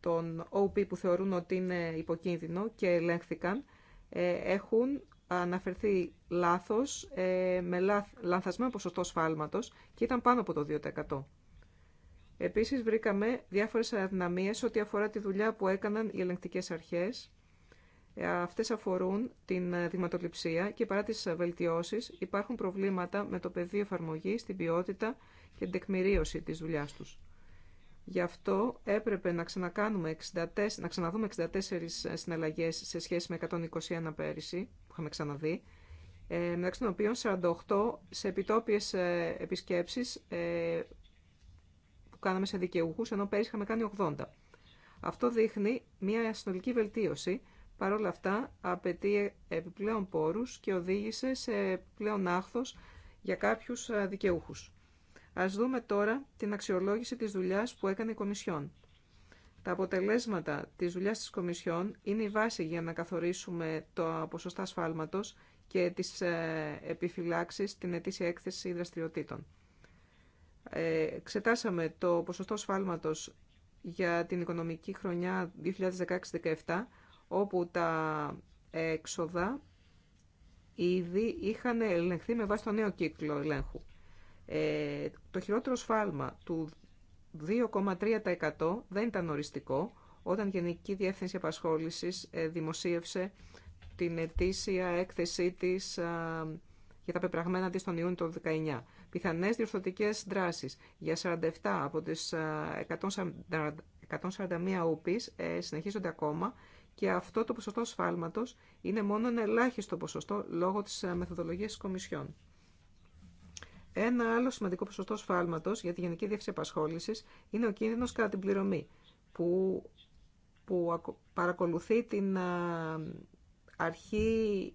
των OP που θεωρούν ότι είναι υποκίνδυνο και ελέγχθηκαν, ε, έχουν αναφερθεί λάθος, ε, με λανθασμένο ποσοστό σφάλματος και ήταν πάνω από το 2%. Επίσης βρήκαμε διάφορες αδυναμίες ό,τι αφορά τη δουλειά που έκαναν οι ελεγκτικές αρχές. Ε, αυτές αφορούν την ε, δειγματοληψία και παρά τις ε, βελτιώσεις υπάρχουν προβλήματα με το πεδίο εφαρμογή, την ποιότητα και την τεκμηρίωση της δουλειάς τους. Γι' αυτό έπρεπε να, ξανακάνουμε 64, να ξαναδούμε 64 συναλλαγές σε σχέση με 121 πέρυσι που είχαμε ξαναδεί, μεταξύ των οποίων 48 σε επιτόπιες επισκέψεις κάναμε σε δικαιούχου, ενώ πέρυσι είχαμε κάνει 80. Αυτό δείχνει μια συνολική βελτίωση. παρόλα αυτά, απαιτεί επιπλέον πόρου και οδήγησε σε πλέον άχθο για κάποιου ε, δικαιούχου. Α δούμε τώρα την αξιολόγηση τη δουλειά που έκανε η Κομισιόν. Τα αποτελέσματα τη δουλειά τη Κομισιόν είναι η βάση για να καθορίσουμε το ποσοστά σφάλματο και τις ε, επιφυλάξεις στην ετήσια έκθεση δραστηριοτήτων. Ε, Ξετάσαμε το ποσοστό σφάλματος για την οικονομική χρονιά 2016-2017, όπου τα έξοδα ήδη είχαν ελεγχθεί με βάση το νέο κύκλο ελέγχου. Ε, το χειρότερο σφάλμα του 2,3% δεν ήταν οριστικό όταν η Γενική Διεύθυνση Απασχόλησης ε, δημοσίευσε την ετήσια έκθεσή της για τα πεπραγμένα της τον Ιούνιο του 2019 πιθανές διορθωτικές δράσεις για 47 από τις 141 ούπης ε, συνεχίζονται ακόμα και αυτό το ποσοστό σφάλματος είναι μόνο ένα ελάχιστο ποσοστό λόγω της μεθοδολογίας της Κομισιόν. Ένα άλλο σημαντικό ποσοστό σφάλματος για τη Γενική Διεύθυνση Επασχόλησης είναι ο κίνδυνος κατά την πληρωμή που, που παρακολουθεί την αρχή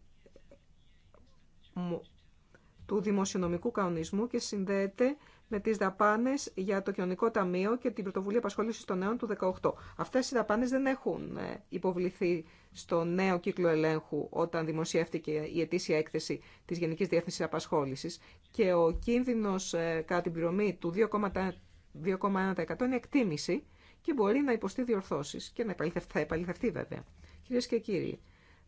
του δημοσιονομικού κανονισμού και συνδέεται με τις δαπάνε για το κοινωνικό ταμείο και την πρωτοβουλία απασχόληση των νέων του 18. Αυτές οι δαπάνε δεν έχουν ε, υποβληθεί στο νέο κύκλο ελέγχου όταν δημοσιεύτηκε η ετήσια έκθεση της Γενικής Διεύθυνσης Απασχόλησης και ο κίνδυνο ε, κατά την πληρωμή του 2,1% είναι εκτίμηση και μπορεί να υποστεί διορθώσει και να θα επαληθευτεί βέβαια. Κυρίε και κύριοι,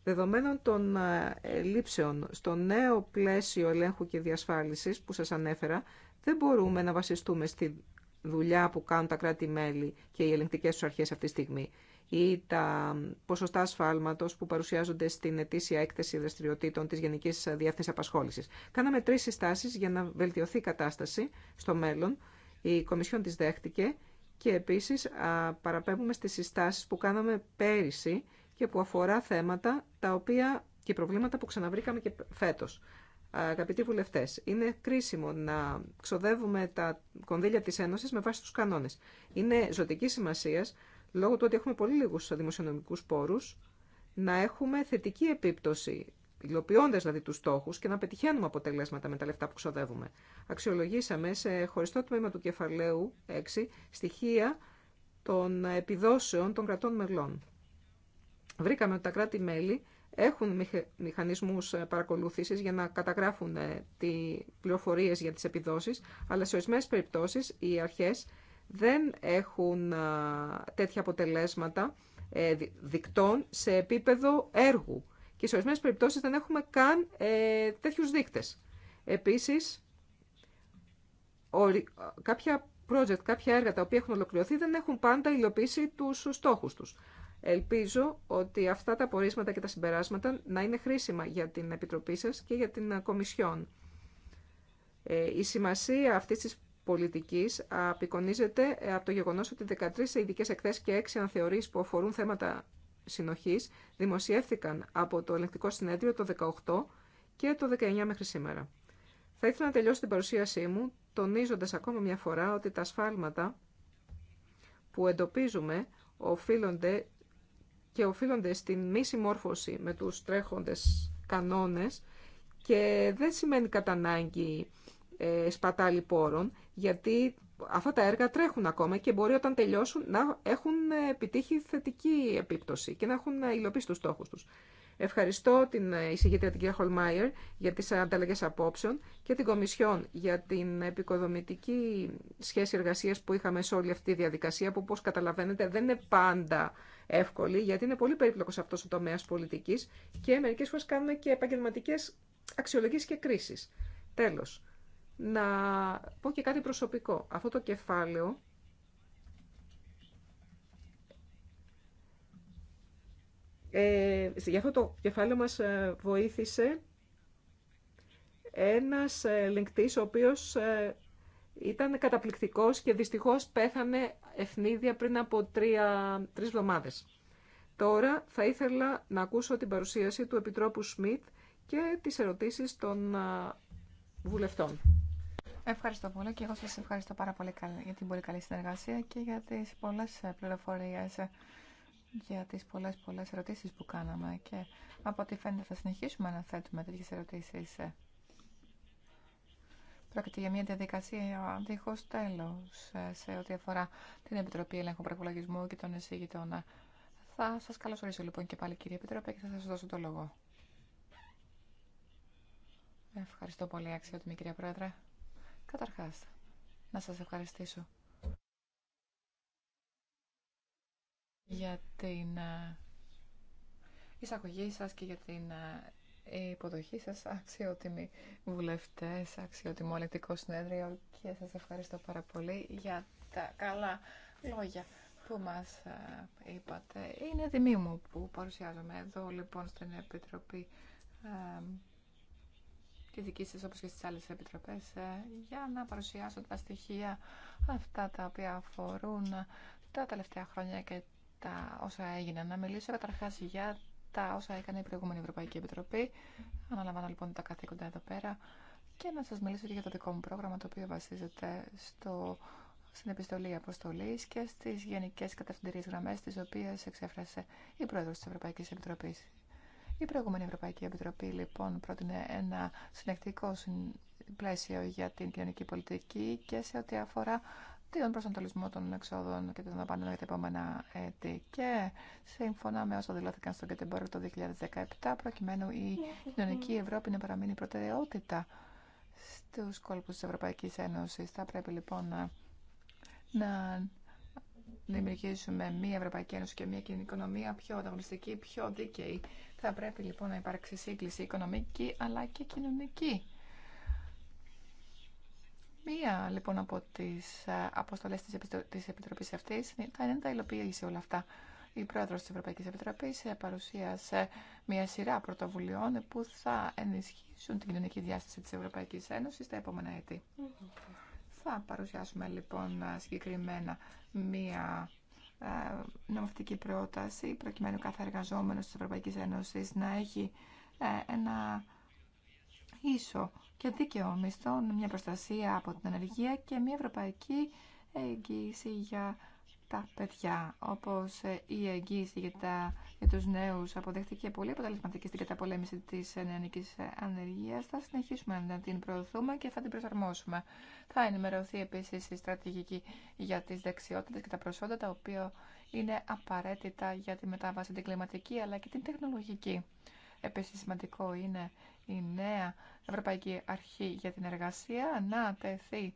Δεδομένων των ε, λήψεων στο νέο πλαίσιο ελέγχου και διασφάλισης που σας ανέφερα, δεν μπορούμε να βασιστούμε στη δουλειά που κάνουν τα κράτη-μέλη και οι ελεγκτικές τους αρχές αυτή τη στιγμή ή τα ποσοστά ασφάλματος που παρουσιάζονται στην ετήσια έκθεση δραστηριοτήτων της Γενικής Διεύθυνσης Απασχόλησης. Κάναμε τρεις συστάσεις για να βελτιωθεί η κατάσταση στο μέλλον. Η Κομισιόν τις δέχτηκε και επίσης παραπέμπουμε στις συστάσεις που κάναμε πέρυσι και που αφορά θέματα τα οποία και προβλήματα που ξαναβρήκαμε και φέτος. Αγαπητοί βουλευτέ, είναι κρίσιμο να ξοδεύουμε τα κονδύλια τη Ένωση με βάση του κανόνε. Είναι ζωτική σημασία, λόγω του ότι έχουμε πολύ λίγου δημοσιονομικού πόρου, να έχουμε θετική επίπτωση, υλοποιώντα δηλαδή του στόχου και να πετυχαίνουμε αποτελέσματα με τα λεφτά που ξοδεύουμε. Αξιολογήσαμε σε χωριστό τμήμα του κεφαλαίου 6 στοιχεία των επιδόσεων των κρατών μελών βρήκαμε ότι τα κράτη-μέλη έχουν μηχανισμούς ε, παρακολούθησης για να καταγράφουν ε, τι πληροφορίες για τις επιδόσεις, αλλά σε ορισμένες περιπτώσεις οι αρχές δεν έχουν τέτοια αποτελέσματα ε, δικτών σε επίπεδο έργου και σε ορισμένες περιπτώσεις δεν έχουμε καν τέτοιους δείκτες. Επίσης, κάποια project, κάποια έργα τα οποία έχουν ολοκληρωθεί δεν έχουν πάντα υλοποιήσει τους στόχους τους. Ελπίζω ότι αυτά τα απορίσματα και τα συμπεράσματα να είναι χρήσιμα για την Επιτροπή σας και για την ε, Κομισιόν. Ε, η σημασία αυτής της πολιτικής απεικονίζεται ε, από το γεγονός ότι 13 ειδικέ εκθέσεις και 6 ανθεωρίες που αφορούν θέματα συνοχής δημοσιεύθηκαν από το Ελεκτικό Συνέδριο το 2018 και το 19 μέχρι σήμερα. Θα ήθελα να τελειώσω την παρουσίασή μου τονίζοντας ακόμα μια φορά ότι τα σφάλματα που εντοπίζουμε οφείλονται και οφείλονται στην μη συμμόρφωση με τους τρέχοντες κανόνες και δεν σημαίνει κατά ανάγκη ε, σπατάλη πόρων, γιατί αυτά τα έργα τρέχουν ακόμα και μπορεί όταν τελειώσουν να έχουν ε, επιτύχει θετική επίπτωση και να έχουν ε, υλοποιήσει τους στόχους τους. Ευχαριστώ την ε, εισηγήτρια την κυρία Χολμάιερ για τις ανταλλαγές απόψεων και την Κομισιόν για την επικοδομητική σχέση εργασίας που είχαμε σε όλη αυτή τη διαδικασία που όπως καταλαβαίνετε δεν είναι πάντα εύκολη, γιατί είναι πολύ περίπλοκος αυτός ο τομέας πολιτικής και μερικέ φορέ κάνουμε και επαγγελματικέ αξιολογήσει και κρίσεις. Τέλος, να πω και κάτι προσωπικό. Αυτό το κεφάλαιο Ε, για αυτό το κεφάλαιο μας ε, βοήθησε ένας ε, λιγκτής ο οποίος ε, ήταν καταπληκτικός και δυστυχώς πέθανε ευνίδια πριν από τρία, τρεις εβδομάδες. Τώρα θα ήθελα να ακούσω την παρουσίαση του Επιτρόπου Σμιτ και τις ερωτήσεις των βουλευτών. Ευχαριστώ πολύ και εγώ σας ευχαριστώ πάρα πολύ για την πολύ καλή συνεργασία και για τις πολλές ε, πληροφορίες, ε, για τις πολλές πολλές ερωτήσεις που κάναμε και από ό,τι φαίνεται θα συνεχίσουμε να θέτουμε τέτοιες ερωτήσεις ε. Πρόκειται για μια διαδικασία αντίχω τέλο ε, σε ό,τι αφορά την Επιτροπή Ελέγχου Προπολογισμού και των εισηγητών. Θα σα καλωσορίσω λοιπόν και πάλι, κύριε Επιτροπέ, και θα σα δώσω το λόγο. Ευχαριστώ πολύ, αξιότιμη κυρία Πρόεδρε. Καταρχά, να σα ευχαριστήσω για την ε, εισαγωγή σας και για την ε, η υποδοχή σας αξιότιμοι βουλευτές, αξιότιμο ελεκτικό συνέδριο και σας ευχαριστώ πάρα πολύ για τα καλά λόγια που μας ε, είπατε. Είναι τιμή μου που παρουσιάζομαι εδώ λοιπόν στην Επιτροπή και ε, τη δική σας όπως και στις άλλες επιτροπές ε, για να παρουσιάσω τα στοιχεία αυτά τα οποία αφορούν τα τελευταία χρόνια και τα όσα έγιναν. Να μιλήσω καταρχάς για τα όσα έκανε η προηγούμενη Ευρωπαϊκή Επιτροπή. Αναλαμβάνω λοιπόν τα καθήκοντα εδώ πέρα και να σας μιλήσω και για το δικό μου πρόγραμμα το οποίο βασίζεται στο, στην επιστολή αποστολή και στις γενικές κατευθυντηρίες γραμμές τις οποίες εξέφρασε η Πρόεδρος της Ευρωπαϊκής Επιτροπής. Η προηγούμενη Ευρωπαϊκή Επιτροπή λοιπόν πρότεινε ένα συνεκτικό πλαίσιο για την κοινωνική πολιτική και σε ό,τι αφορά τον προσανατολισμό των εξόδων και των δαπάνων για τα επόμενα έτη. Και σύμφωνα με όσα δηλώθηκαν στον Κατεμπορό το 2017, προκειμένου η κοινωνική Ευρώπη να παραμείνει προτεραιότητα στους κόλπους της Ευρωπαϊκής Ένωσης. Θα πρέπει λοιπόν να, να δημιουργήσουμε μία Ευρωπαϊκή Ένωση και μία κοινωνική οικονομία πιο ανταγωνιστική, πιο δίκαιη. Θα πρέπει λοιπόν να υπάρξει σύγκληση οικονομική αλλά και κοινωνική Μία λοιπόν από τις ε, αποστολές της Επιτροπής αυτής θα είναι τα υλοποίηση όλα αυτά. Η πρόεδρος της Ευρωπαϊκής Επιτροπής ε, παρουσίασε μια λοιπον απο τις αποστολες της επιτροπης αυτη θα ειναι τα υλοποιήσει πρωτοβουλειών ε, που θα ενισχύσουν την κοινωνική διάσταση της Ευρωπαϊκής Ένωσης τα επόμενα έτη. Θα παρουσιάσουμε λοιπόν συγκεκριμένα μία νομοθετική πρόταση προκειμένου κάθε εργαζόμενο της Ευρωπαϊκής Ένωσης να έχει ένα ίσο και δίκαιο μισθών, μια προστασία από την ανεργία και μια ευρωπαϊκή εγγύηση για τα παιδιά, όπως ε, η εγγύηση για, τα, για τους νέους αποδέχτηκε πολύ αποτελεσματική στην καταπολέμηση της νεανικής ανεργίας. Θα συνεχίσουμε να την προωθούμε και θα την προσαρμόσουμε. Θα ενημερωθεί επίσης η στρατηγική για τις δεξιότητες και τα προσόντα, τα οποία είναι απαραίτητα για τη μετάβαση την κλιματική αλλά και την τεχνολογική. Επίσης σημαντικό είναι η νέα Ευρωπαϊκή Αρχή για την Εργασία να τεθεί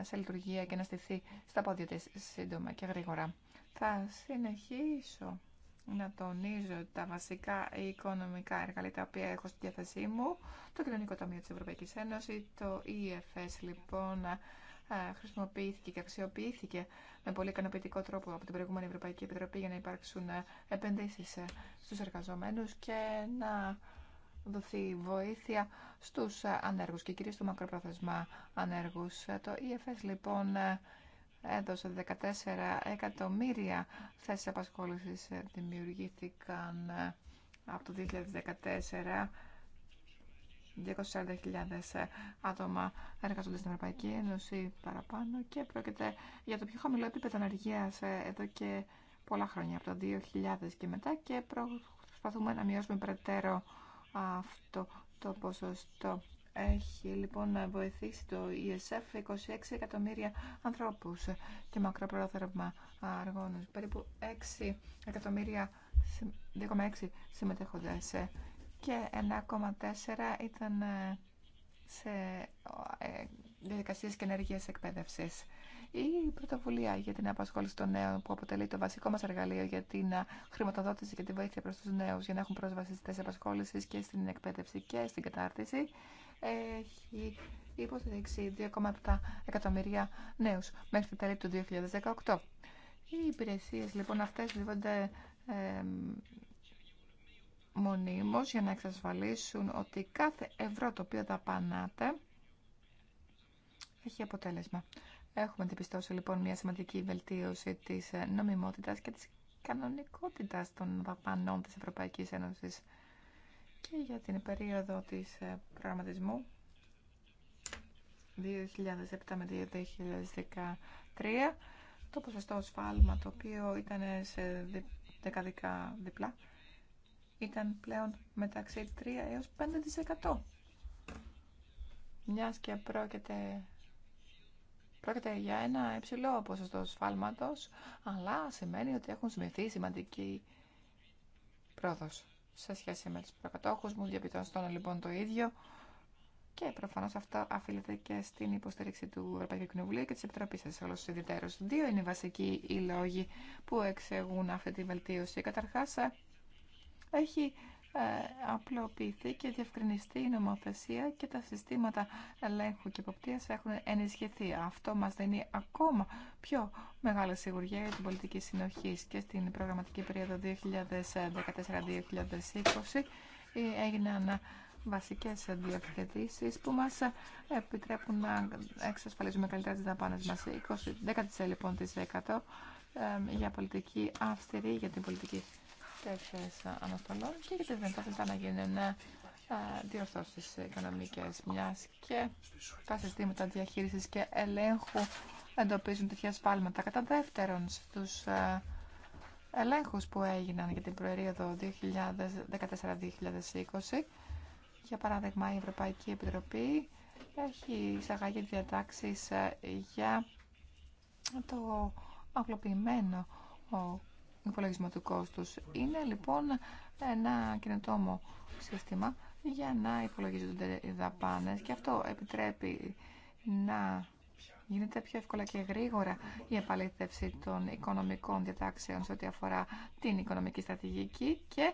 ε, σε λειτουργία και να στηθεί στα πόδια της σύντομα και γρήγορα. Θα συνεχίσω να τονίζω τα βασικά οικονομικά εργαλεία τα οποία έχω στη διάθεσή μου, το Κοινωνικό Ταμείο της Ευρωπαϊκής Ένωσης, το EFS λοιπόν ε, χρησιμοποιήθηκε και αξιοποιήθηκε με πολύ ικανοποιητικό τρόπο από την προηγούμενη Ευρωπαϊκή Επιτροπή για να υπάρξουν επενδύσεις ε, στους εργαζομένους και να δοθεί βοήθεια στους ε, ανέργους και κυρίως του μακροπρόθεσμα ανέργους. Ε, το EFS λοιπόν ε, έδωσε 14 εκατομμύρια θέσεις απασχόλησης δημιουργήθηκαν από το 2014 240.000 άτομα εργαζόνται στην Ευρωπαϊκή Ένωση παραπάνω και πρόκειται για το πιο χαμηλό επίπεδο ανεργία εδώ και πολλά χρόνια, από το 2000 και μετά και προσπαθούμε να μειώσουμε περαιτέρω αυτό το ποσοστό. Έχει λοιπόν βοηθήσει το ESF 26 εκατομμύρια ανθρώπους και μακροπρόθερμα αργών. Περίπου 6 εκατομμύρια, 2,6 συμμετέχοντες και 1,4 ήταν σε ε, διαδικασίες και ενεργείες εκπαίδευσης. Η πρωτοβουλία για την απασχόληση των νέων που αποτελεί το βασικό μας εργαλείο για την χρηματοδότηση και τη βοήθεια προς τους νέους για να έχουν πρόσβαση στις απασχόληση και στην εκπαίδευση και στην κατάρτιση έχει υποστηρίξει 2,7 εκατομμυρία νέους μέχρι τη τέλη του 2018. Οι υπηρεσίες λοιπόν αυτές δίδονται ε, μονίμως για να εξασφαλίσουν ότι κάθε ευρώ το οποίο δαπανάτε έχει αποτέλεσμα. Έχουμε διαπιστώσει λοιπόν μια σημαντική βελτίωση τη ε, νομιμότητα και τη κανονικότητα των δαπανών της Ευρωπαϊκής Ένωσης και για την περίοδο της ε, προγραμματισμού 2007 με 2013 το ποσοστό σφάλμα το οποίο ήταν σε δεκαδικα διπλά ήταν πλέον μεταξύ 3 έως 5% μιας και πρόκειται Πρόκειται για ένα υψηλό ποσοστό σφάλματος, αλλά σημαίνει ότι έχουν σημειωθεί σημαντική πρόοδο σε σχέση με του προκατόχου μου, στον λοιπόν το ίδιο. Και προφανώ αυτό αφήνεται και στην υποστήριξη του Ευρωπαϊκού Κοινοβουλίου και τη Επιτροπή σα, του ιδιαίτερου. Δύο είναι οι βασικοί οι λόγοι που εξηγούν αυτή τη βελτίωση. Καταρχά, έχει ε, απλοποιηθεί και διευκρινιστεί η νομοθεσία και τα συστήματα ελέγχου και υποπτίας έχουν ενισχυθεί. Αυτό μας δίνει ακόμα πιο μεγάλη σιγουριά για την πολιτική συνοχή και στην προγραμματική περίοδο 2014-2020 έγιναν βασικές διευθετήσεις που μας επιτρέπουν να εξασφαλίζουμε καλύτερα τις δαπάνες μας. 20, 10% λοιπόν της ε, 100% για πολιτική αυστηρή, για την πολιτική τέτοιες αναστολών και για τη δυνατότητα να γίνουν ε, διορθώσεις οικονομικές μιας και τα συστήματα διαχείρισης και ελέγχου εντοπίζουν τέτοια σφάλματα. Κατά δεύτερον, στους ε, ελέγχους που έγιναν για την προερίοδο 2014-2020, για παράδειγμα η Ευρωπαϊκή Επιτροπή έχει εισαγάγει διατάξεις ε, για το αγλοποιημένο υπολογισμό του κόστους. Είναι λοιπόν ένα καινοτόμο σύστημα για να υπολογίζονται οι δαπάνε. και αυτό επιτρέπει να γίνεται πιο εύκολα και γρήγορα η επαλήθευση των οικονομικών διατάξεων σε ό,τι αφορά την οικονομική στρατηγική και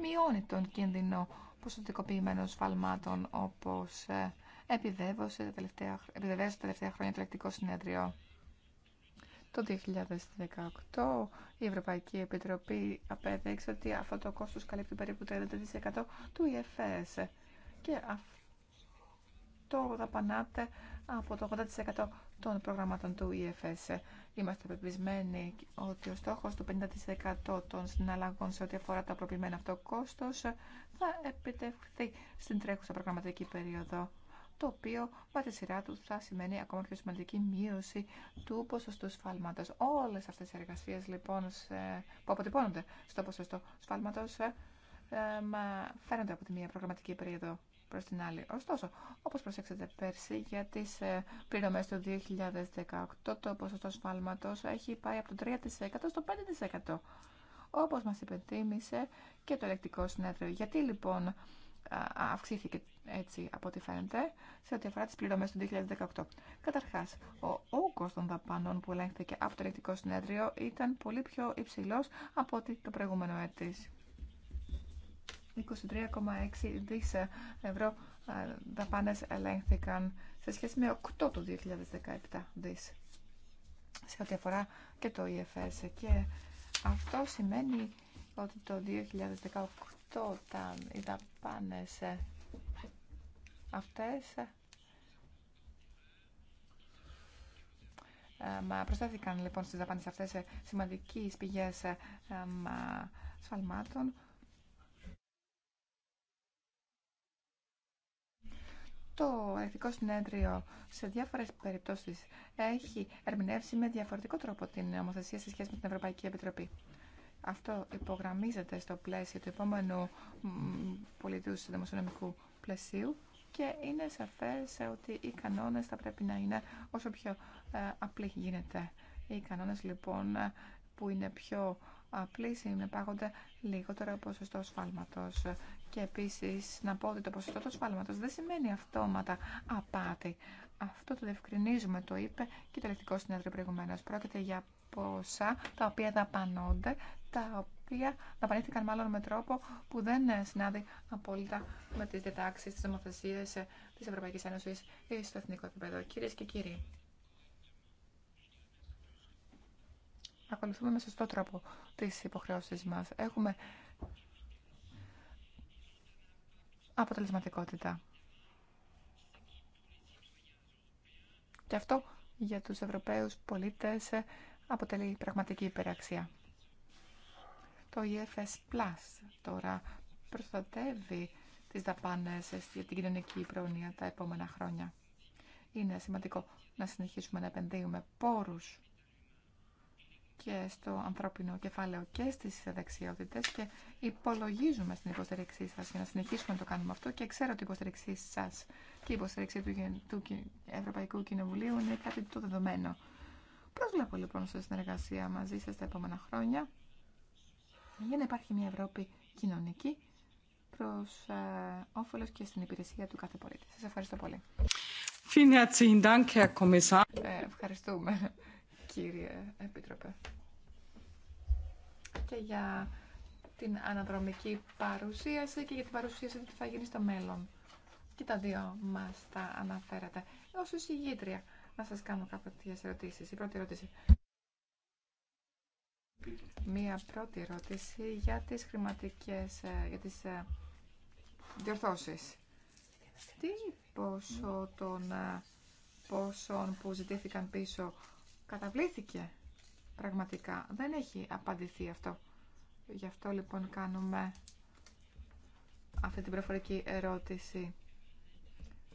μειώνει τον κίνδυνο ποσοτικοποιημένων σφαλμάτων όπως ε, επιβεβαίωσε τελευταία, τα τελευταία χρόνια το ελεκτικό συνέδριο. Το 2018 η Ευρωπαϊκή Επιτροπή απέδειξε ότι αυτό το κόστος καλύπτει περίπου το 30% του ΙΕΦΕΣ και αυτό δαπανάται από το 80% των προγραμμάτων του ΙΕΦΕΣ. Είμαστε πεπισμένοι ότι ο στόχος του 50% των συναλλαγών σε ό,τι αφορά το απροποιημένο αυτό κόστος θα επιτευχθεί στην τρέχουσα προγραμματική περίοδο το οποίο με τη σειρά του θα σημαίνει ακόμα πιο σημαντική μείωση του ποσοστού σφάλματος. Όλες αυτές οι εργασίες λοιπόν που αποτυπώνονται στο ποσοστό σφάλματος ε, φαίνονται από τη μία προγραμματική περίοδο προς την άλλη. Ωστόσο, όπως προσέξατε πέρσι, για τις ε, πληρωμές του 2018 το ποσοστό σφάλματος έχει πάει από το 3% στο 5%. Όπως μας υπενθύμησε και το ελεκτικό συνέδριο. Γιατί λοιπόν αυξήθηκε έτσι από ό,τι φαίνεται, σε ό,τι αφορά τι πληρωμέ του 2018. Καταρχά, ο όγκο των δαπανών που ελέγχθηκε από το ελεκτικό συνέδριο ήταν πολύ πιο υψηλό από ό,τι το προηγούμενο έτη. 23,6 δις ευρώ ε, δαπάνες ελέγχθηκαν σε σχέση με 8 του 2017 δις σε ό,τι αφορά και το EFS και αυτό σημαίνει ότι το 2018 τα, οι δαπάνες ε, αυτές ε, ε, Μα προσθέθηκαν λοιπόν στις δαπάνες αυτές ε, σημαντικές πηγές σφαλμάτων. Το Εθνικό Συνέδριο σε διάφορες περιπτώσεις έχει ερμηνεύσει με διαφορετικό τρόπο την νομοθεσία σε σχέση με την Ευρωπαϊκή Επιτροπή. Αυτό υπογραμμίζεται στο πλαίσιο του επόμενου πολιτικού δημοσιονομικού πλαισίου και είναι σαφές ότι οι κανόνες θα πρέπει να είναι όσο πιο ε, απλή γίνεται. Οι κανόνες λοιπόν που είναι πιο απλοί συνεπάγονται λιγότερο ποσοστό σφάλματος. Και επίσης να πω ότι το ποσοστό του σφάλματος δεν σημαίνει αυτόματα απάτη. Αυτό το διευκρινίζουμε, το είπε και το ελεκτικό συνέδριο προηγουμένω. Πρόκειται για ποσά τα οποία δαπανώνται, τα οποία δαπανήθηκαν μάλλον με τρόπο που δεν συνάδει απόλυτα με τι διατάξει, τι νομοθεσίε τη Ευρωπαϊκή Ένωση ή στο εθνικό επίπεδο. Κυρίε και κύριοι, ακολουθούμε με σωστό τρόπο τι υποχρεώσει μα. Έχουμε αποτελεσματικότητα. Και αυτό για τους Ευρωπαίους πολίτες αποτελεί πραγματική υπεραξία. Το EFS Plus τώρα προστατεύει τις δαπάνες για την κοινωνική πρόνοια τα επόμενα χρόνια. Είναι σημαντικό να συνεχίσουμε να επενδύουμε πόρους και στο ανθρώπινο κεφάλαιο και στις δεξιότητες και υπολογίζουμε στην υποστήριξή σας για να συνεχίσουμε να το κάνουμε αυτό και ξέρω ότι η υποστήριξή σας και η υποστήριξή του, Ευρωπαϊκού Κοινοβουλίου είναι κάτι το δεδομένο. Προσβλέπω λοιπόν σε συνεργασία μαζί σας τα επόμενα χρόνια για να υπάρχει μια Ευρώπη κοινωνική προς ε, όφελος και στην υπηρεσία του κάθε πολίτη. Σας ευχαριστώ πολύ. Ε, ευχαριστούμε, κύριε Επίτροπε. Και για την αναδρομική παρουσίαση και για την παρουσίαση του τι θα γίνει στο μέλλον. Και τα δύο μας τα αναφέρατε. Ως εισηγήτρια, να σας κάνω κάποιες ερωτήσεις. Η πρώτη ερώτηση. Μία πρώτη ερώτηση για τις χρηματικές, ε, για τις ε, διορθώσεις. Τι πόσο των ε, πόσων που ζητήθηκαν πίσω καταβλήθηκε πραγματικά. Δεν έχει απαντηθεί αυτό. Γι' αυτό λοιπόν κάνουμε αυτή την προφορική ερώτηση.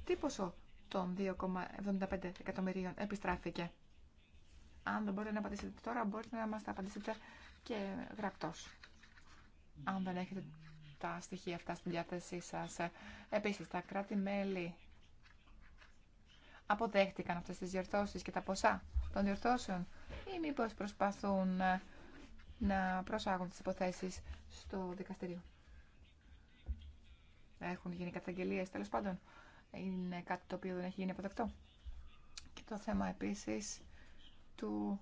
Τι ποσό των 2,75 εκατομμυρίων επιστράφηκε. Αν δεν μπορείτε να απαντήσετε τώρα, μπορείτε να μας τα απαντήσετε και γραπτός. Αν δεν έχετε τα στοιχεία αυτά στην διάθεσή σας. Επίσης, τα κράτη-μέλη αποδέχτηκαν αυτές τις διορθώσεις και τα ποσά των διορθώσεων ή μήπως προσπαθούν να προσάγουν τις υποθέσεις στο δικαστήριο. Έχουν γίνει καταγγελίες, τέλος πάντων. Είναι κάτι το οποίο δεν έχει γίνει αποδεκτό. Και το θέμα επίσης του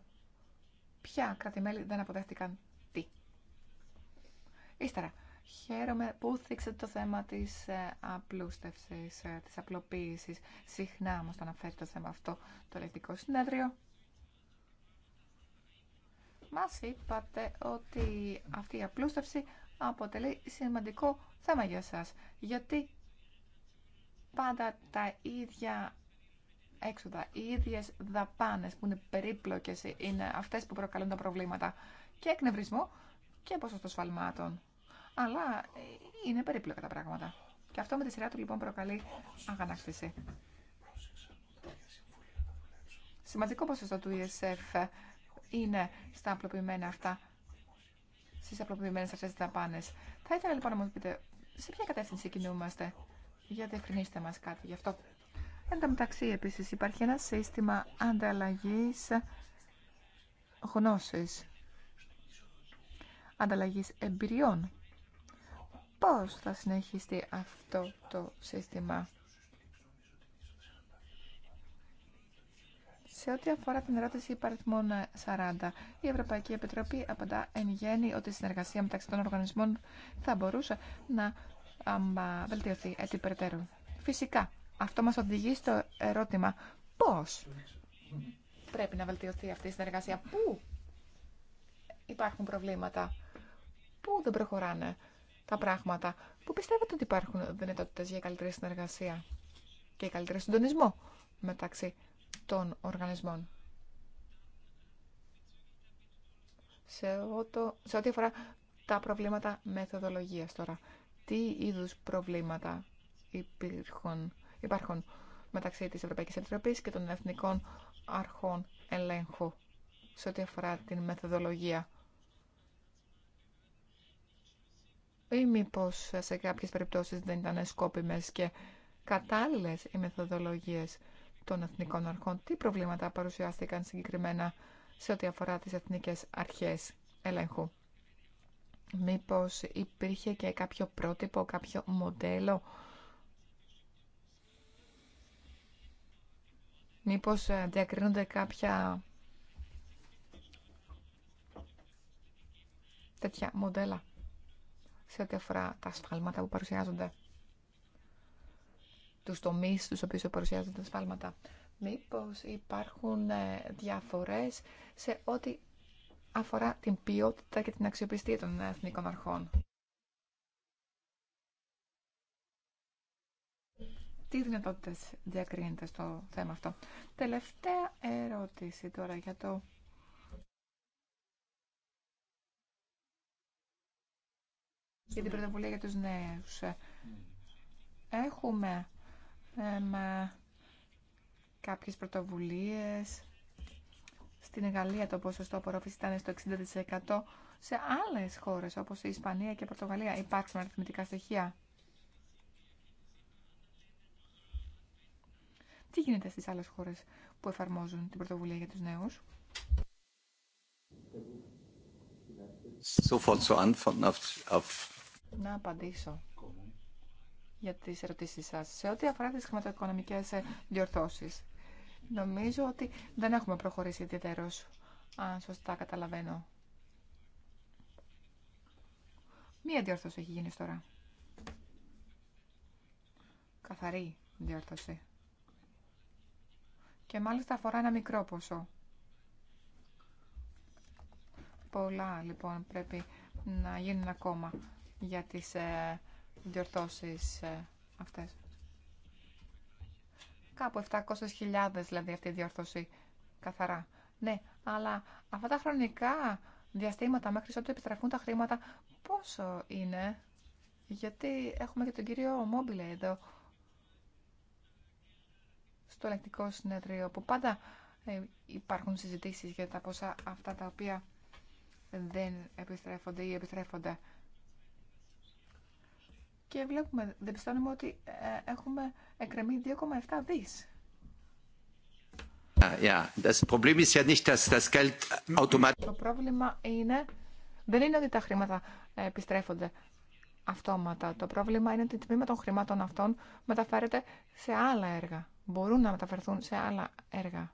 ποια κράτη-μέλη δεν αποδέχτηκαν τι. Ύστερα, χαίρομαι που θίξετε το θέμα της ε, απλούστευσης, ε, της απλοποίησης. Συχνά όμως το αναφέρει το θέμα αυτό το ελεκτικό συνέδριο. Μας είπατε ότι αυτή η απλούστευση αποτελεί σημαντικό θέμα για σας, γιατί πάντα τα ίδια έξοδα, οι ίδιε δαπάνε που είναι περίπλοκες είναι αυτέ που προκαλούν τα προβλήματα και εκνευρισμό και ποσοστό σφαλμάτων. Αλλά είναι περίπλοκα τα πράγματα. Και αυτό με τη σειρά του λοιπόν προκαλεί αγανάκτηση. Σημαντικό ποσοστό του ESF είναι στα απλοποιημένα αυτά, στις απλοποιημένες αυτές τι δαπάνες. Θα ήθελα λοιπόν να μου πείτε σε ποια κατεύθυνση κινούμαστε. Για διευκρινίστε μας κάτι γι' αυτό. Εν τω μεταξύ, επίσης, υπάρχει ένα σύστημα ανταλλαγής γνώσης, ανταλλαγής εμπειριών. Πώς θα συνεχιστεί αυτό το σύστημα. Σε ό,τι αφορά την ερώτηση υπαριθμών 40, η Ευρωπαϊκή Επιτροπή απαντά εν γέννη ότι η συνεργασία μεταξύ των οργανισμών θα μπορούσε να βελτιωθεί έτσι περαιτέρω. Φυσικά, αυτό μας οδηγεί στο ερώτημα πώς πρέπει να βελτιωθεί αυτή η συνεργασία, πού υπάρχουν προβλήματα, πού δεν προχωράνε τα πράγματα, πού πιστεύετε ότι υπάρχουν δυνατότητες για καλύτερη συνεργασία και καλύτερο συντονισμό μεταξύ των οργανισμών. Σε, σε ό,τι αφορά τα προβλήματα μεθοδολογίας τώρα, τι είδους προβλήματα υπήρχαν υπάρχουν μεταξύ της Ευρωπαϊκής Επιτροπής και των Εθνικών Αρχών Ελέγχου σε ό,τι αφορά την μεθοδολογία. Ή μήπω σε κάποιες περιπτώσεις δεν ήταν σκόπιμες και κατάλληλες οι μεθοδολογίες των εθνικών αρχών. Τι προβλήματα παρουσιάστηκαν συγκεκριμένα σε ό,τι αφορά τις εθνικές αρχές ελέγχου. Μήπως υπήρχε και κάποιο πρότυπο, κάποιο μοντέλο Μήπως ε, διακρίνονται κάποια τέτοια μοντέλα σε ό,τι αφορά τα σφάλματα που παρουσιάζονται. Τους τομείς στους οποίους παρουσιάζονται τα σφάλματα. Μήπως υπάρχουν ε, διαφορές σε ό,τι αφορά την ποιότητα και την αξιοπιστία των εθνικών αρχών. τι δυνατότητε διακρίνεται στο θέμα αυτό. Τελευταία ερώτηση τώρα για το. Για την πρωτοβουλία για τους νέους. Έχουμε με κάποιες πρωτοβουλίες. Στην Γαλλία το ποσοστό απορρόφηση ήταν στο 60%. Σε άλλες χώρες όπως η Ισπανία και η Πορτογαλία υπάρχουν αριθμητικά στοιχεία. Τι γίνεται στις άλλες χώρες που εφαρμόζουν την πρωτοβουλία για τους νέους. Να απαντήσω για τις ερωτήσεις σας. Σε ό,τι αφορά τις χρηματοοικονομικές ε, διορθώσεις, νομίζω ότι δεν έχουμε προχωρήσει ιδιαίτερως, αν σωστά καταλαβαίνω. Μία διόρθωση έχει γίνει τώρα. Καθαρή διόρθωση και μάλιστα αφορά ένα μικρό ποσό. Πολλά λοιπόν πρέπει να γίνουν ακόμα για τις ε, διορθώσεις ε, αυτές. Κάπου 700.000 δηλαδή αυτή η διορθώση καθαρά. Ναι, αλλά αυτά τα χρονικά διαστήματα μέχρι ότου επιστραφούν τα χρήματα πόσο είναι. Γιατί έχουμε και τον κύριο Μόμπιλε εδώ, το ελεκτικό συνέδριο που πάντα ε, υπάρχουν συζητήσεις για τα ποσά αυτά τα οποία δεν επιστρέφονται ή επιστρέφονται. Και βλέπουμε, δεν πιστώνουμε ότι ε, έχουμε εκκρεμεί 2,7 δις. Το πρόβλημα είναι, δεν είναι ότι τα χρήματα επιστρέφονται αυτόματα. Το πρόβλημα είναι ότι το τμήμα των χρημάτων αυτών μεταφέρεται σε άλλα έργα μπορούν να μεταφερθούν σε άλλα έργα.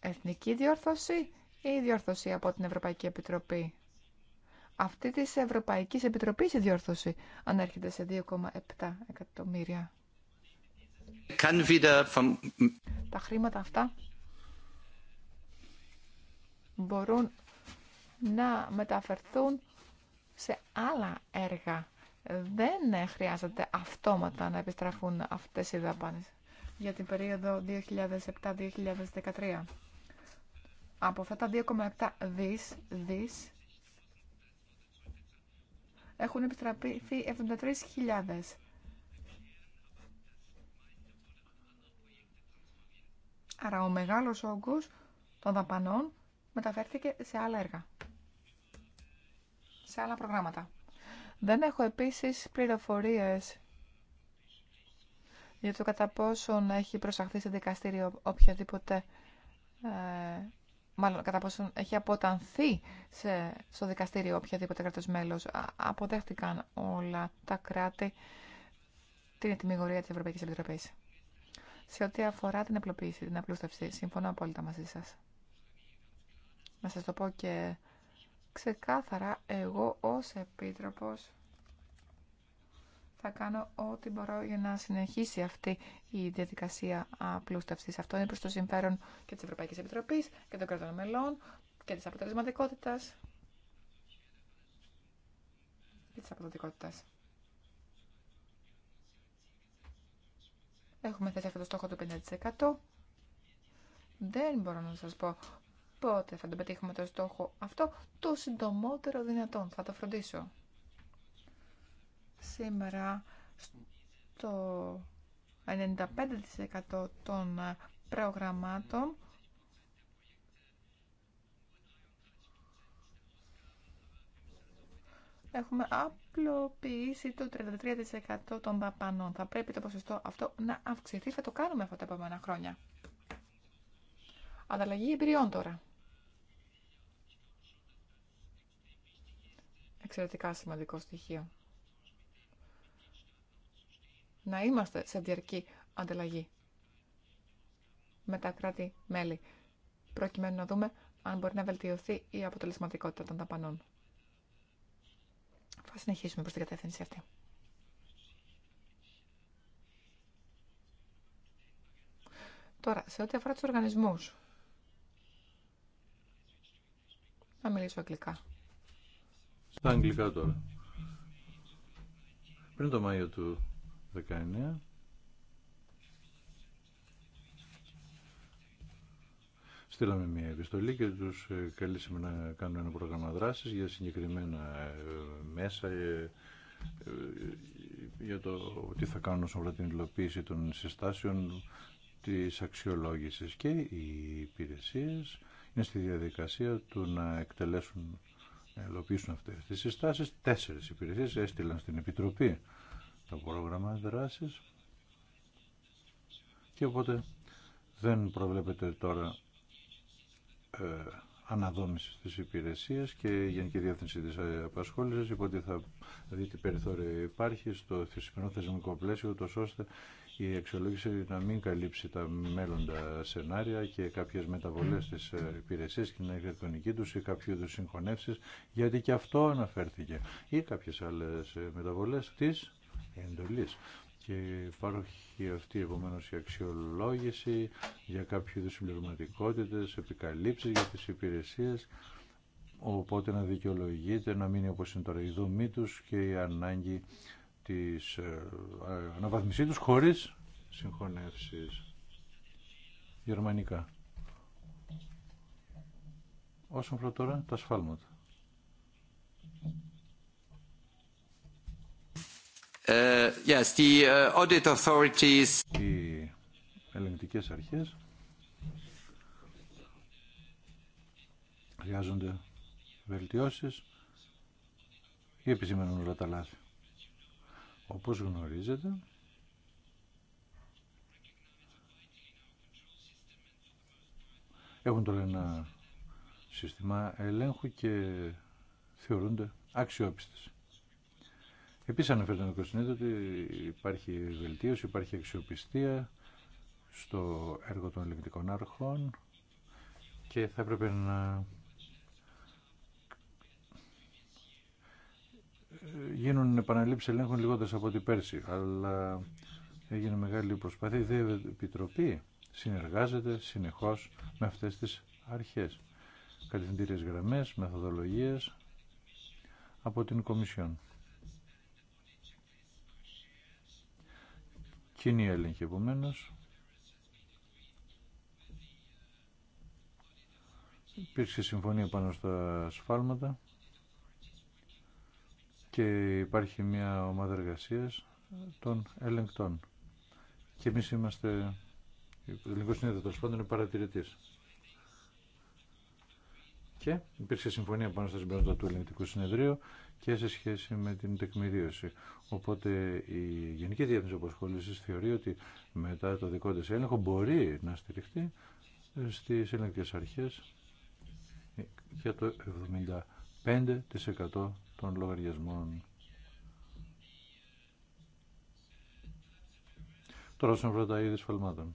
Εθνική διόρθωση ή διόρθωση από την Ευρωπαϊκή Επιτροπή. Αυτή της Ευρωπαϊκής Επιτροπής η διόρθωση ανέρχεται σε 2,7 εκατομμύρια. Τα χρήματα αυτά μπορούν να μεταφερθούν σε άλλα έργα δεν χρειάζεται αυτόματα να επιστραφούν αυτές οι δαπάνες για την περίοδο 2007-2013. Από αυτά τα 2,7 δις, δις έχουν επιστραφεί 73.000. Άρα ο μεγάλος όγκος των δαπανών μεταφέρθηκε σε άλλα έργα, σε άλλα προγράμματα. Δεν έχω επίσης πληροφορίες για το κατά πόσον έχει προσαχθεί σε δικαστήριο οποιαδήποτε, ε, κατά πόσον έχει αποτανθεί σε, στο δικαστήριο οποιαδήποτε κράτος μέλος. Αποδέχτηκαν όλα τα κράτη την ετοιμιγωρία της Ευρωπαϊκής Επιτροπής. Σε ό,τι αφορά την απλοποίηση, την απλούστευση, συμφωνώ απόλυτα μαζί σας. Να σας το πω και ξεκάθαρα εγώ ως Επίτροπος θα κάνω ό,τι μπορώ για να συνεχίσει αυτή η διαδικασία απλούστευσης. Αυτό είναι προς το συμφέρον και της Ευρωπαϊκής Επιτροπής και των κρατών μελών και της αποτελεσματικότητας και της Έχουμε θέσει αυτό το στόχο του 50%. Δεν μπορώ να σας πω Πότε θα τον πετύχουμε το στόχο αυτό το συντομότερο δυνατόν. Θα το φροντίσω. Σήμερα το 95% των προγραμμάτων έχουμε απλοποιήσει το 33% των δαπανών. Θα πρέπει το ποσοστό αυτό να αυξηθεί. Θα το κάνουμε αυτά τα επόμενα χρόνια. Ανταλλαγή εμπειριών τώρα. εξαιρετικά σημαντικό στοιχείο. Να είμαστε σε διαρκή ανταλλαγή με τα κράτη-μέλη, προκειμένου να δούμε αν μπορεί να βελτιωθεί η αποτελεσματικότητα των ταπανών. Θα συνεχίσουμε προς την κατεύθυνση αυτή. Τώρα, σε ό,τι αφορά τους οργανισμούς, θα μιλήσω αγγλικά. Στα αγγλικά τώρα. Πριν το Μάιο του 19 στείλαμε μια επιστολή και τους ε, καλήσαμε να κάνουν ένα πρόγραμμα δράσης για συγκεκριμένα ε, μέσα ε, για το τι θα κάνουν όσον αφορά την υλοποίηση των συστάσεων της αξιολόγησης και οι υπηρεσίες είναι στη διαδικασία του να εκτελέσουν να υλοποιήσουν αυτές τις συστάσεις. Τέσσερις υπηρεσίες έστειλαν στην Επιτροπή το πρόγραμμα δράση, και οπότε δεν προβλέπεται τώρα ε, αναδόμηση της υπηρεσίας και η Γενική Διεύθυνση τη απασχόληση, είπε ότι θα δει τι περιθώριο υπάρχει στο θεσμικό θεσμικό πλαίσιο, τόσο ώστε η αξιολόγηση να μην καλύψει τα μέλλοντα σενάρια και κάποιε μεταβολέ της ε, υπηρεσία, και την αρχιτεκτονική του ή κάποιου συγωνεύσει, γιατί και αυτό αναφέρθηκε ή κάποιε άλλε μεταβολέ τη εντοχή. Και πάει και αυτή, επομένω η καποιου ειδου συγχωνευσει γιατι και αυτο αναφερθηκε η καποιε αλλε μεταβολε τη εντολη και υπαρχει αυτη επομενω η αξιολογηση για κάποιου είδου συμπληρωματικότητε, επικαλύψει για τι υπηρεσίε οπότε να δικαιολογείται, να μείνει όπω είναι τώρα η δομή του και η ανάγκη της ε, αναβαθμισή τους χωρίς συγχωνεύσεις γερμανικά. Όσον αφορά τώρα τα σφάλματα. Uh, yes, ε, audit authorities. Οι ελεγκτικές αρχές χρειάζονται βελτιώσεις ή επισημαίνουν όλα τα λάθη. Όπως γνωρίζετε, έχουν τώρα ένα σύστημα ελέγχου και θεωρούνται αξιόπιστες. Επίσης αναφέρεται το Κωνσταντίνο ότι υπάρχει βελτίωση, υπάρχει αξιοπιστία στο έργο των ελεγκτικών αρχών και θα έπρεπε να γίνουν επαναλήψεις ελέγχων λιγότερες από την πέρση, αλλά έγινε μεγάλη προσπάθεια. Η ΔΕΕ συνεργάζεται συνεχώς με αυτές τις αρχές. Κατευθυντήριες γραμμές, μεθοδολογίες από την Κομισιόν. Κοινή έλεγχη επομένω. Υπήρξε συμφωνία πάνω στα σφάλματα και υπάρχει μια ομάδα εργασίας των ελεγκτών. Και εμείς είμαστε, ο ελληνικό συνέδριο τέλο πάντων είναι παρατηρητής. Και υπήρξε συμφωνία πάνω στα συμπέροντα του ελεγκτικού συνεδρίου και σε σχέση με την τεκμηρίωση. Οπότε η Γενική Διεύθυνση Αποσχόλησης θεωρεί ότι μετά το δικό της έλεγχο μπορεί να στηριχτεί στις ελεγκτικές αρχές για το 75% των λογαριασμών. Τώρα σαν αφορά τα είδη σφαλμάτων.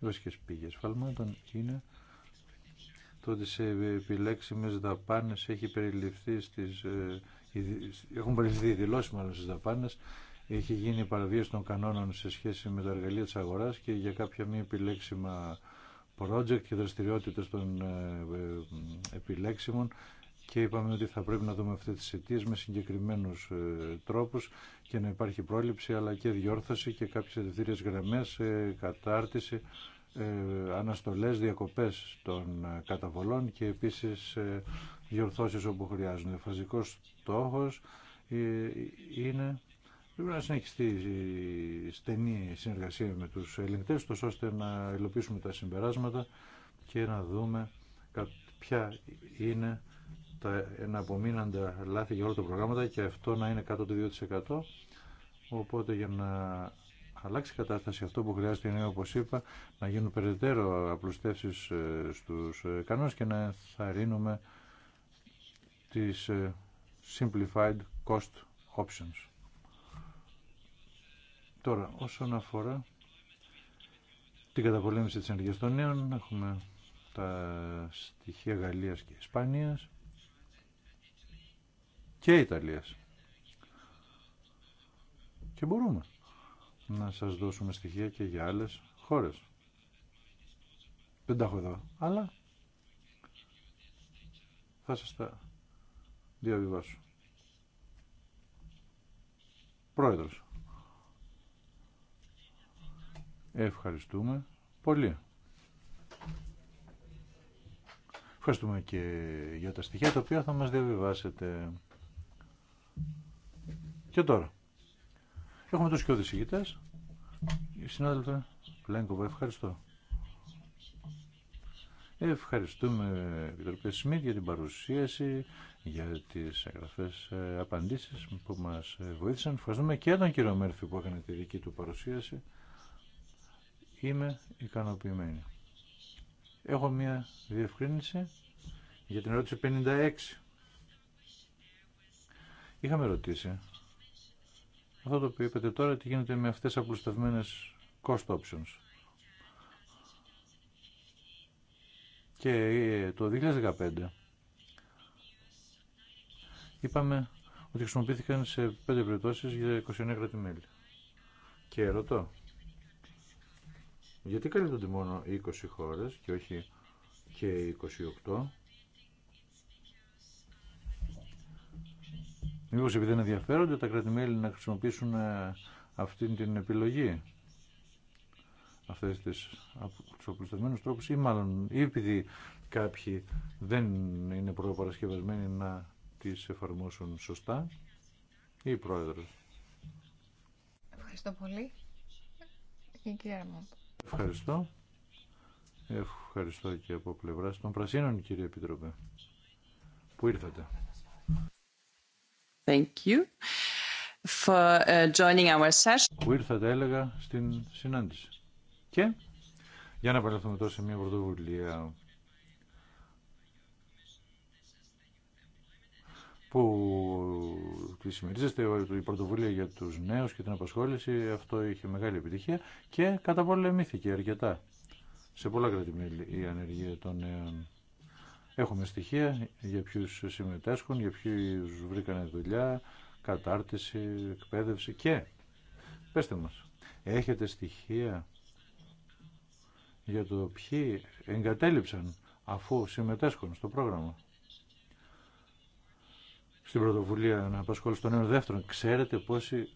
Οι βασικές πήγες σφαλμάτων είναι το ότι σε επιλέξιμες δαπάνες έχει περιληφθεί στις, ε, έχουν περιληφθεί οι δηλώσεις μάλλον στις δαπάνες έχει γίνει παραβίαση των κανόνων σε σχέση με τα εργαλεία της αγοράς και για κάποια μη επιλέξιμα project και δραστηριότητες των ε, ε, επιλέξιμων και είπαμε ότι θα πρέπει να δούμε αυτές τις αιτίε με συγκεκριμένους ε, τρόπους και να υπάρχει πρόληψη αλλά και διόρθωση και κάποιες ευθύριες γραμμές, κατάρτιση, αναστολές, διακοπές των καταβολών και επίσης διορθώσεις όπου χρειάζονται. Ο φασικός στόχος είναι Πρέπει να συνεχιστεί η στενή συνεργασία με τους ελεγκτές, τόσο ώστε να υλοποιήσουμε τα συμπεράσματα και να δούμε ποια είναι τα εναπομείναντα λάθη για όλα τα προγράμματα και αυτό να είναι κάτω του 2%. Οπότε για να αλλάξει η κατάσταση αυτό που χρειάζεται είναι όπως είπα να γίνουν περαιτέρω απλουστεύσεις ε, στους ε, κανόνες και να ενθαρρύνουμε τις ε, simplified cost options. Τώρα, όσον αφορά την καταπολέμηση της ενεργείας των νέων, έχουμε τα στοιχεία Γαλλίας και Ισπανίας και Ιταλίας. Και μπορούμε να σας δώσουμε στοιχεία και για άλλες χώρες. Δεν τα έχω εδώ, αλλά θα σας τα διαβιβάσω. Πρόεδρος. Ευχαριστούμε πολύ. Ευχαριστούμε και για τα στοιχεία τα οποία θα μας διαβιβάσετε. Και τώρα. Έχουμε τους κοιόδης ηγητές. Συνάδελφα Πλέγκοβα, ευχαριστώ. Ευχαριστούμε, Επιτροπή Σμιτ, για την παρουσίαση, για τις εγγραφές ε, απαντήσεις που μας βοήθησαν. Ευχαριστούμε και τον κύριο Μέρφυ που έκανε τη δική του παρουσίαση είμαι ικανοποιημένη. Έχω μία διευκρίνηση για την ερώτηση 56. Είχαμε ρωτήσει αυτό το οποίο είπατε τώρα τι γίνεται με αυτές τις απλουστευμένες cost options. Και ε, το 2015 είπαμε ότι χρησιμοποιήθηκαν σε 5 περιπτώσεις για 29 κράτη-μέλη. Και ρωτώ, γιατί καλύπτονται μόνο 20 χώρες και όχι και 28. Μήπως επειδή δεν ενδιαφέρονται τα κράτη-μέλη να χρησιμοποιήσουν ε, αυτή την επιλογή αυτές τις, τους τρόπους ή μάλλον ή επειδή κάποιοι δεν είναι προπαρασκευασμένοι να τις εφαρμόσουν σωστά ή πρόεδρος. Ευχαριστώ πολύ. Η κυρία η κυρια Ευχαριστώ. Ευχαριστώ και από πλευρά των Πρασίνων, κύριε Επιτροπέ, που ήρθατε. Thank you for uh, joining our session. Που ήρθατε, έλεγα, στην συνάντηση. Και για να παρελθούμε τώρα σε μια πρωτοβουλία που τη συμμερίζεστε, η πρωτοβουλία για τους νέους και την απασχόληση, αυτό είχε μεγάλη επιτυχία και καταπολεμήθηκε αρκετά σε πολλά κρατημέλη η ανεργία των νέων. Έχουμε στοιχεία για ποιου συμμετέσχουν, για ποιου βρήκανε δουλειά, κατάρτιση, εκπαίδευση και, πέστε μας, έχετε στοιχεία για το ποιοι εγκατέλειψαν αφού συμμετέσχουν στο πρόγραμμα στην πρωτοβουλία να αναπασχόληση τον ένα δεύτερο. Ξέρετε πόσοι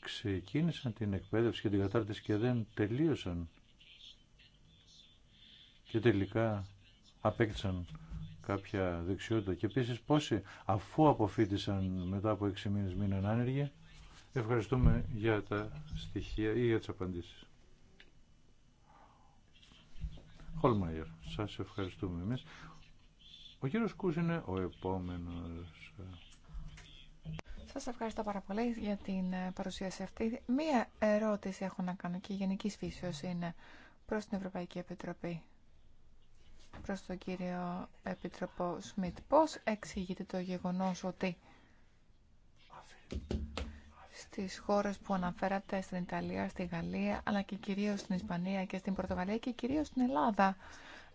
ξεκίνησαν την εκπαίδευση και την κατάρτιση και δεν τελείωσαν και τελικά απέκτησαν κάποια δεξιότητα. Και επίση πόσοι αφού αποφύτησαν μετά από έξι μήνες μείναν άνεργοι. Ευχαριστούμε για τα στοιχεία ή για τις απαντήσεις. Χολμαϊερ, σας ευχαριστούμε εμείς. Ο κύριος Κούς είναι ο επόμενος. Σας ευχαριστώ πάρα πολύ για την ε, παρουσίαση αυτή. Μία ερώτηση έχω να κάνω και γενική φύσεω είναι προς την Ευρωπαϊκή Επιτροπή. Προς τον κύριο Επιτροπό Σμιτ. Πώς εξηγείται το γεγονός ότι στις χώρες που αναφέρατε, στην Ιταλία, στη Γαλλία, αλλά και κυρίως στην Ισπανία και στην Πορτογαλία και κυρίως στην Ελλάδα,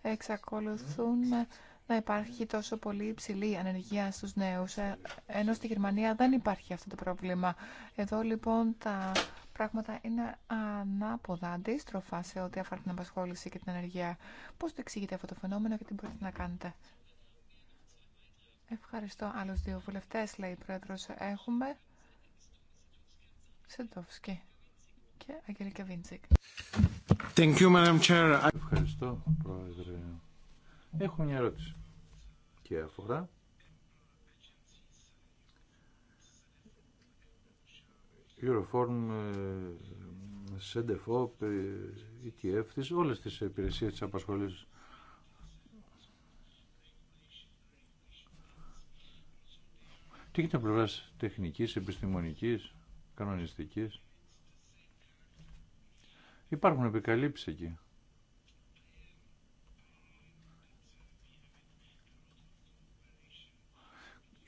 εξακολουθούν να υπάρχει τόσο πολύ υψηλή ανεργία στους νέους, ε, ενώ στη Γερμανία δεν υπάρχει αυτό το πρόβλημα. Εδώ λοιπόν τα πράγματα είναι ανάποδα, αντίστροφα σε ό,τι αφορά την απασχόληση και την ανεργία. Πώς το εξηγείτε αυτό το φαινόμενο και τι μπορείτε να κάνετε. Ευχαριστώ. Άλλους δύο βουλευτές, λέει η Πρόεδρος, έχουμε. Σεντόφσκι και Αγγελίκα Βίντσικ. Ευχαριστώ, Πρόεδρε. Έχω μια ερώτηση και αφορά Euroform, Sendefop, ETF, ε τις, όλες τις υπηρεσίες της απασχολής. Τι γίνεται πλευρά τεχνικής, επιστημονικής, κανονιστικής. Υπάρχουν επικαλύψεις εκεί.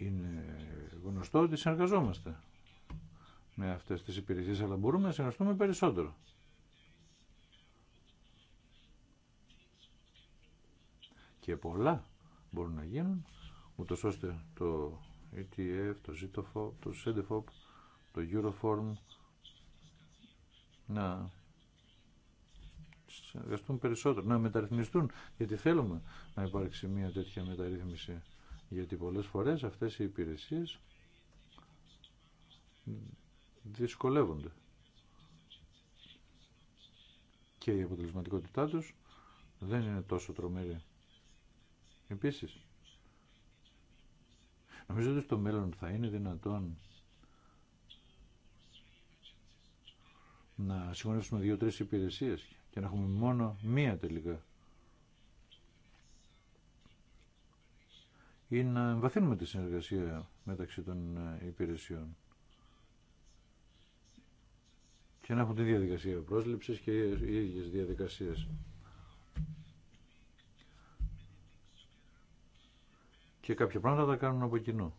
είναι γνωστό ότι συνεργαζόμαστε με αυτές τις υπηρεσίες, αλλά μπορούμε να συνεργαστούμε περισσότερο. Και πολλά μπορούν να γίνουν, ούτω ώστε το ETF, το ZITOFOP, το CEDEFOP, το Euroform να συνεργαστούν περισσότερο, να μεταρρυθμιστούν, γιατί θέλουμε να υπάρξει μια τέτοια μεταρρύθμιση γιατί πολλές φορές αυτές οι υπηρεσίες δυσκολεύονται. Και η αποτελεσματικότητά τους δεν είναι τόσο τρομερή. Επίσης, νομίζω ότι στο μέλλον θα είναι δυνατόν να συγχωνεύσουμε δύο-τρεις υπηρεσίες και να έχουμε μόνο μία τελικά ή να εμβαθύνουμε τη συνεργασία μεταξύ των ε, υπηρεσιών και να έχουν τη διαδικασία πρόσληψης και οι ίδιες διαδικασίες. Και κάποια πράγματα τα κάνουν από κοινό.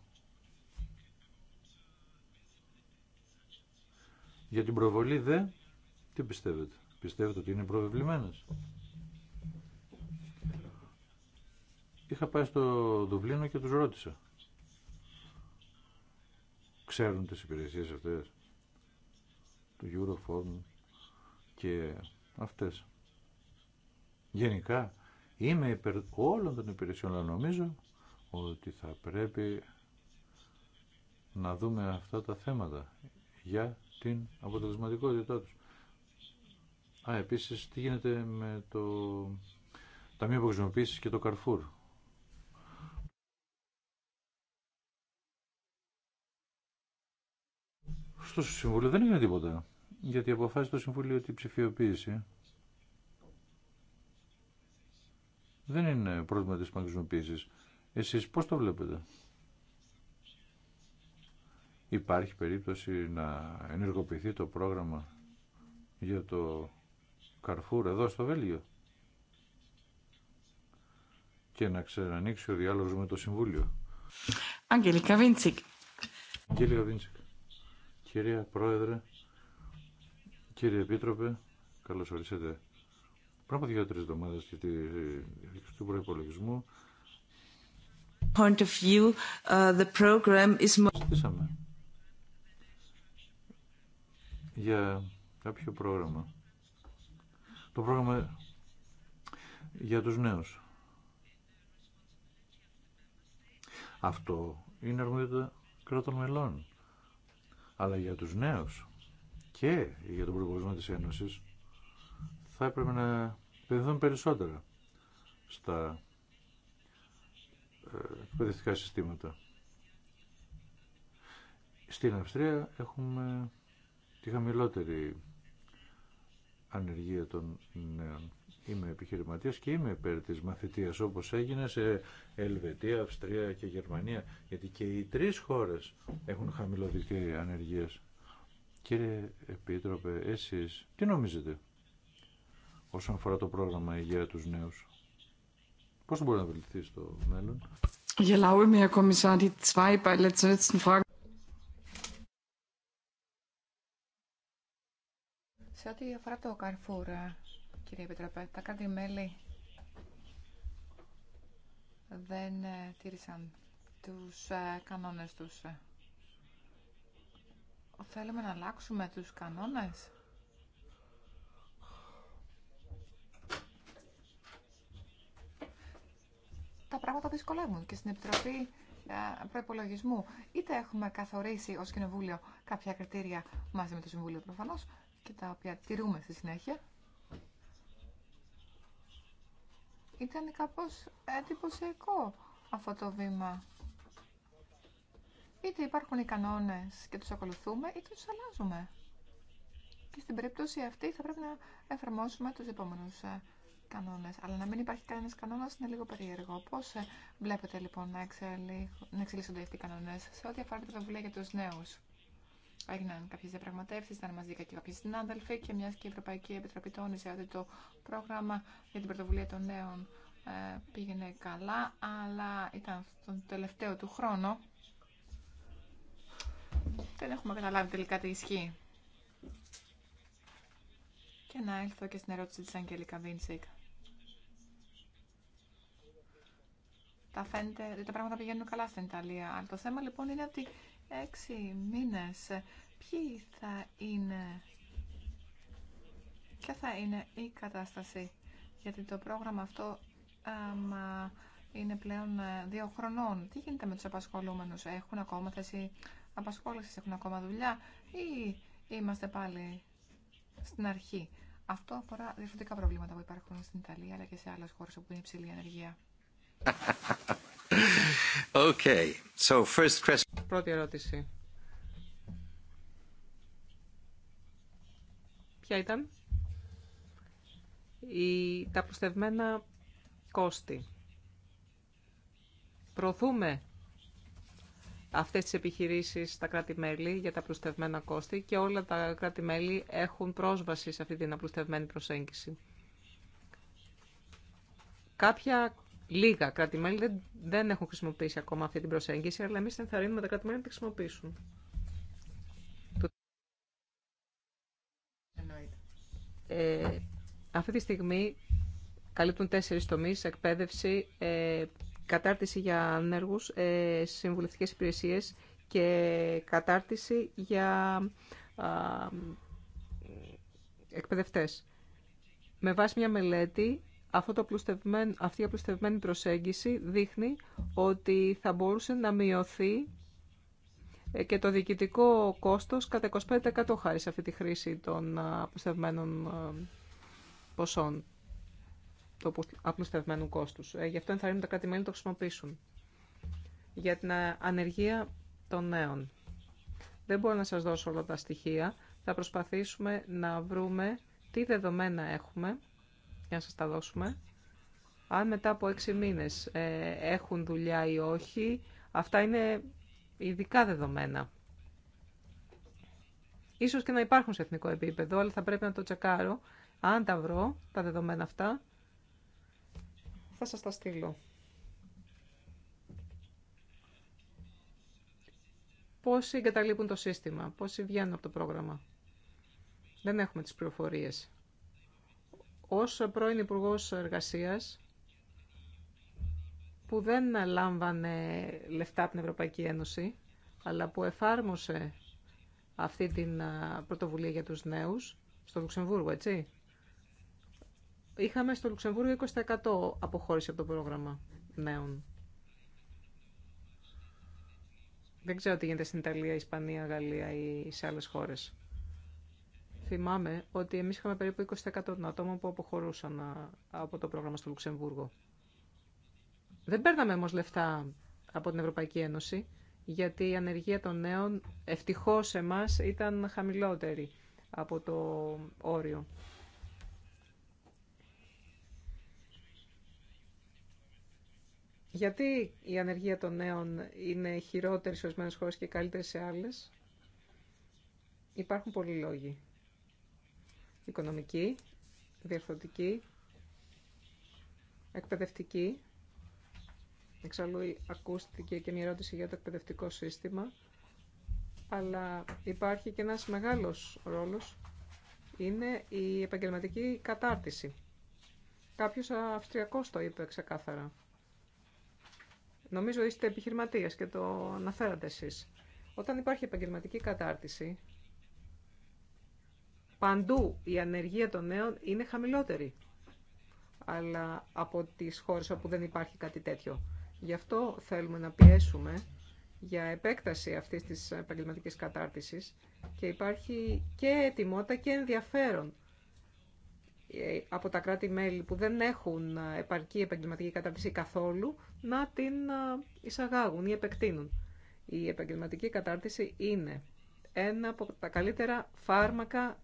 Για την προβολή δε, τι πιστεύετε. Πιστεύετε ότι είναι προβεβλημένες. Είχα πάει στο Δουβλίνο και τους ρώτησα. Ξέρουν τις υπηρεσίες αυτές του Euroform και αυτές. Γενικά είμαι υπέρ όλων των υπηρεσιών, αλλά νομίζω ότι θα πρέπει να δούμε αυτά τα θέματα για την αποτελεσματικότητά τους. Α, επίσης, τι γίνεται με το Ταμείο Αποκοσμιοποίησης και το Καρφούρ. Στο Συμβούλιο δεν έγινε τίποτα. Γιατί αποφάσισε το Συμβούλιο ότι η ψηφιοποίηση δεν είναι πρόβλημα της παγκοσμιοποίησης. Εσείς πώς το βλέπετε. Υπάρχει περίπτωση να ενεργοποιηθεί το πρόγραμμα για το Καρφούρ εδώ στο Βέλγιο και να ξανανοίξει ο διάλογος με το Συμβούλιο. Αγγελικά Βίντσικ. Αγγελικά Βίντσικ. Κυρία Πρόεδρε, κύριε Επίτροπε, καλώς ορίσατε. Πριν από δύο-τρει εβδομάδε και του προπολογισμού. Point uh, για κάποιο πρόγραμμα. Το πρόγραμμα για τους νέους. Αυτό είναι αρμοδιότητα κρατών μελών αλλά για τους νέους και για τον προπολογισμό της Ένωσης θα έπρεπε να επενδυθούν περισσότερα στα ε, εκπαιδευτικά συστήματα. Στην Αυστρία έχουμε τη χαμηλότερη ανεργία των νέων. Είμαι επιχειρηματίας και είμαι υπέρ της μαθητείας όπως έγινε σε Ελβετία, Αυστρία και Γερμανία γιατί και οι τρεις χώρες έχουν χαμηλό δίκτυο ανεργίας. Κύριε Επίτροπε, εσείς τι νομίζετε όσον αφορά το πρόγραμμα για τους νέους. Πώς μπορεί να βελτιθεί στο μέλλον. Σε ό,τι αφορά το κύριε Επιτροπέ. Τα κράτη-μέλη δεν ε, τήρησαν τους ε, κανόνες τους. Θέλουμε να αλλάξουμε τους κανόνες. Τα πράγματα δυσκολεύουν και στην Επιτροπή ε, προπολογισμού. Είτε έχουμε καθορίσει ως Κοινοβούλιο κάποια κριτήρια μαζί με το Συμβούλιο προφανώς και τα οποία τηρούμε στη συνέχεια Ήταν κάπως εντυπωσιακό αυτό το βήμα. Είτε υπάρχουν οι κανόνες και τους ακολουθούμε, είτε τους αλλάζουμε. Και στην περίπτωση αυτή θα πρέπει να εφαρμόσουμε τους επόμενους ε, κανόνες. Αλλά να μην υπάρχει κανένας κανόνας είναι λίγο περίεργο. Πώς ε, βλέπετε λοιπόν να, εξελίσσονται αυτοί οι κανόνες σε ό,τι αφορά την βιβλία για τους νέους έγιναν κάποιε διαπραγματεύσει, ήταν μαζί και κάποιοι συνάδελφοι και μια και η Ευρωπαϊκή Επιτροπή τόνισε ότι το πρόγραμμα για την πρωτοβουλία των νέων ε, πήγαινε καλά, αλλά ήταν στον τελευταίο του χρόνο. Δεν έχουμε καταλάβει τελικά τι ισχύει. Και να έλθω και στην ερώτηση της Αγγέλικα Καβίνσικ. Τα φαίνεται τα πράγματα πηγαίνουν καλά στην Ιταλία. Αλλά το θέμα λοιπόν είναι ότι έξι μήνες ποιοι θα είναι θα είναι η κατάσταση γιατί το πρόγραμμα αυτό είναι πλέον ε, δύο χρονών. Τι γίνεται με τους απασχολούμενους, έχουν ακόμα θέση απασχόλησης, έχουν ακόμα δουλειά ή είμαστε πάλι στην αρχή. Αυτό αφορά διαφορετικά προβλήματα που υπάρχουν στην Ιταλία αλλά και σε άλλες χώρες όπου είναι υψηλή ενεργεια Πρώτη ερώτηση. Ποια ήταν? Η, τα προστευμένα κόστη. Προωθούμε αυτές τις επιχειρήσεις στα κράτη-μέλη για τα προστευμένα κόστη και όλα τα κράτη-μέλη έχουν πρόσβαση σε αυτή την απλουστευμένη προσέγγιση. Κάποια λίγα κράτη-μέλη δεν, δεν έχουν χρησιμοποιήσει ακόμα αυτή την προσέγγιση, αλλά εμείς ενθαρρύνουμε τα κράτη-μέλη να τη χρησιμοποιήσουν. Ε, αυτή τη στιγμή καλύπτουν τέσσερις τομείς, εκπαίδευση, ε, κατάρτιση για ανέργου, ε, συμβουλευτικές υπηρεσίες και κατάρτιση για εκπαιδευτέ. εκπαιδευτές. Με βάση μια μελέτη αυτό το αυτή η απλουστευμένη προσέγγιση δείχνει ότι θα μπορούσε να μειωθεί ε, και το διοικητικό κόστος κατά 25% χάρη σε αυτή τη χρήση των απλουστευμένων ε, ποσών, του απλουστευμένου κόστους. Ε, γι' αυτό ενθαρρύνουν τα κράτη-μέλη να το χρησιμοποιήσουν. Για την ανεργία των νέων. Δεν μπορώ να σας δώσω όλα τα στοιχεία. Θα προσπαθήσουμε να βρούμε τι δεδομένα έχουμε για να σας τα δώσουμε. Αν μετά από έξι μήνες ε, έχουν δουλειά ή όχι, αυτά είναι ειδικά δεδομένα. Ίσως και να υπάρχουν σε εθνικό επίπεδο, αλλά θα πρέπει να το τσεκάρω. Αν τα βρω, τα δεδομένα αυτά, θα σας τα στείλω. Πόσοι εγκαταλείπουν το σύστημα, πόσοι βγαίνουν από το πρόγραμμα. Δεν έχουμε τις πληροφορίες ως πρώην υπουργό Εργασίας που δεν λάμβανε λεφτά από την Ευρωπαϊκή Ένωση αλλά που εφάρμοσε αυτή την πρωτοβουλία για τους νέους στο Λουξεμβούργο, έτσι. Είχαμε στο Λουξεμβούργο 20% αποχώρηση από το πρόγραμμα νέων. Δεν ξέρω τι γίνεται στην Ιταλία, Ισπανία, Γαλλία ή σε άλλες χώρες θυμάμαι ότι εμείς είχαμε περίπου 20% των ατόμων που αποχωρούσαν από το πρόγραμμα στο Λουξεμβούργο. Δεν παίρναμε όμω λεφτά από την Ευρωπαϊκή Ένωση, γιατί η ανεργία των νέων ευτυχώς σε μας ήταν χαμηλότερη από το όριο. Γιατί η ανεργία των νέων είναι χειρότερη σε ορισμένε χώρε και καλύτερη σε άλλε, υπάρχουν πολλοί λόγοι οικονομική, διορθωτική, εκπαιδευτική. Εξάλλου ακούστηκε και μια ερώτηση για το εκπαιδευτικό σύστημα, αλλά υπάρχει και ένας μεγάλος ρόλος, είναι η επαγγελματική κατάρτιση. Κάποιος Αυστριακός το είπε ξεκάθαρα. Νομίζω είστε επιχειρηματίας και το αναφέρατε εσείς. Όταν υπάρχει επαγγελματική κατάρτιση, Παντού η ανεργία των νέων είναι χαμηλότερη αλλά από τις χώρες όπου δεν υπάρχει κάτι τέτοιο. Γι' αυτό θέλουμε να πιέσουμε για επέκταση αυτής της επαγγελματική κατάρτισης και υπάρχει και ετοιμότητα και ενδιαφέρον ε, από τα κράτη-μέλη που δεν έχουν ε, επαρκή επαγγελματική κατάρτιση καθόλου να την ε, εισαγάγουν ή επεκτείνουν. Η επαγγελματική κατάρτιση είναι ένα από τα καλύτερα φάρμακα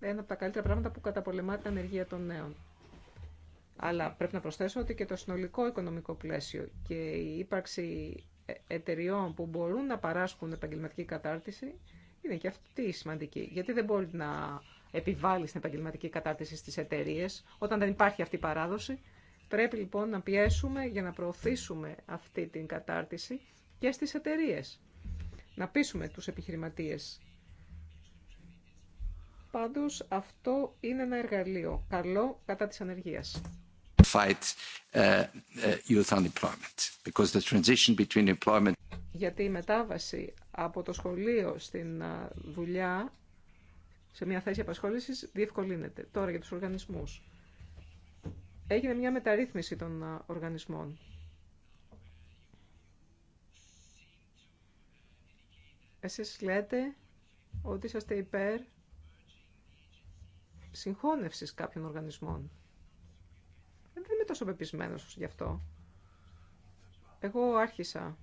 ένα από τα καλύτερα πράγματα που καταπολεμάται την ανεργία των νέων. Αλλά πρέπει να προσθέσω ότι και το συνολικό οικονομικό πλαίσιο και η ύπαρξη ε, εταιριών που μπορούν να παράσχουν επαγγελματική κατάρτιση είναι και αυτή η σημαντική. Γιατί δεν μπορεί να επιβάλλει την επαγγελματική κατάρτιση στι εταιρείε όταν δεν υπάρχει αυτή η παράδοση. Πρέπει λοιπόν να πιέσουμε για να προωθήσουμε αυτή την κατάρτιση και στι εταιρείε. Να πείσουμε του επιχειρηματίε. Πάντως αυτό είναι ένα εργαλείο καλό κατά της ανεργίας. Uh, uh, Γιατί η μετάβαση από το σχολείο στην uh, δουλειά, σε μια θέση απασχόλησης, διευκολύνεται. Τώρα για τους οργανισμούς. Έγινε μια μεταρρύθμιση των οργανισμών. Εσείς λέτε ότι είσαστε υπέρ Συγχώνευση κάποιων οργανισμών. Δεν είμαι τόσο πεπισμένο γι' αυτό. Εγώ άρχισα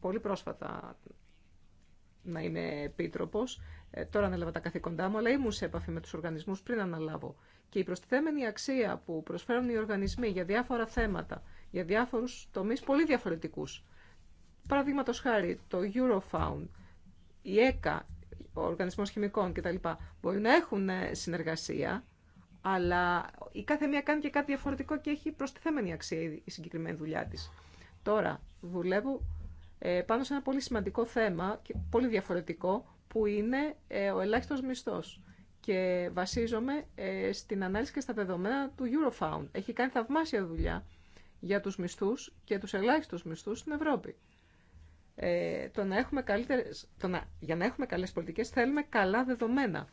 πολύ πρόσφατα να είμαι επίτροπο. Ε, τώρα ανέλαβα τα καθήκοντά μου, αλλά ήμουν σε επαφή με τους οργανισμούς πριν αναλάβω. Και η προστιθέμενη αξία που προσφέρουν οι οργανισμοί για διάφορα θέματα, για διάφορου τομεί πολύ διαφορετικού. Παραδείγματο χάρη το Eurofound, η ΕΚΑ, Οργανισμό χημικών κτλ. Μπορεί να έχουν ε, συνεργασία, αλλά η κάθε μία κάνει και κάτι διαφορετικό και έχει προστιθέμενη αξία η συγκεκριμένη δουλειά τη. Τώρα δουλεύω ε, πάνω σε ένα πολύ σημαντικό θέμα και πολύ διαφορετικό που είναι ε, ο ελάχιστο μισθός και βασίζομαι στην ανάλυση και στα δεδομένα του Eurofound. Έχει κάνει θαυμάσια δουλειά για τους μισθούς και τους ελάχιστους μισθούς στην Ευρώπη. Ε, το έχουμε καλύτερες, το να, για να έχουμε καλές πολιτικές θέλουμε καλά δεδομένα.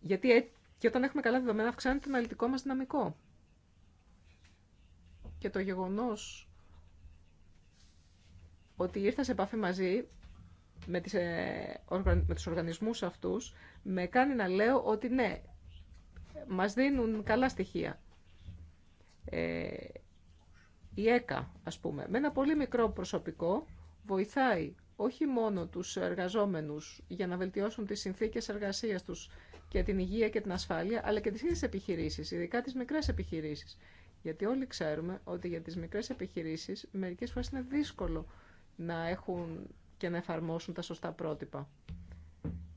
Γιατί ε- και όταν έχουμε καλά δεδομένα αυξάνεται το αναλυτικό μας δυναμικό. Και το γεγονός ότι ήρθα σε επαφή μαζί με, τις, ε, με τους οργανισμούς αυτούς, με κάνει να λέω ότι ναι, μας δίνουν καλά στοιχεία. Ε, η ΕΚΑ, ας πούμε, με ένα πολύ μικρό προσωπικό, βοηθάει όχι μόνο τους εργαζόμενους για να βελτιώσουν τις συνθήκες εργασίας τους και την υγεία και την ασφάλεια, αλλά και τις ίδιες επιχειρήσεις, ειδικά τις μικρές επιχειρήσεις. Γιατί όλοι ξέρουμε ότι για τις μικρές επιχειρήσεις μερικές φορές είναι δύσκολο να έχουν και να εφαρμόσουν τα σωστά πρότυπα.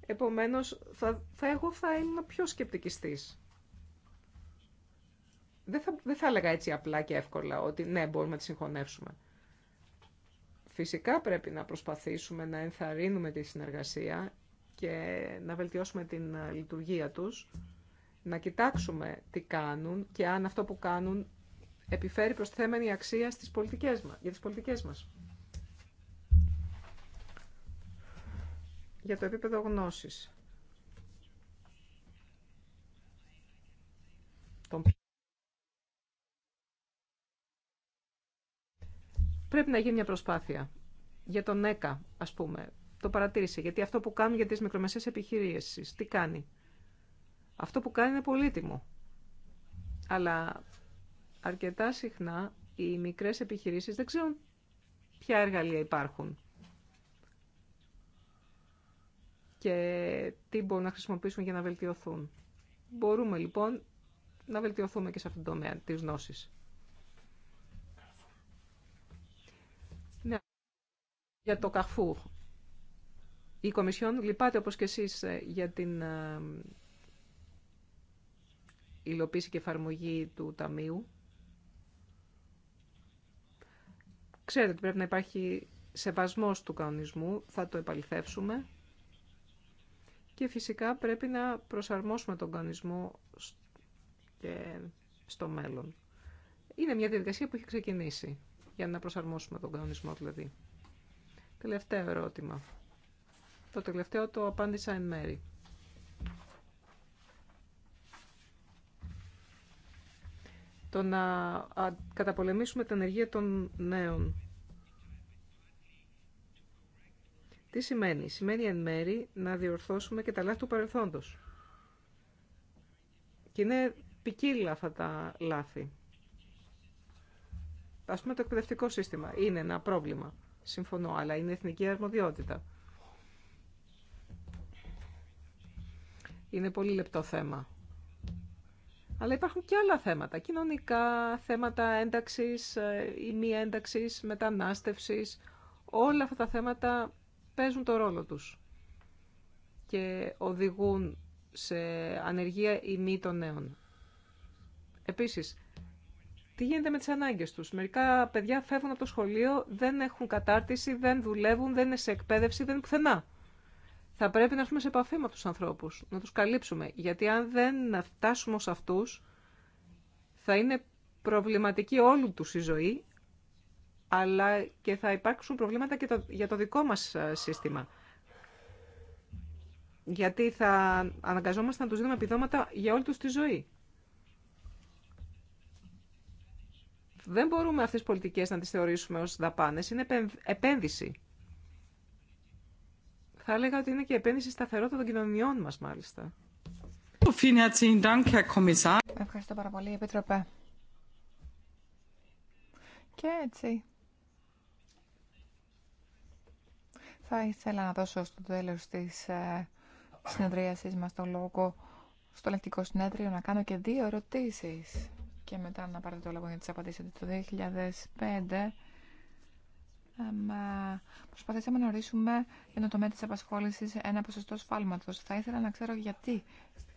Επομένως, θα, θα εγώ θα ήμουν πιο σκεπτικιστής. Δεν θα, δεν θα έλεγα έτσι απλά και εύκολα ότι ναι, μπορούμε να τη συγχωνεύσουμε. Φυσικά πρέπει να προσπαθήσουμε να ενθαρρύνουμε τη συνεργασία και να βελτιώσουμε την ε, λειτουργία τους, να κοιτάξουμε τι κάνουν και αν αυτό που κάνουν επιφέρει προσθέμενη αξία στις πολιτικές μας, για τις πολιτικές μας. Για το επίπεδο γνώσης. Πρέπει να γίνει μια προσπάθεια. Για τον ΕΚΑ, ας πούμε, το παρατήρησε. Γιατί αυτό που κάνουν για τις μικρομεσαίες επιχειρήσεις, τι κάνει. Αυτό που κάνει είναι πολύτιμο. Αλλά αρκετά συχνά οι μικρές επιχειρήσεις δεν ξέρουν ποια εργαλεία υπάρχουν και τι μπορούν να χρησιμοποιήσουν για να βελτιωθούν. Μπορούμε λοιπόν να βελτιωθούμε και σε αυτόν τον τομέα της γνώσης. για το ΚΑΦΟΥ, Η Κομισιόν λυπάται όπως και εσείς ε, για την ε, υλοποίηση και εφαρμογή του Ταμείου. Ξέρετε ότι πρέπει να υπάρχει σεβασμός του κανονισμού, θα το επαληθεύσουμε. Και φυσικά πρέπει να προσαρμόσουμε τον κανονισμό και στο μέλλον. Είναι μια διαδικασία που έχει ξεκινήσει για να προσαρμόσουμε τον κανονισμό δηλαδή. Τελευταίο ερώτημα. Το τελευταίο το απάντησα εν μέρη. Το να καταπολεμήσουμε την ενεργεία των νέων. Τι σημαίνει. Σημαίνει εν μέρη να διορθώσουμε και τα λάθη του παρελθόντος. Και είναι ποικίλα αυτά τα λάθη. Ας πούμε το εκπαιδευτικό σύστημα είναι ένα πρόβλημα συμφωνώ, αλλά είναι εθνική αρμοδιότητα. Είναι πολύ λεπτό θέμα. Αλλά υπάρχουν και άλλα θέματα, κοινωνικά, θέματα ένταξης ή ε, μη ένταξης, μετανάστευσης. Όλα αυτά τα θέματα παίζουν το ρόλο τους και οδηγούν σε ανεργία ή μη των νέων. Επίσης, τι γίνεται με τι ανάγκε του. Μερικά παιδιά φεύγουν από το σχολείο, δεν έχουν κατάρτιση, δεν δουλεύουν, δεν είναι σε εκπαίδευση, δεν είναι πουθενά. Θα πρέπει να έρθουμε σε επαφή με του ανθρώπου, να του καλύψουμε. Γιατί αν δεν φτάσουμε σε αυτού, θα είναι προβληματική όλου του η ζωή, αλλά και θα υπάρξουν προβλήματα και για το δικό μας ε, σύστημα. Γιατί θα αναγκαζόμαστε να τους δίνουμε επιδόματα για όλη τους τη ζωή. δεν μπορούμε αυτές τις πολιτικές να τις θεωρήσουμε ως δαπάνες. Είναι επένδυση. Θα έλεγα ότι είναι και επένδυση σταθερότητα των κοινωνιών μας, μάλιστα. Ευχαριστώ πάρα πολύ, Επίτροπε. Και έτσι. Θα ήθελα να δώσω στο τέλος της ε, συνεδρίασης μας το λόγο στο λεκτικό συνέδριο να κάνω και δύο ερωτήσεις και μετά να πάρετε το λόγο για τις απαντήσετε. Το 2005 ε, προσπαθήσαμε να ορίσουμε για το τομέα της απασχόλησης ένα ποσοστό σφάλματος. Θα ήθελα να ξέρω γιατί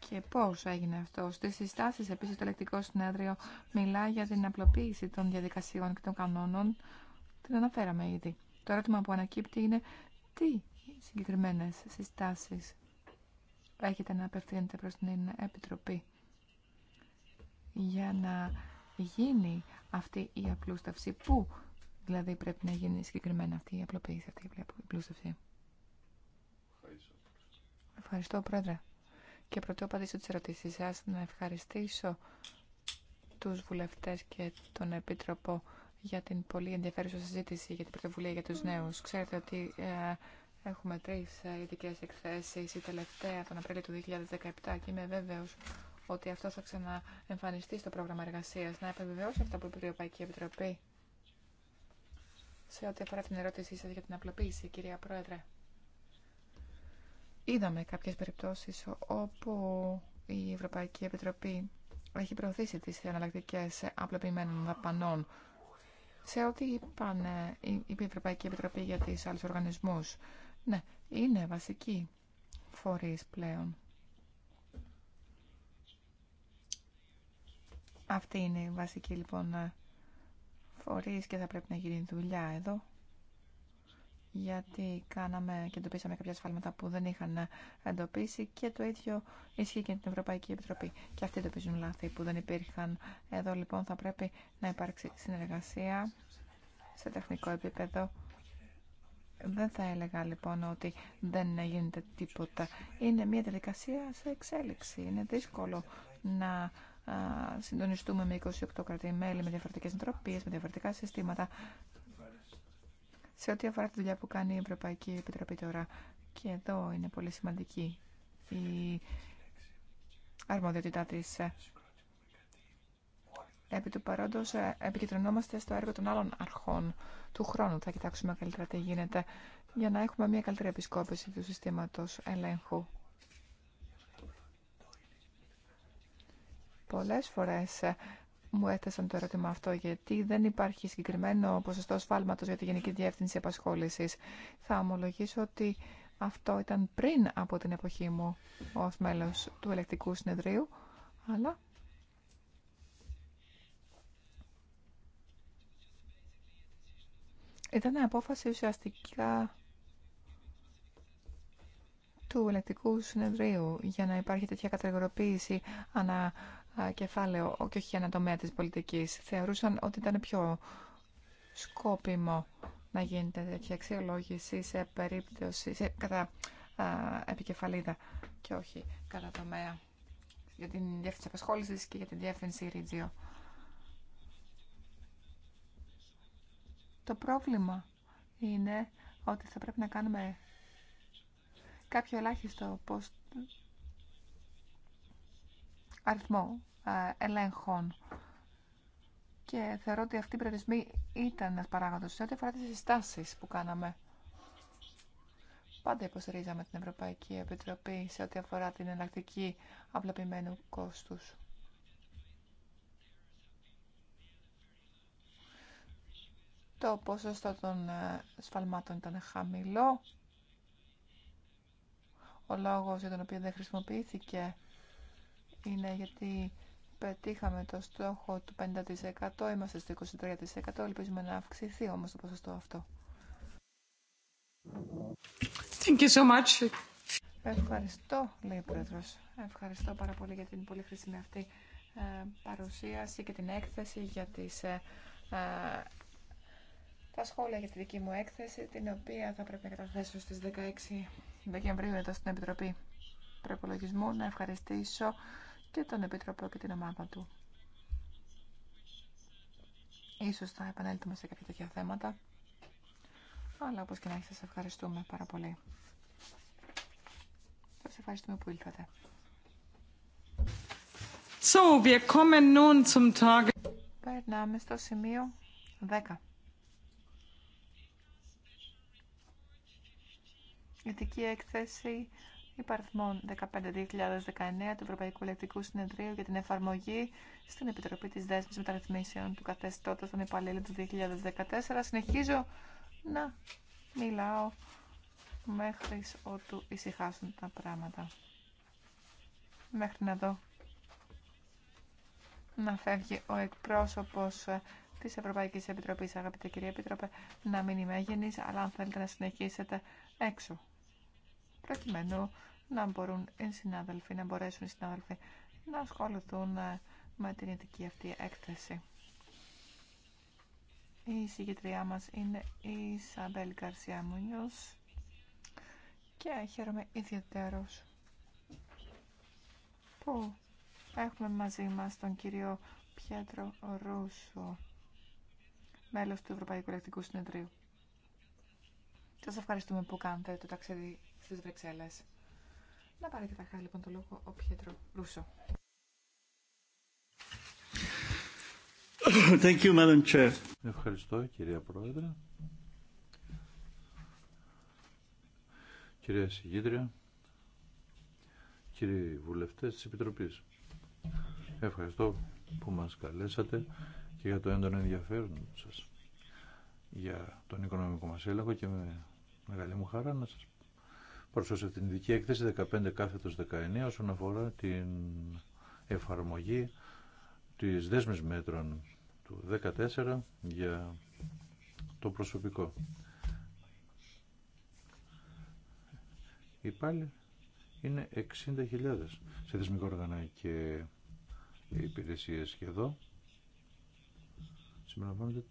και πώς έγινε αυτό. Στις συστάσεις επίσης το ελεκτικό συνέδριο μιλά για την απλοποίηση των διαδικασιών και των κανόνων. Την αναφέραμε ήδη. Το ερώτημα που ανακύπτει είναι τι συγκεκριμένες συστάσεις έχετε να απευθύνετε προς την Επιτροπή για να γίνει αυτή η απλούσταυση. Πού δηλαδή πρέπει να γίνει συγκεκριμένα αυτή η απλοποίηση, αυτή η απλούσταυση. Ευχαριστώ, Ευχαριστώ Πρόεδρε. Και πρωτού απαντήσω τις ερωτήσεις σας, να ευχαριστήσω τους βουλευτές και τον Επίτροπο για την πολύ ενδιαφέρουσα συζήτηση για την πρωτοβουλία για τους νέους. Ξέρετε ότι ε, έχουμε τρεις ε, ειδικέ εκθέσεις, η τελευταία τον Απρίλιο του 2017 και είμαι βέβαιος ότι αυτό θα ξαναεμφανιστεί στο πρόγραμμα εργασία. Να επιβεβαιώσει αυτά που είπε η Ευρωπαϊκή Επιτροπή σε ό,τι αφορά την ερώτησή σα για την απλοποίηση, κυρία Πρόεδρε. Είδαμε κάποιε περιπτώσει όπου η Ευρωπαϊκή Επιτροπή έχει προωθήσει τι εναλλακτικέ απλοποιημένων δαπανών σε ό,τι είπαν, ε, είπε η Ευρωπαϊκή Επιτροπή για τις άλλους οργανισμούς. Ναι, είναι βασική φορείς πλέον. Αυτή είναι η βασική λοιπόν φορείς και θα πρέπει να γίνει δουλειά εδώ γιατί κάναμε και εντοπίσαμε κάποια ασφάλματα που δεν είχαν εντοπίσει και το ίδιο ισχύει και την Ευρωπαϊκή Επιτροπή. Και αυτοί εντοπίζουν λάθη που δεν υπήρχαν. Εδώ λοιπόν θα πρέπει να υπάρξει συνεργασία σε τεχνικό επίπεδο. Δεν θα έλεγα λοιπόν ότι δεν γίνεται τίποτα. Είναι μια διαδικασία σε εξέλιξη. Είναι δύσκολο να συντονιστούμε με 28 κρατή-μέλη, με διαφορετικές νοοτροπίες, με διαφορετικά συστήματα. Σε ό,τι αφορά τη δουλειά που κάνει η Ευρωπαϊκή Επιτροπή τώρα, και εδώ είναι πολύ σημαντική η αρμοδιότητά της. Επί του παρόντος ε, επικεντρωνόμαστε στο έργο των άλλων αρχών του χρόνου. Θα κοιτάξουμε καλύτερα τι γίνεται για να έχουμε μια καλύτερη επισκόπηση του συστήματος ελέγχου. Πολλές φορές ε, μου έθεσαν το ερώτημα αυτό, γιατί δεν υπάρχει συγκεκριμένο ποσοστό σφάλματος για τη Γενική Διεύθυνση Απασχόλησης. Θα ομολογήσω ότι αυτό ήταν πριν από την εποχή μου ως μέλος του Ελεκτικού Συνεδρίου, αλλά ήταν απόφαση ουσιαστικά του Ελεκτικού Συνεδρίου για να υπάρχει τέτοια κατηγοροποίηση ανά κεφάλαιο και όχι για ένα τομέα της πολιτικής. Θεωρούσαν ότι ήταν πιο σκόπιμο να γίνεται τέτοια αξιολόγηση σε περίπτωση, κατά α, επικεφαλίδα και όχι κατά τομέα για την διεύθυνση απασχόλησης και για την διεύθυνση ρίτζιο. Το πρόβλημα είναι ότι θα πρέπει να κάνουμε κάποιο ελάχιστο πώς αριθμό ε, ελέγχων. Και θεωρώ ότι αυτή η περιορισμοί ήταν ένα παράγοντα σε ό,τι αφορά τι συστάσει που κάναμε. Πάντα υποστηρίζαμε την Ευρωπαϊκή Επιτροπή σε ό,τι αφορά την εναλλακτική απλοποιημένου κόστου. Το ποσοστό των ε, σφαλμάτων ήταν χαμηλό. Ο λόγος για τον οποίο δεν χρησιμοποιήθηκε είναι γιατί πετύχαμε το στόχο του 50%, είμαστε στο 23%, ελπίζουμε να αυξηθεί όμως το ποσοστό αυτό. Thank you so much. Ευχαριστώ, λέει ο Πρόεδρος. Ευχαριστώ πάρα πολύ για την πολύ χρήσιμη αυτή ε, παρουσίαση και την έκθεση για τις, ε, ε, τα σχόλια για τη δική μου έκθεση, την οποία θα πρέπει να καταθέσω στις 16 Δεκεμβρίου εδώ στην Επιτροπή Προπολογισμού. Να ευχαριστήσω και τον Επιτροπό και την ομάδα του. Ίσως θα επανέλθουμε σε κάποια τέτοια θέματα, αλλά όπως και να έχει σας ευχαριστούμε πάρα πολύ. Σας ευχαριστούμε που ήλθατε. So, wir kommen nun zum Περνάμε στο σημείο 10. Ειδική έκθεση υπαριθμών 15-2019 του Ευρωπαϊκού Ελεκτικού Συνεδρίου για την εφαρμογή στην Επιτροπή της Δέσμης Μεταρρυθμίσεων του Καθεστώτος των Υπαλλήλων του 2014. Συνεχίζω να μιλάω μέχρι ότου ησυχάσουν τα πράγματα. Μέχρι να δω να φεύγει ο εκπρόσωπος της Ευρωπαϊκής Επιτροπής, αγαπητέ κυρία Επίτροπε, να μην είμαι αλλά αν θέλετε να συνεχίσετε έξω προκειμένου να μπορούν οι συνάδελφοι, να μπορέσουν οι συνάδελφοι να ασχοληθούν ε, με την ειδική αυτή έκθεση. Η συγκεκριά μας είναι η Σαμπέλ Καρσιά Μουνιούς και χαίρομαι ιδιαίτερος που έχουμε μαζί μας τον κύριο Πιέτρο Ρούσο, μέλος του Ευρωπαϊκού Ελεκτικού Συνεδρίου. Σας ευχαριστούμε που κάνετε το ταξίδι στις Βρυξέλλες. Να πάρει χάρη λοιπόν το λόγο ο Πιέτρο Ρούσο. Thank you, Madam Chair. Ευχαριστώ, κυρία Πρόεδρε. Κυρία Συγκίτρια, κύριοι βουλευτές της Επιτροπής, ευχαριστώ που μας καλέσατε και για το έντονο ενδιαφέρον σας για τον οικονομικό μας έλεγχο και με μεγάλη μου χαρά να σας προς την ειδική έκθεση 15 κάθετος 19 όσον αφορά την εφαρμογή της δέσμης μέτρων του 14 για το προσωπικό. Οι πάλι είναι 60.000 σε θεσμικό όργανα και υπηρεσίες και εδώ συμπεριλαμβάνονται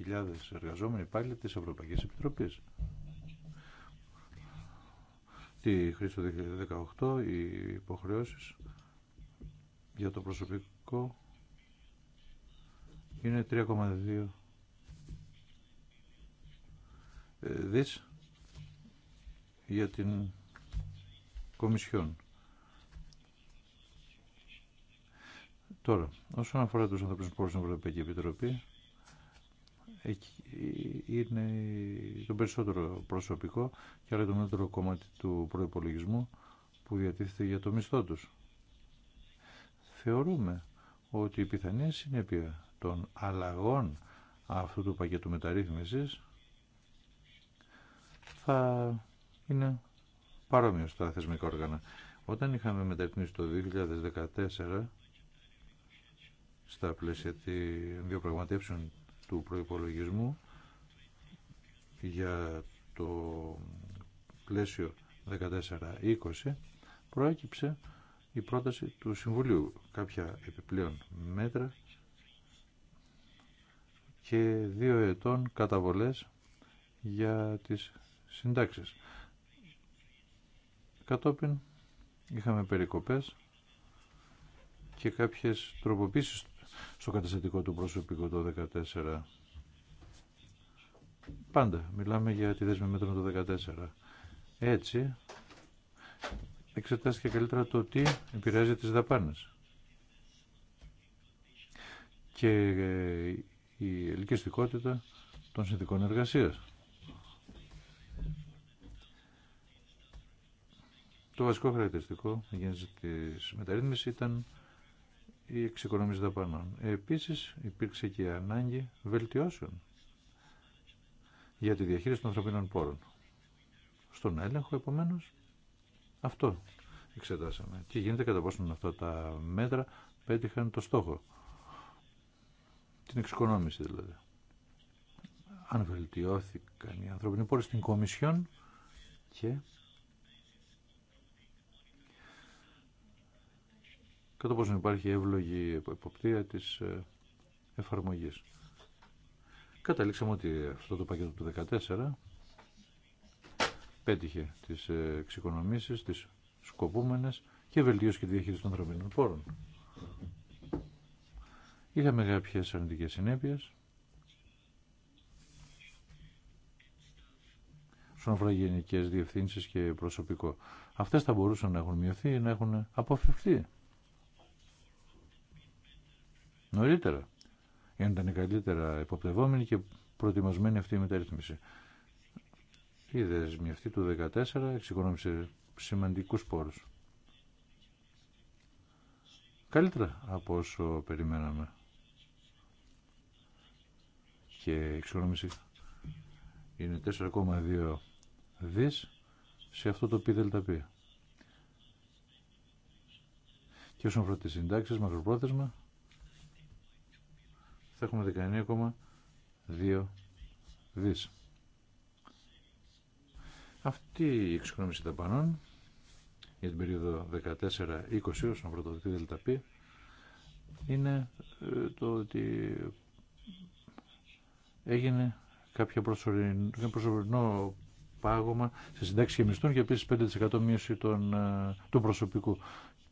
32.000 εργαζόμενοι πάλι της Ευρωπαϊκής Επιτροπής τη χρήση του 2018 οι υποχρεώσεις για το προσωπικό είναι 3,2 δις για την Κομισιόν. Τώρα, όσον αφορά τους ανθρώπους που στην Ευρωπαϊκή Επιτροπή, είναι το περισσότερο προσωπικό και άρα το μέτρο κομμάτι του προϋπολογισμού που διατίθεται για το μισθό τους. Θεωρούμε ότι η πιθανή συνέπεια των αλλαγών αυτού του πακέτου μεταρρύθμισης θα είναι παρόμοιο στα θεσμικά όργανα. Όταν είχαμε μεταρρυθμίσει το 2014 στα πλαίσια των διαπραγματεύσεων του προϋπολογισμού για το πλαίσιο 14-20 προέκυψε η πρόταση του Συμβουλίου κάποια επιπλέον μέτρα και δύο ετών καταβολές για τις συντάξεις. Κατόπιν είχαμε περικοπές και κάποιες τροποποίησεις στο καταστατικό του προσωπικού το 14. Πάντα μιλάμε για τη δέσμη μέτρων το 14. Έτσι, εξετάστηκε καλύτερα το τι επηρεάζει τις δαπάνες. Και ε, η ελκυστικότητα των συνθηκών εργασίας. Το βασικό χαρακτηριστικό για τη μεταρρύθμιση ήταν η εξοικονόμηση δαπανών. Επίσης υπήρξε και ανάγκη βελτιώσεων για τη διαχείριση των ανθρωπίνων πόρων. Στον έλεγχο επομένως αυτό εξετάσαμε. Τι γίνεται κατά πόσο αυτά τα μέτρα πέτυχαν το στόχο. Την εξοικονόμηση δηλαδή. Αν βελτιώθηκαν οι ανθρωπινοί πόροι στην Κομισιόν και κατά πόσο υπάρχει εύλογη εποπτεία της ε, εφαρμογής. Καταλήξαμε ότι αυτό το πακέτο του 2014 πέτυχε τις ε, εξοικονομήσεις, τις σκοπούμενες και βελτίωσε και διαχείριση των ανθρωπίνων πόρων. Είχαμε κάποιες αρνητικές συνέπειες. Στον αφορά γενικέ διευθύνσει και προσωπικό. Αυτές θα μπορούσαν να έχουν μειωθεί ή να έχουν αποφευθεί νωρίτερα για να ήταν καλύτερα υποπτευόμενοι και προετοιμασμένη αυτή η μεταρρύθμιση. Η δεσμη αυτή του 2014 εξοικονόμησε σημαντικού πόρου. Καλύτερα από όσο περιμέναμε. Και εξοικονόμηση είναι 4,2 δις σε αυτό το πι Και όσον αφορά τις συντάξεις μακροπρόθεσμα έχουμε 19,2 δις. Αυτή η εξοικονόμηση δαπανών για την περίοδο 14-20 όσον αφορά το ΔΕΛΤΑΠΗ είναι ε, το ότι έγινε κάποιο προσωρινό, προσωρινό πάγωμα σε συντάξει και μισθών και επίσης 5% μείωση των, ε, του προσωπικού.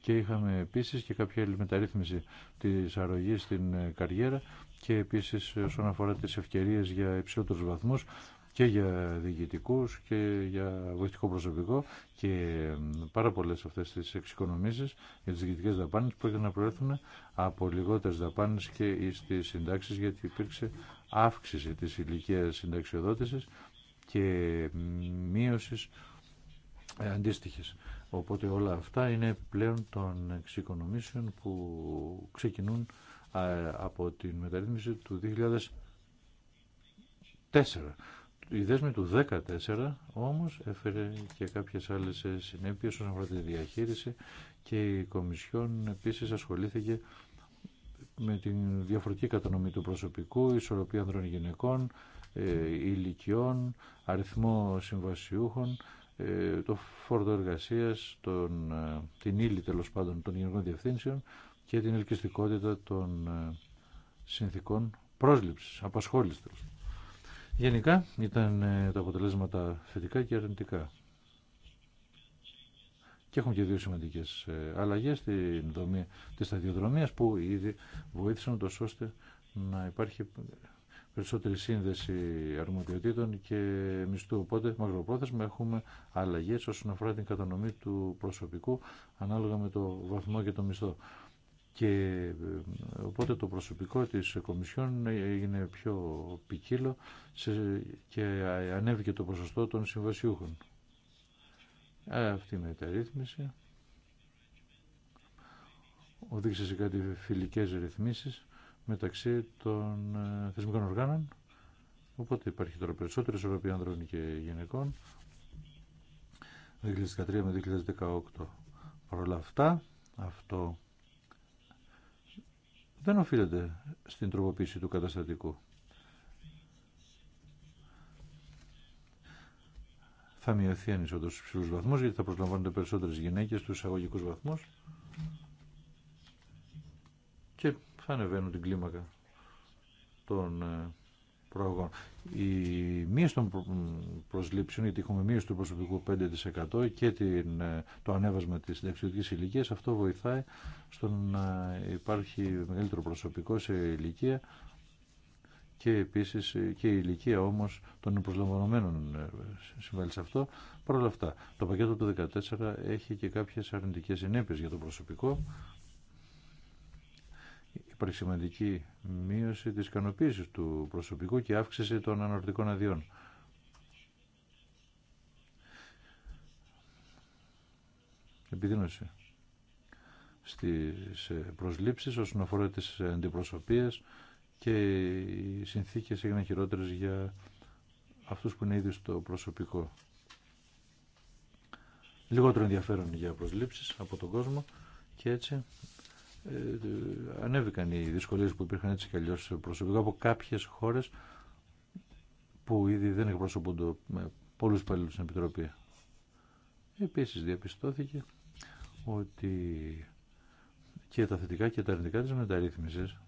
Και είχαμε επίσης και κάποια άλλη μεταρρύθμιση της αρρωγής στην ε, καριέρα και επίσης όσον αφορά τις ευκαιρίες για υψηλότερους βαθμούς και για διοικητικούς και για βοηθητικό προσωπικό και πάρα πολλές αυτές τις εξοικονομήσεις για τις διοικητικές δαπάνες που έγιναν να από λιγότερες δαπάνες και στις συντάξεις γιατί υπήρξε αύξηση της ηλικία συνταξιοδότησης και μείωση ε, αντίστοιχης. Οπότε όλα αυτά είναι πλέον των εξοικονομήσεων που ξεκινούν από την μεταρρύθμιση του 2004. Η δέσμη του 2014 όμως έφερε και κάποιες άλλες ε, συνέπειες όσον αφορά τη διαχείριση και η Κομισιόν επίσης ασχολήθηκε με την διαφορετική κατανομή του προσωπικού, ισορροπία ανδρών γυναικών, ε, ηλικιών, αριθμό συμβασιούχων, ε, το φόρτο εργασίας, τον, την ύλη τέλο πάντων των γενικών διευθύνσεων, και την ελκυστικότητα των ε, συνθήκων πρόσληψης, απασχόλησης. Γενικά ήταν ε, τα αποτελέσματα θετικά και αρνητικά. Και έχουμε και δύο σημαντικέ ε, αλλαγέ στην δομή τη σταδιοδρομία που ήδη βοήθησαν τόσο ώστε να υπάρχει περισσότερη σύνδεση αρμοδιοτήτων και μισθού. Οπότε, μακροπρόθεσμα έχουμε αλλαγέ όσον αφορά την κατανομή του προσωπικού ανάλογα με το βαθμό και το μισθό και ε, οπότε το προσωπικό της Κομισιόν έγινε πιο ποικίλο και ανέβηκε το ποσοστό των συμβασιούχων. Αυτή η μεταρρύθμιση οδήγησε σε κάτι φιλικές ρυθμίσεις μεταξύ των ε, θεσμικών οργάνων οπότε υπάρχει τώρα περισσότερη ισορροπία ανδρών και γυναικών 2013 με 2018 παρ' όλα αυτά αυτό δεν οφείλεται στην τροποποίηση του καταστατικού. Θα μειωθεί ανισότητα στους ψηλούς βαθμούς γιατί θα προσλαμβάνονται περισσότερες γυναίκες στους εισαγωγικούς βαθμούς και θα ανεβαίνουν την κλίμακα των ε, η μείωση των προσλήψεων, γιατί έχουμε μείωση του προσωπικού 5% και την, ε, το ανέβασμα της συνταξιωτικής ηλικίας, αυτό βοηθάει στο να υπάρχει μεγαλύτερο προσωπικό σε ηλικία και επίσης ε, και η ηλικία όμως των προσλαμβανομένων ε, συμβάλλει σε αυτό. Παρ' όλα αυτά, το πακέτο του 2014 έχει και κάποιες αρνητικές συνέπειες για το προσωπικό πολύ σημαντική μείωση της ικανοποίησης του προσωπικού και αύξηση των αναρτικών αδειών. Επιδείνωση στις ε, προσλήψεις όσον αφορά τις αντιπροσωπείες και οι συνθήκες έγιναν χειρότερες για αυτούς που είναι ήδη στο προσωπικό. Λιγότερο ενδιαφέρον για προσλήψεις από τον κόσμο και έτσι ε, ε, ανέβηκαν οι δυσκολίες που υπήρχαν έτσι κι προσωπικά από κάποιες χώρες που ήδη δεν εκπροσωπούνται με πολλούς υπαλλήλους στην Επιτροπή. Επίσης διαπιστώθηκε ότι και τα θετικά και τα αρνητικά της μεταρρύθμισης,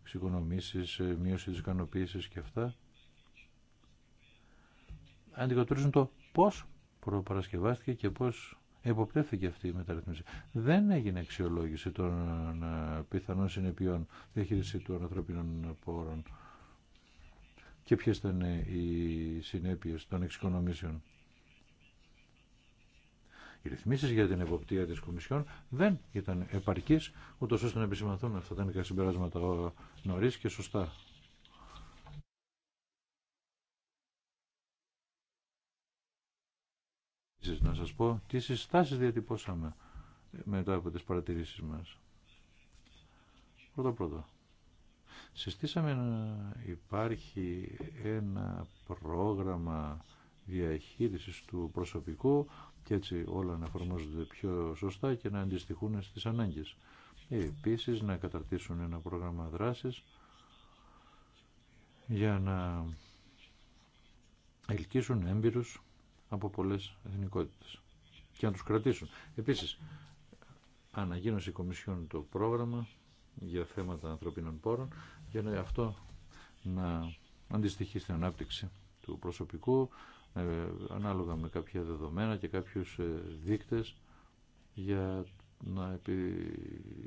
εξοικονομήσεις, ε, μείωση της ικανοποίησης και αυτά, αντικατορίζουν το πώς προπαρασκευάστηκε και πώς εποπτεύθηκε αυτή η μεταρρύθμιση. Δεν έγινε αξιολόγηση των ε, πιθανών συνεπειών διαχείριση των ανθρωπίνων πόρων και ποιες ήταν οι συνέπειες των εξοικονομήσεων. Οι ρυθμίσει για την εποπτεία τη Κομισιόν δεν ήταν επαρκεί, ούτω ώστε να επισημανθούν αυτά τα νοικά συμπεράσματα νωρί και σωστά. να σας πω τι συστάσεις διατυπώσαμε μετά από τις παρατηρήσεις μας. Πρώτα πρώτα. Συστήσαμε να υπάρχει ένα πρόγραμμα διαχείρισης του προσωπικού και έτσι όλα να εφαρμόζονται πιο σωστά και να αντιστοιχούν στις ανάγκες. Επίσης να καταρτήσουν ένα πρόγραμμα δράσης για να ελκύσουν έμπειρους από πολλέ εθνικότητε και να τους κρατήσουν. Επίσης, ανακοίνωσε η Κομισιόν το πρόγραμμα για θέματα ανθρωπίνων πόρων για να, αυτό να αντιστοιχεί στην ανάπτυξη του προσωπικού ε, ανάλογα με κάποια δεδομένα και κάποιους ε, δείκτες για να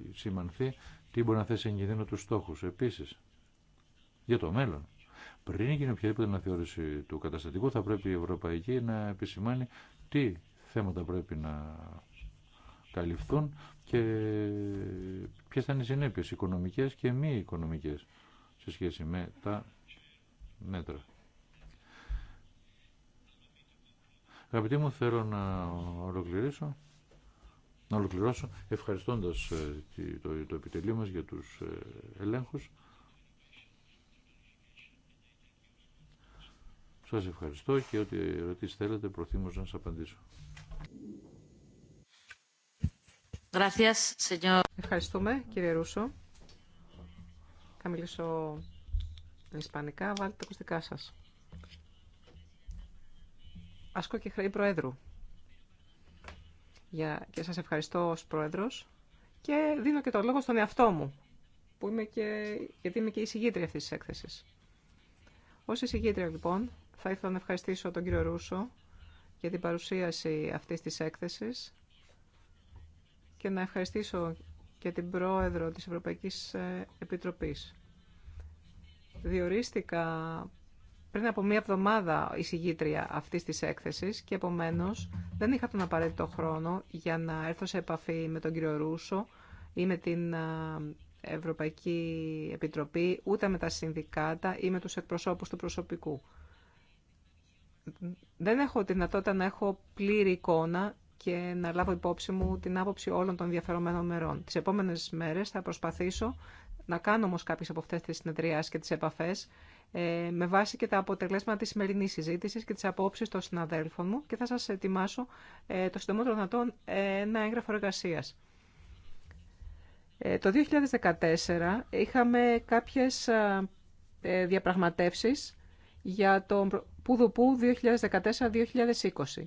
επισημανθεί τι μπορεί να θέσει εν τους στόχους. Επίσης, για το μέλλον πριν γίνει οποιαδήποτε αναθεώρηση του καταστατικού θα πρέπει η Ευρωπαϊκή να επισημάνει τι θέματα πρέπει να καλυφθούν και ποιε θα είναι οι συνέπειε οικονομικέ και μη οικονομικέ σε σχέση με τα μέτρα. Αγαπητοί μου, θέλω να ολοκληρώσω, να ολοκληρώσω ευχαριστώντας ε, το, το επιτελείο μας για τους ε, ελέγχους. Σας ευχαριστώ και ό,τι ερωτήσεις θέλετε προθυμώ να σας απαντήσω. Ευχαριστούμε κύριε Ρούσο. Θα μιλήσω ισπανικά, βάλτε τα ακουστικά σας. Ασκώ και χρέη Προέδρου. Για... Και σας ευχαριστώ ως Πρόεδρος και δίνω και το λόγο στον εαυτό μου, που είμαι και... γιατί είμαι και η συγγήτρια αυτής της έκθεσης. Ως εισηγήτρια λοιπόν, θα ήθελα να ευχαριστήσω τον κύριο Ρούσο για την παρουσίαση αυτής της έκθεσης και να ευχαριστήσω και την Πρόεδρο της Ευρωπαϊκής ε, Επιτροπής. Διορίστηκα πριν από μία εβδομάδα εισηγήτρια αυτής της έκθεσης και επομένως δεν είχα τον απαραίτητο χρόνο για να έρθω σε επαφή με τον κύριο Ρούσο ή με την ε, Ευρωπαϊκή Επιτροπή, ούτε με τα συνδικάτα ή με τους εκπροσώπους του προσωπικού δεν έχω τη δυνατότητα να έχω πλήρη εικόνα και να λάβω υπόψη μου την άποψη όλων των ενδιαφερομένων μερών. Τις επόμενες μέρες θα προσπαθήσω να κάνω όμως κάποιες από αυτές τις συνεδριάσεις και τις επαφές ε, με βάση και τα αποτελέσματα της σημερινής συζήτησης και τις απόψεις των συναδέλφων μου και θα σας ετοιμάσω ε, το συντομότερο δυνατόν ένα έγγραφο εργασία. Ε, το 2014 είχαμε κάποιες διαπραγματεύσεις για τον Πουδουπού 2014-2020.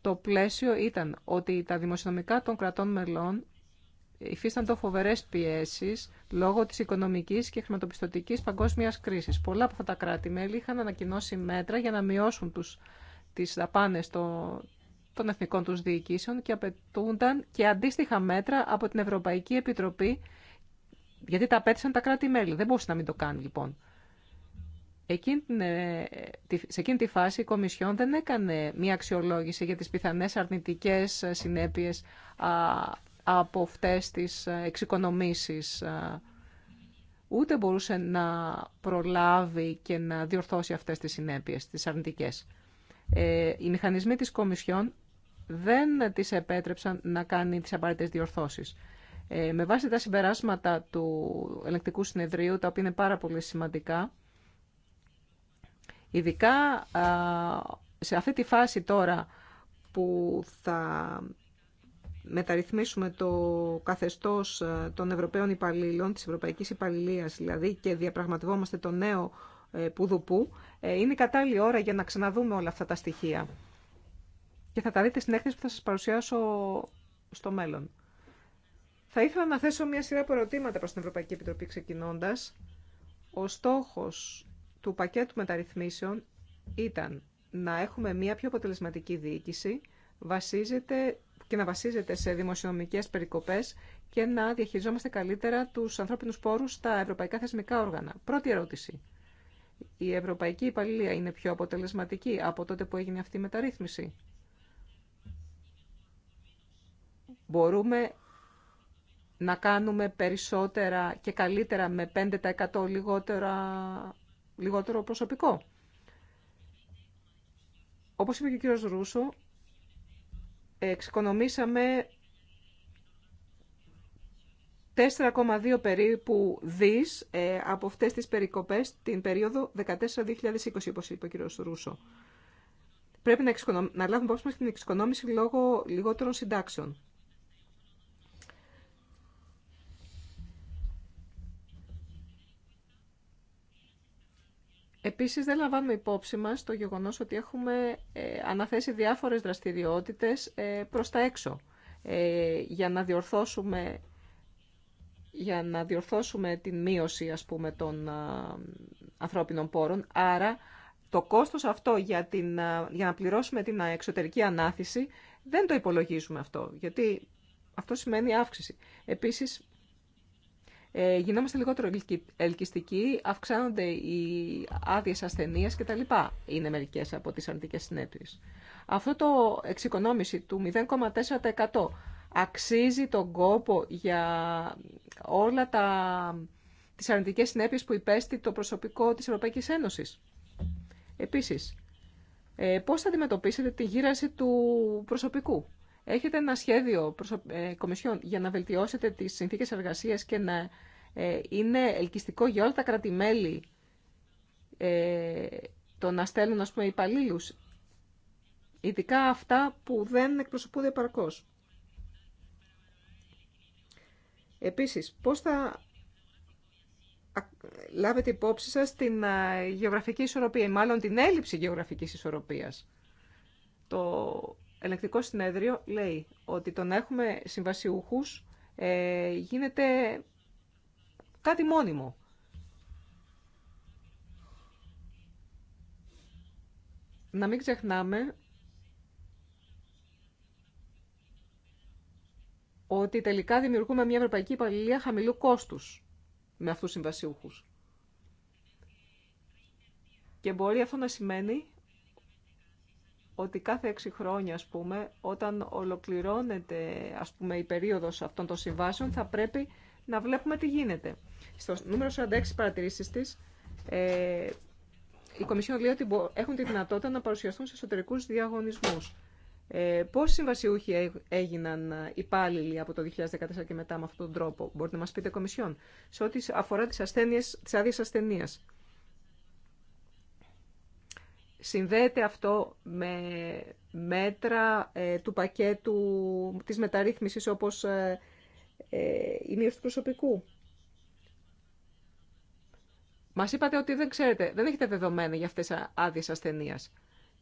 Το πλαίσιο ήταν ότι τα δημοσιονομικά των κρατών μελών υφίστανται φοβερέ πιέσει λόγω τη οικονομική και χρηματοπιστωτική παγκόσμια κρίση. Πολλά από αυτά τα κράτη-μέλη είχαν ανακοινώσει μέτρα για να μειώσουν τι δαπάνε των εθνικών του διοικήσεων και απαιτούνταν και αντίστοιχα μέτρα από την Ευρωπαϊκή Επιτροπή, γιατί τα απέτησαν τα κράτη-μέλη. Δεν μπορούσε να μην το κάνει λοιπόν. Ε, σε εκείνη τη φάση η Κομισιόν δεν έκανε μία αξιολόγηση για τις πιθανές αρνητικές ε, συνέπειες από αυτές τις ε, εξοικονομήσεις. Ούτε μπορούσε να προλάβει και να διορθώσει αυτές τις συνέπειες, τις αρνητικές. Οι μηχανισμοί της Κομισιόν δεν τις επέτρεψαν να κάνει τις απαραίτητες διορθώσεις. Με βάση τα συμπεράσματα του ελεκτικού συνεδρίου, τα οποία είναι πάρα πολύ σημαντικά, Ειδικά σε αυτή τη φάση τώρα που θα μεταρρυθμίσουμε το καθεστώς των Ευρωπαίων υπαλλήλων, της Ευρωπαϊκής Υπαλληλίας δηλαδή και διαπραγματευόμαστε το νέο ε, πουδουπού, ε, είναι η κατάλληλη ώρα για να ξαναδούμε όλα αυτά τα στοιχεία. Και θα τα δείτε στην έκθεση που θα σας παρουσιάσω στο μέλλον. Θα ήθελα να θέσω μια σειρά από ερωτήματα προς την Ευρωπαϊκή Επιτροπή ξεκινώντας. Ο στόχος του πακέτου μεταρρυθμίσεων ήταν να έχουμε μια πιο αποτελεσματική διοίκηση βασίζεται και να βασίζεται σε δημοσιονομικές περικοπές και να διαχειριζόμαστε καλύτερα τους ανθρώπινους πόρους στα ευρωπαϊκά θεσμικά όργανα. Πρώτη ερώτηση. Η ευρωπαϊκή υπαλληλία είναι πιο αποτελεσματική από τότε που έγινε αυτή η μεταρρύθμιση. Μπορούμε να κάνουμε περισσότερα και καλύτερα με 5% λιγότερα λιγότερο προσωπικό. Όπως είπε και ο κύριος Ρούσο, εξοικονομήσαμε 4,2 περίπου δις ε, από αυτές τις περικοπές την περίοδο 14-2020, όπως είπε ο κύριος Ρούσο. Πρέπει να, να λάβουμε υπόψη μας την εξοικονόμηση λόγω λιγότερων συντάξεων. Επίσης δεν λαμβάνουμε υπόψη μας το γεγονός ότι έχουμε ε, αναθέσει διάφορες δραστηριότητες ε, προς τα έξω ε, για να διορθώσουμε για να διορθώσουμε την μείωση ας πούμε των ανθρώπινων πόρων. Άρα το κόστος αυτό για, την, για να πληρώσουμε την εξωτερική ανάθεση δεν το υπολογίζουμε αυτό, γιατί αυτό σημαίνει αύξηση. Επίσης ε, γινόμαστε λιγότερο ελκυστικοί, αυξάνονται οι άδειε ασθενεία κτλ. Είναι μερικέ από τι αρνητικέ συνέπειε. Αυτό το εξοικονόμηση του 0,4% αξίζει τον κόπο για όλα τα τις αρνητικές συνέπειες που υπέστη το προσωπικό της Ευρωπαϊκής Ένωσης. Επίσης, ε, πώς θα αντιμετωπίσετε τη γύραση του προσωπικού. Έχετε ένα σχέδιο προσω... Ε, κομισιόν για να βελτιώσετε τις συνθήκες εργασίας και να ε, είναι ελκυστικό για όλα τα κρατημέλη ε, το να στέλνουν ας πούμε υπαλλήλους ειδικά αυτά που δεν εκπροσωπούνται επαρκώς. Επίσης, πώς θα λάβετε υπόψη σας την γεωγραφική ισορροπία ή μάλλον την έλλειψη γεωγραφικής ισορροπίας. Το ελεκτικό συνέδριο λέει ότι τον έχουμε συμβασιούχους ε, γίνεται κάτι μόνιμο. Να μην ξεχνάμε ότι τελικά δημιουργούμε μια ευρωπαϊκή υπαλληλία χαμηλού κόστους με αυτούς συμβασιούχους. Και μπορεί αυτό να σημαίνει ότι κάθε έξι χρόνια, ας πούμε, όταν ολοκληρώνεται ας πούμε, η περίοδος αυτών των συμβάσεων, θα πρέπει να βλέπουμε τι γίνεται. Στο νούμερο 46 παρατηρήσει τη, ε, η Κομισιόν λέει ότι έχουν τη δυνατότητα να παρουσιαστούν σε εσωτερικού διαγωνισμού. Ε, Πόσοι συμβασιούχοι έγιναν ε, υπάλληλοι από το 2014 και μετά με αυτόν τον τρόπο, μπορείτε να μα πείτε, Κομισιόν, σε ό,τι αφορά τι τις άδειε ασθενεία. Συνδέεται αυτό με μέτρα ε, του πακέτου της μεταρρύθμισης όπως ε, ε η μείωση του προσωπικού. Μα είπατε ότι δεν ξέρετε, δεν έχετε δεδομένα για αυτέ τι άδειε ασθενεία.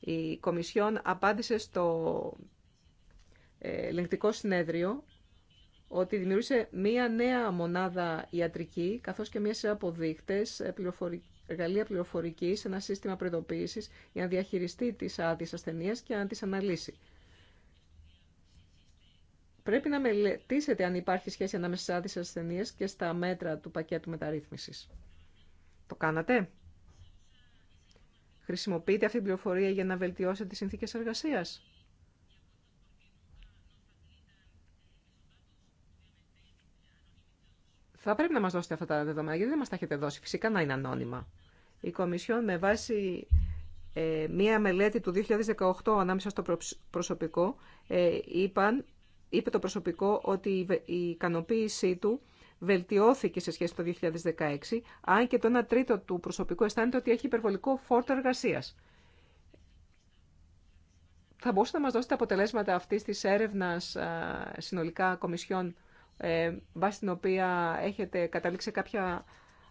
Η Κομισιόν απάντησε στο ε, ελεγκτικό συνέδριο ότι δημιούργησε μία νέα μονάδα ιατρική, καθώ και μία σειρά από ε, εργαλεία εργαλεία πληροφορική, ένα σύστημα προειδοποίηση για να διαχειριστεί τι άδειε ασθενεία και να τι αναλύσει. Πρέπει να μελετήσετε αν υπάρχει σχέση ανάμεσα στις άδειες ασθενείας και στα μέτρα του πακέτου μεταρρύθμισης. Το κάνατε? Χρησιμοποιείτε αυτή την πληροφορία για να βελτιώσετε τις συνθήκες εργασίας. Θα πρέπει να μας δώσετε αυτά τα δεδομένα, γιατί δεν μας τα έχετε δώσει. Φυσικά να είναι ανώνυμα. Η Κομισιόν με βάση ε, μία μελέτη του 2018 ανάμεσα στο προσωπικό, ε, είπαν, είπε το προσωπικό ότι η ικανοποίησή του βελτιώθηκε σε σχέση με το 2016, αν και το 1 τρίτο του προσωπικού αισθάνεται ότι έχει υπερβολικό φόρτο εργασία. Θα μπορούσατε να μα δώσετε αποτελέσματα αυτή τη έρευνα συνολικά κομισιών ε, βάσει την οποία έχετε καταλήξει κάποια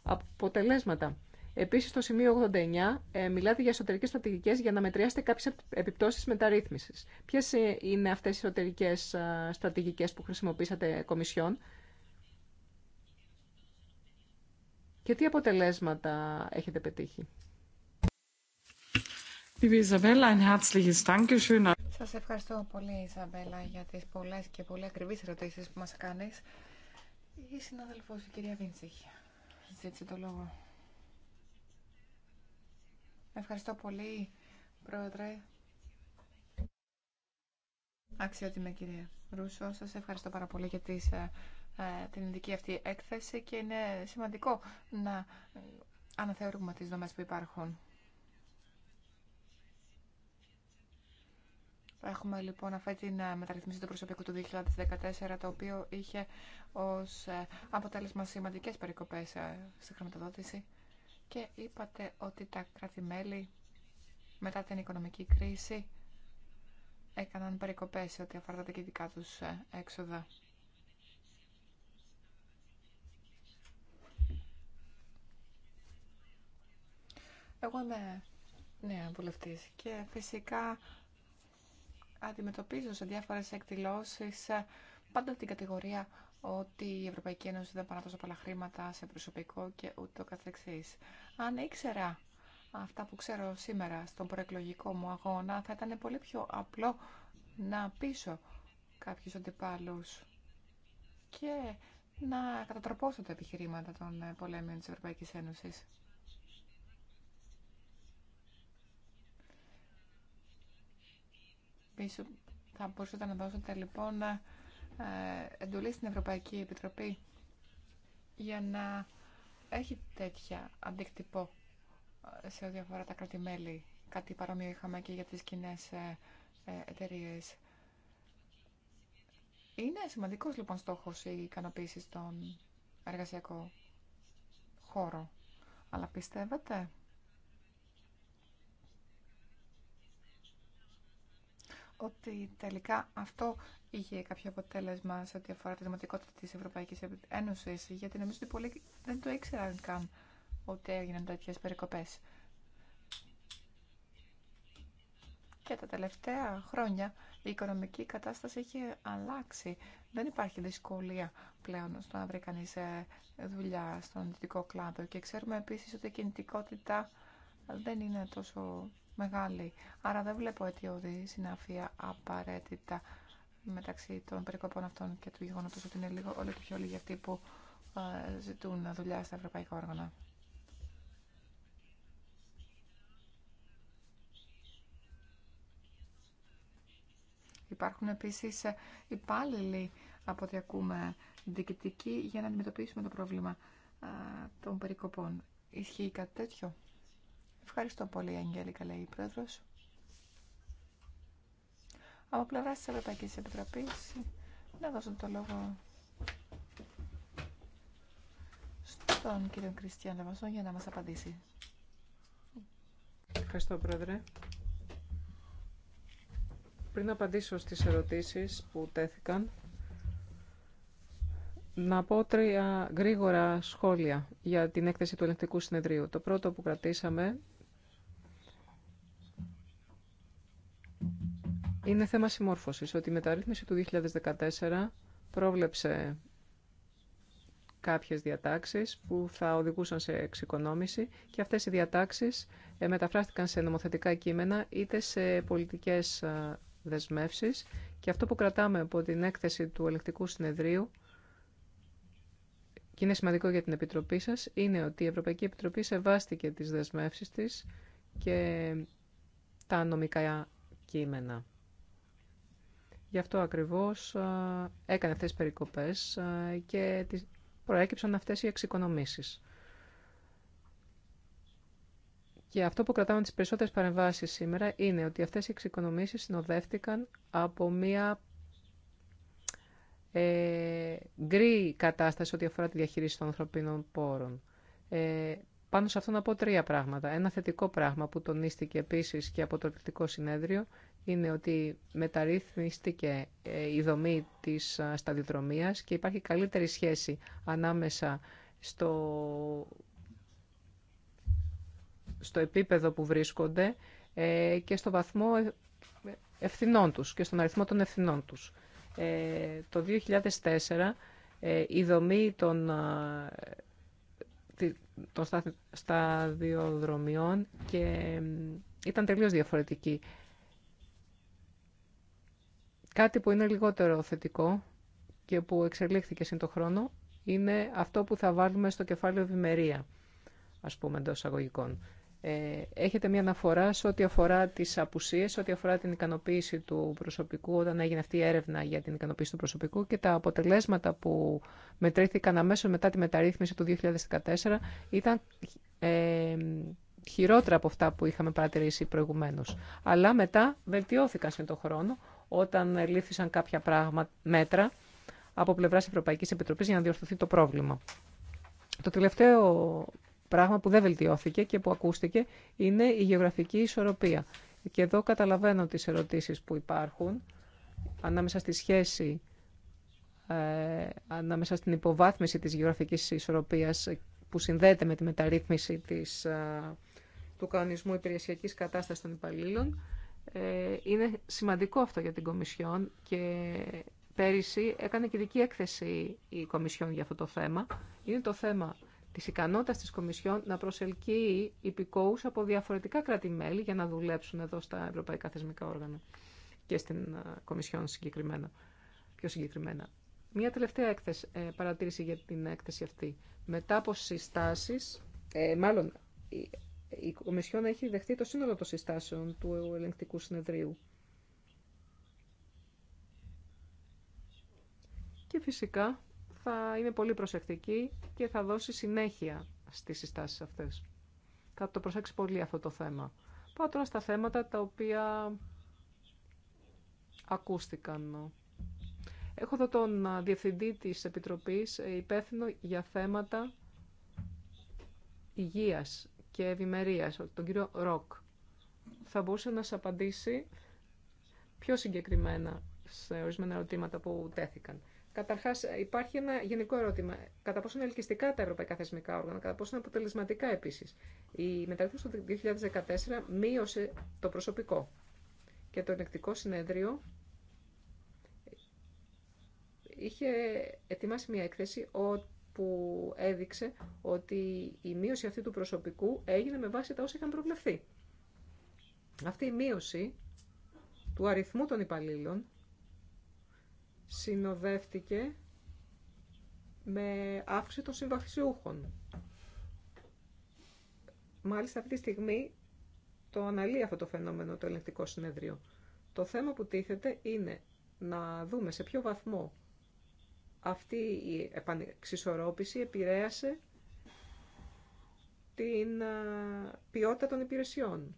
αποτελέσματα. Επίση, στο σημείο 89 ε, μιλάτε για εσωτερικέ στρατηγικέ για να μετριάσετε κάποιε επιπτώσει μεταρρύθμιση. Ποιε ε, είναι αυτέ οι εσωτερικέ στρατηγικέ που χρησιμοποίησατε κομισιόν Και τι αποτελέσματα έχετε πετύχει. Σα ευχαριστώ πολύ, Ιζαμπέλα, για τι πολλέ και πολύ ακριβεί ερωτήσει που μα κάνει. Η συνάδελφό η κυρία Βίντσιχ, ζήτησε το λόγο. Ευχαριστώ πολύ, Πρόεδρε. Αξιότιμη κυρία Ρούσο, Σα ευχαριστώ πάρα πολύ για τις ε, ε, την ειδική αυτή έκθεση και είναι σημαντικό να αναθεωρούμε τις δομές που υπάρχουν. Έχουμε λοιπόν αυτή την ε, μεταρρυθμίση του προσωπικού του 2014, το οποίο είχε ως ε, αποτέλεσμα σημαντικές περικοπές στη χρηματοδότηση. Και είπατε ότι τα κράτη-μέλη μετά την οικονομική κρίση έκαναν περικοπές ό,τι αφορά τα δικά τους έξοδα. Εγώ είμαι νέα βουλευτή και φυσικά αντιμετωπίζω σε διάφορε εκδηλώσει ε, πάντα την κατηγορία ότι η Ευρωπαϊκή Ένωση δεν παρά τόσο πολλά χρήματα σε προσωπικό και ούτω καθεξής. Αν ήξερα αυτά που ξέρω σήμερα στον προεκλογικό μου αγώνα, θα ήταν πολύ πιο απλό να πείσω κάποιους αντιπάλους και να κατατροπώσω τα επιχειρήματα των ε, πολέμων της Ευρωπαϊκής Ένωσης. πίσω. Θα μπορούσατε να δώσετε λοιπόν ε, εντολή στην Ευρωπαϊκή Επιτροπή για να έχει τέτοια αντίκτυπο ε, σε ό,τι αφορά τα κράτη-μέλη. Κάτι παρόμοιο είχαμε και για τις κοινέ ε, εταιρείε. Είναι σημαντικός λοιπόν στόχος η ικανοποίηση στον εργασιακό χώρο. Αλλά πιστεύετε ότι τελικά αυτό είχε κάποιο αποτέλεσμα σε ό,τι αφορά τη δημοτικότητα της Ευρωπαϊκής Ένωσης, γιατί νομίζω ότι πολλοί δεν το ήξεραν καν ότι έγιναν τέτοιε περικοπές. Και τα τελευταία χρόνια η οικονομική κατάσταση έχει αλλάξει. Δεν υπάρχει δυσκολία πλέον στο να βρει κανείς ε, δουλειά στον δυτικό κλάδο. Και ξέρουμε επίσης ότι η κινητικότητα δεν είναι τόσο μεγάλη. Άρα δεν βλέπω αιτιώδη συνάφεια απαραίτητα μεταξύ των περικοπών αυτών και του γεγονότος ότι είναι λίγο όλο και πιο λίγοι αυτοί που ε, ζητούν δουλειά στα ευρωπαϊκά όργανα. Υπάρχουν επίσης ε, υπάλληλοι από ό,τι ακούμε διοικητικοί για να αντιμετωπίσουμε το πρόβλημα ε, των περικοπών. Ισχύει κάτι τέτοιο. Ευχαριστώ πολύ, Αγγέλικα, λέει η Πρόεδρος. Από πλευρά τη Ευρωπαϊκή Επιτροπή, να δώσω το λόγο στον κύριο Κριστιαν Λεβασό για να μα απαντήσει. Ευχαριστώ, Πρόεδρε. Πριν απαντήσω στις ερωτήσεις που τέθηκαν, να πω τρία γρήγορα σχόλια για την έκθεση του ελεκτικού συνεδρίου. Το πρώτο που κρατήσαμε Είναι θέμα συμμόρφωσης ότι η μεταρρύθμιση του 2014 πρόβλεψε κάποιες διατάξεις που θα οδηγούσαν σε εξοικονόμηση και αυτές οι διατάξεις ε, μεταφράστηκαν σε νομοθετικά κείμενα είτε σε πολιτικές ε, δεσμεύσεις και αυτό που κρατάμε από την έκθεση του ελεκτικού συνεδρίου και είναι σημαντικό για την Επιτροπή σας, είναι ότι η Ευρωπαϊκή Επιτροπή σεβάστηκε τις δεσμεύσεις της και τα νομικά κείμενα. Γι' αυτό ακριβώς ε, έκανε αυτές τις περικοπές ε, και προέκυψαν αυτές οι εξοικονομήσεις. Και αυτό που κρατάμε τις περισσότερες παρεμβάσεις σήμερα είναι ότι αυτές οι εξοικονομήσεις συνοδεύτηκαν από μια ε, γκρι κατάσταση ό,τι αφορά τη διαχείριση των ανθρωπίνων πόρων. Ε, πάνω σε αυτό να πω τρία πράγματα. Ένα θετικό πράγμα που τονίστηκε επίσης και από το Επιπτικό Συνέδριο είναι ότι μεταρρύθμιστηκε ε, η δομή της σταδιοδρομίας και υπάρχει καλύτερη σχέση ανάμεσα στο, στο επίπεδο που βρίσκονται ε, και στο βαθμό ε, ευθυνών τους και στον αριθμό των ευθυνών τους. το 2004 η δομή των, των σταδιοδρομιών και ήταν τελείως διαφορετική. Κάτι που είναι λιγότερο θετικό και που εξελίχθηκε σύν το χρόνο είναι αυτό που θα βάλουμε στο κεφάλαιο ευημερία, ας πούμε εντό αγωγικών. Ε, έχετε μια αναφορά σε ό,τι αφορά τις απουσίες, σε ό,τι αφορά την ικανοποίηση του προσωπικού, όταν έγινε αυτή η έρευνα για την ικανοποίηση του προσωπικού και τα αποτελέσματα που μετρήθηκαν αμέσως μετά τη μεταρρύθμιση του 2014 ήταν ε, χειρότερα από αυτά που είχαμε παρατηρήσει προηγουμένως. Αλλά μετά βελτιώθηκαν στον χρόνο, όταν λήφθησαν κάποια πράγμα, μέτρα από πλευρά Ευρωπαϊκή Επιτροπή για να διορθωθεί το πρόβλημα. Το τελευταίο πράγμα που δεν βελτιώθηκε και που ακούστηκε είναι η γεωγραφική ισορροπία. Και εδώ καταλαβαίνω τις ερωτήσεις που υπάρχουν ανάμεσα στη σχέση, ε, ανάμεσα στην υποβάθμιση της γεωγραφικής ισορροπίας που συνδέεται με τη μεταρρύθμιση της, ε, του κανονισμού υπηρεσιακής κατάστασης των υπαλλήλων ε, είναι σημαντικό αυτό για την Κομισιόν και πέρυσι έκανε και δική έκθεση η Κομισιόν για αυτό το θέμα. Είναι το θέμα της ικανότητας της Κομισιόν να προσελκύει υπηκόους από διαφορετικά κράτη-μέλη για να δουλέψουν εδώ στα ευρωπαϊκά θεσμικά όργανα και στην ε, Κομισιόν συγκεκριμένα, πιο συγκεκριμένα. Μία τελευταία έκθεση, ε, παρατήρηση για την έκθεση αυτή. Μετά από συστάσεις, μάλλον η Κομισιόν έχει δεχτεί το σύνολο των συστάσεων του ελεγκτικού συνεδρίου. Και φυσικά θα είναι πολύ προσεκτική και θα δώσει συνέχεια στις συστάσεις αυτές. Θα το προσέξει πολύ αυτό το θέμα. Πάω τώρα στα θέματα τα οποία ακούστηκαν. Έχω εδώ τον Διευθυντή της Επιτροπής ε, υπεύθυνο για θέματα υγείας και ευημερία, τον κύριο Ροκ, θα μπορούσε να σα απαντήσει πιο συγκεκριμένα σε ορισμένα ερωτήματα που τέθηκαν. Καταρχά, υπάρχει ένα γενικό ερώτημα. Κατά πόσο είναι ελκυστικά τα ευρωπαϊκά θεσμικά όργανα, κατά πόσο είναι αποτελεσματικά επίση. Η μεταρρύθμιση του 2014 μείωσε το προσωπικό και το ενεκτικό συνέδριο είχε ετοιμάσει μια έκθεση ότι που έδειξε ότι η μείωση αυτή του προσωπικού έγινε με βάση τα όσα είχαν προβλεφθεί. Αυτή η μείωση του αριθμού των υπαλλήλων συνοδεύτηκε με αύξηση των συμβαξιούχων. Μάλιστα αυτή τη στιγμή το αναλύει αυτό το φαινόμενο το ελεγκτικό συνεδρίο. Το θέμα που τίθεται είναι να δούμε σε ποιο βαθμό αυτή η επανεξισορρόπηση επηρέασε την ε, ποιότητα των υπηρεσιών.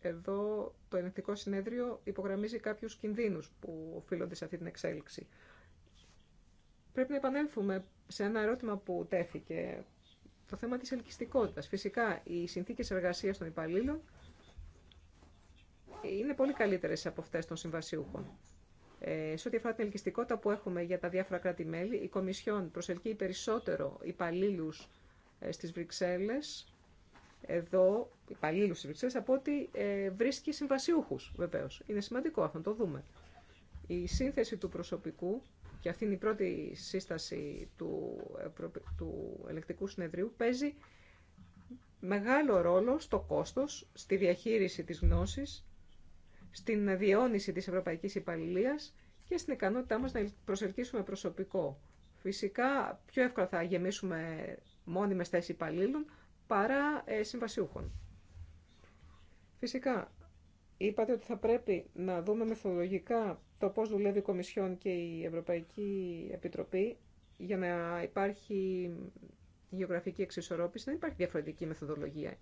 Εδώ το Ενεκτικό Συνέδριο υπογραμμίζει κάποιους κινδύνους που οφείλονται σε αυτή την εξέλιξη. Πρέπει να επανέλθουμε σε ένα ερώτημα που τέθηκε, το θέμα της ελκυστικότητας. Φυσικά, οι συνθήκες εργασίας των υπαλλήλων είναι πολύ καλύτερες από αυτές των συμβασιούχων. Ε, σε ό,τι αφορά την ελκυστικότητα που έχουμε για τα διάφορα κράτη-μέλη, η Κομισιόν προσελκύει περισσότερο υπαλλήλου ε, στι Βρυξέλλε, εδώ υπαλλήλου στι Βρυξέλλε, από ότι ε, βρίσκει συμβασιούχου, βεβαίω. Είναι σημαντικό αυτό το δούμε. Η σύνθεση του προσωπικού, και αυτή είναι η πρώτη σύσταση του, ε, του ελεκτικού συνεδρίου, παίζει μεγάλο ρόλο στο κόστος, στη διαχείριση της γνώσης στην διαιώνιση της ευρωπαϊκής υπαλληλία και στην ικανότητά μας να προσελκύσουμε προσωπικό. Φυσικά πιο εύκολα θα γεμίσουμε μόνιμες θέσεις υπαλλήλων παρά ε, συμβασιούχων. Φυσικά, είπατε ότι θα πρέπει να δούμε μεθοδολογικά το πώς δουλεύει η Κομισιόν και η Ευρωπαϊκή Επιτροπή για να υπάρχει γεωγραφική εξισορρόπηση, δεν υπάρχει διαφορετική μεθοδολογία.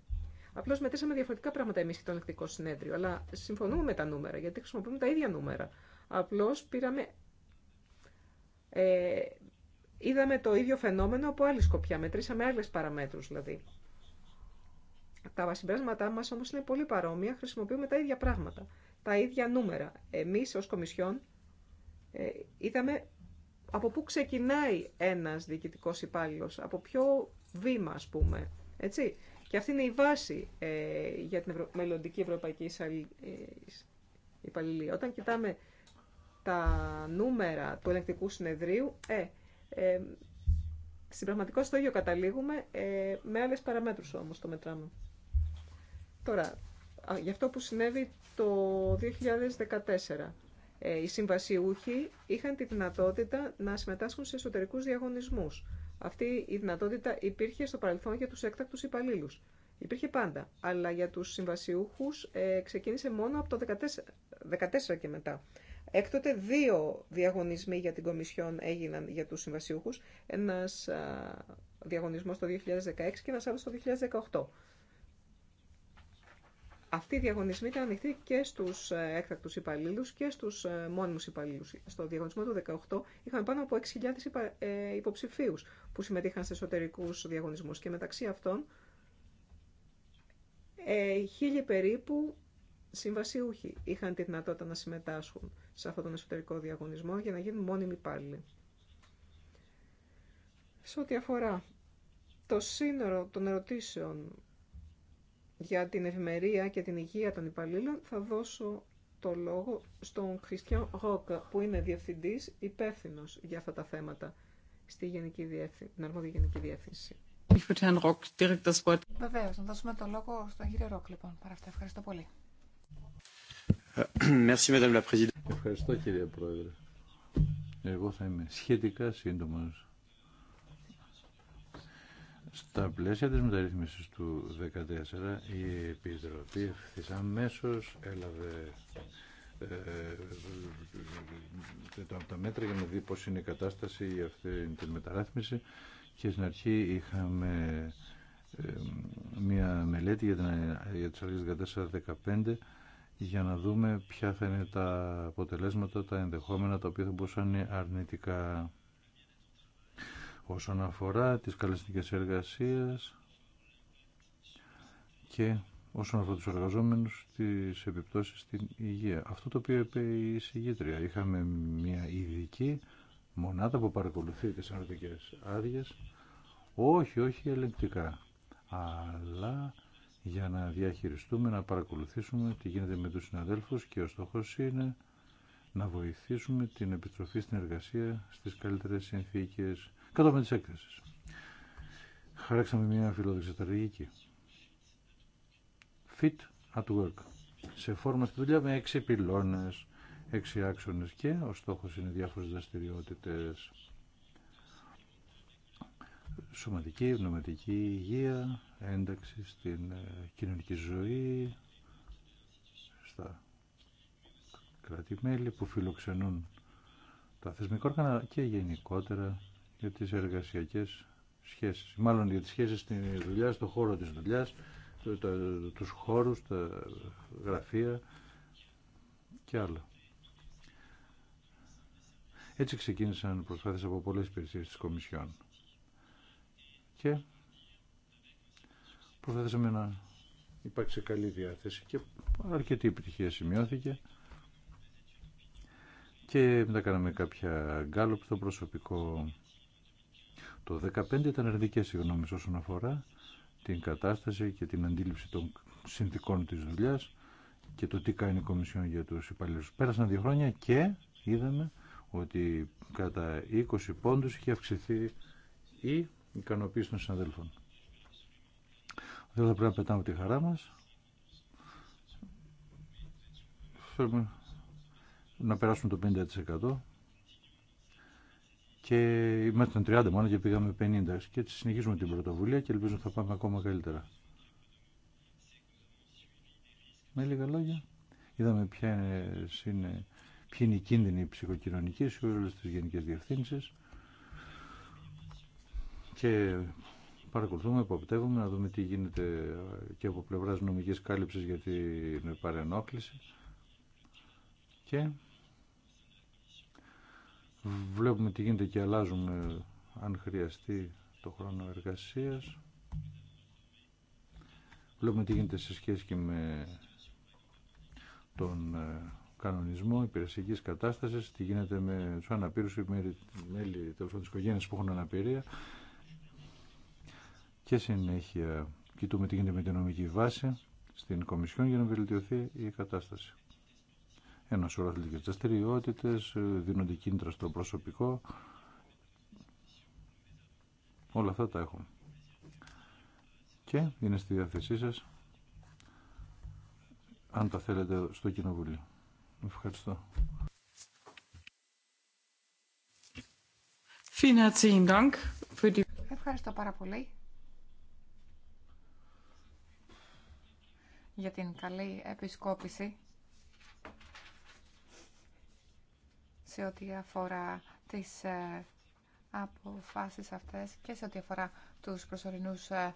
Απλώ μετρήσαμε διαφορετικά πράγματα εμεί και το ελεκτικό συνέδριο. Αλλά συμφωνούμε με τα νούμερα, γιατί χρησιμοποιούμε τα ίδια νούμερα. Απλώ πήραμε. Ε, είδαμε το ίδιο φαινόμενο από άλλη σκοπιά. Μετρήσαμε άλλε παραμέτρου δηλαδή. Τα συμπεράσματά μα όμω είναι πολύ παρόμοια. Χρησιμοποιούμε τα ίδια πράγματα. Τα ίδια νούμερα. Εμεί ω Κομισιόν ε, είδαμε από πού ξεκινάει ένας διοικητικός υπάλληλος, από ποιο βήμα ας πούμε, έτσι. Και αυτή είναι η βάση ε, για την ευρω... μελλοντική ευρωπαϊκή ε, υπαλληλία. Όταν κοιτάμε τα νούμερα του ελεκτικού συνεδρίου, ε, ε, στην πραγματικότητα στο ίδιο καταλήγουμε, με άλλες παραμέτρους όμως το μετράμε. Τώρα, γι' αυτό που συνέβη το 2014, οι συμβασιούχοι είχαν τη δυνατότητα να συμμετάσχουν σε εσωτερικούς διαγωνισμούς αυτή η δυνατότητα υπήρχε στο παρελθόν για τους έκτακτους υπαλλήλους. Υπήρχε πάντα, αλλά για τους συμβασιούχους ε, ξεκίνησε μόνο από το 14, 14 και μετά. Έκτοτε δύο διαγωνισμοί για την Κομισιόν έγιναν για τους συμβασιούχους, ένας α, διαγωνισμός το 2016 και ένας άλλος το 2018. Αυτή η διαγωνισμοί ήταν ανοιχτοί και στου ε, έκτακτου υπαλλήλου και στου ε, μόνιμου υπαλλήλου. Στο διαγωνισμό του 2018 είχαμε πάνω από 6.000 ε, υποψηφίου που συμμετείχαν σε εσωτερικού διαγωνισμού και μεταξύ αυτών χίλιοι περίπου συμβασιούχοι είχαν τη δυνατότητα να συμμετάσχουν σε αυτόν τον εσωτερικό διαγωνισμό για να γίνουν μόνιμοι υπάλληλοι. Σε ό,τι αφορά το σύνορο των ερωτήσεων για την ευημερία και την υγεία των υπαλλήλων θα δώσω το λόγο στον Χριστιαν Ρόκα, που είναι διευθυντής υπεύθυνο για αυτά τα θέματα στη Γενική Διεύθυνση, αρμόδια Γενική Διεύθυνση. Βεβαίω, να δώσουμε το λόγο στον κύριο Ρόκ, λοιπόν. Παρά αυτά, ευχαριστώ πολύ. Ε, ευχαριστώ, κύριε Πρόεδρε. Εγώ θα είμαι σχετικά σύντομος. Στα πλαίσια της μεταρρύθμισης του 2014 η Επιτροπή ευθύς αμέσως έλαβε ε, τα, μέτρα για να δει πώς είναι η κατάσταση για αυτή την μεταρρύθμιση και στην αρχή είχαμε ε, μια μελέτη για, την, για τις αρχές 14-15 για να δούμε ποια θα είναι τα αποτελέσματα, τα ενδεχόμενα τα οποία θα μπορούσαν αρνητικά όσον αφορά τις καλεστικές εργασίες και όσον αφορά τους εργαζόμενους τις επιπτώσεις στην υγεία. Αυτό το οποίο είπε η συγγήτρια. Είχαμε μια ειδική μονάδα που παρακολουθεί τις αρνητικές άδειε, όχι, όχι ελεγκτικά, αλλά για να διαχειριστούμε, να παρακολουθήσουμε τι γίνεται με τους συναδέλφους και ο στόχος είναι να βοηθήσουμε την επιστροφή στην εργασία στις καλύτερες συνθήκες με της έκθεσης. Χαράξαμε μια φιλόδοξη Fit at work. Σε φόρμα στη δουλειά με έξι πυλώνες, έξι άξονες και ο στόχος είναι διάφορες δραστηριότητες. Σωματική, πνευματική υγεία, ένταξη στην ε, κοινωνική ζωή, στα κράτη-μέλη που φιλοξενούν τα θεσμικά όργανα και γενικότερα για τις εργασιακές σχέσεις. Μάλλον για τις σχέσεις στην δουλειά, στον χώρο της δουλειάς, το, χώρου, τους χώρους, τα γραφεία και άλλα. Έτσι ξεκίνησαν προσπάθειες από πολλές υπηρεσίες της Κομισιόν. Και προσπαθήσαμε να υπάρξει καλή διάθεση και αρκετή επιτυχία σημειώθηκε και μετά κάναμε κάποια γκάλωπ στο προσωπικό το 2015 ήταν αρνητικέ οι όσον αφορά την κατάσταση και την αντίληψη των συνθήκων τη δουλειά και το τι κάνει η Κομισιόν για του υπαλλήλου. Πέρασαν δύο χρόνια και είδαμε ότι κατά 20 πόντου είχε αυξηθεί η ικανοποίηση των συναδέλφων. Δεν θα πρέπει να πετάμε τη χαρά μα. Θέλουμε να περάσουμε το 50% και ήμασταν 30 μόνο και πήγαμε 50 και έτσι συνεχίζουμε την πρωτοβουλία και ελπίζω θα πάμε ακόμα καλύτερα. Με λίγα λόγια, είδαμε ποια είναι, είναι, ποιοι είναι οι κίνδυνοι ψυχοκοινωνικοί σε όλες τις γενικές διευθύνσεις και παρακολουθούμε, υποπτεύουμε να δούμε τι γίνεται και από πλευράς νομικής κάλυψης για την παρενόχληση και βλέπουμε τι γίνεται και αλλάζουμε αν χρειαστεί το χρόνο εργασίας. Βλέπουμε τι γίνεται σε σχέση και με τον ε, κανονισμό υπηρεσιακή κατάστασης, τι γίνεται με τους αναπήρους ή μέλη τη οικογένεια που έχουν αναπηρία. Και συνέχεια κοιτούμε τι γίνεται με την νομική βάση στην Κομισιόν για να βελτιωθεί η κατάσταση ένα σωρό αθλητικές δραστηριότητε, ε, δίνονται κίνητρα στο προσωπικό. Όλα αυτά τα έχουμε. Και είναι στη διάθεσή σας, αν τα θέλετε, στο Κοινοβουλίο. Ευχαριστώ. Ευχαριστώ πάρα πολύ για την καλή επισκόπηση σε ό,τι αφορά τις ε, αποφάσεις αυτές και σε ό,τι αφορά τους προσωρινούς ε,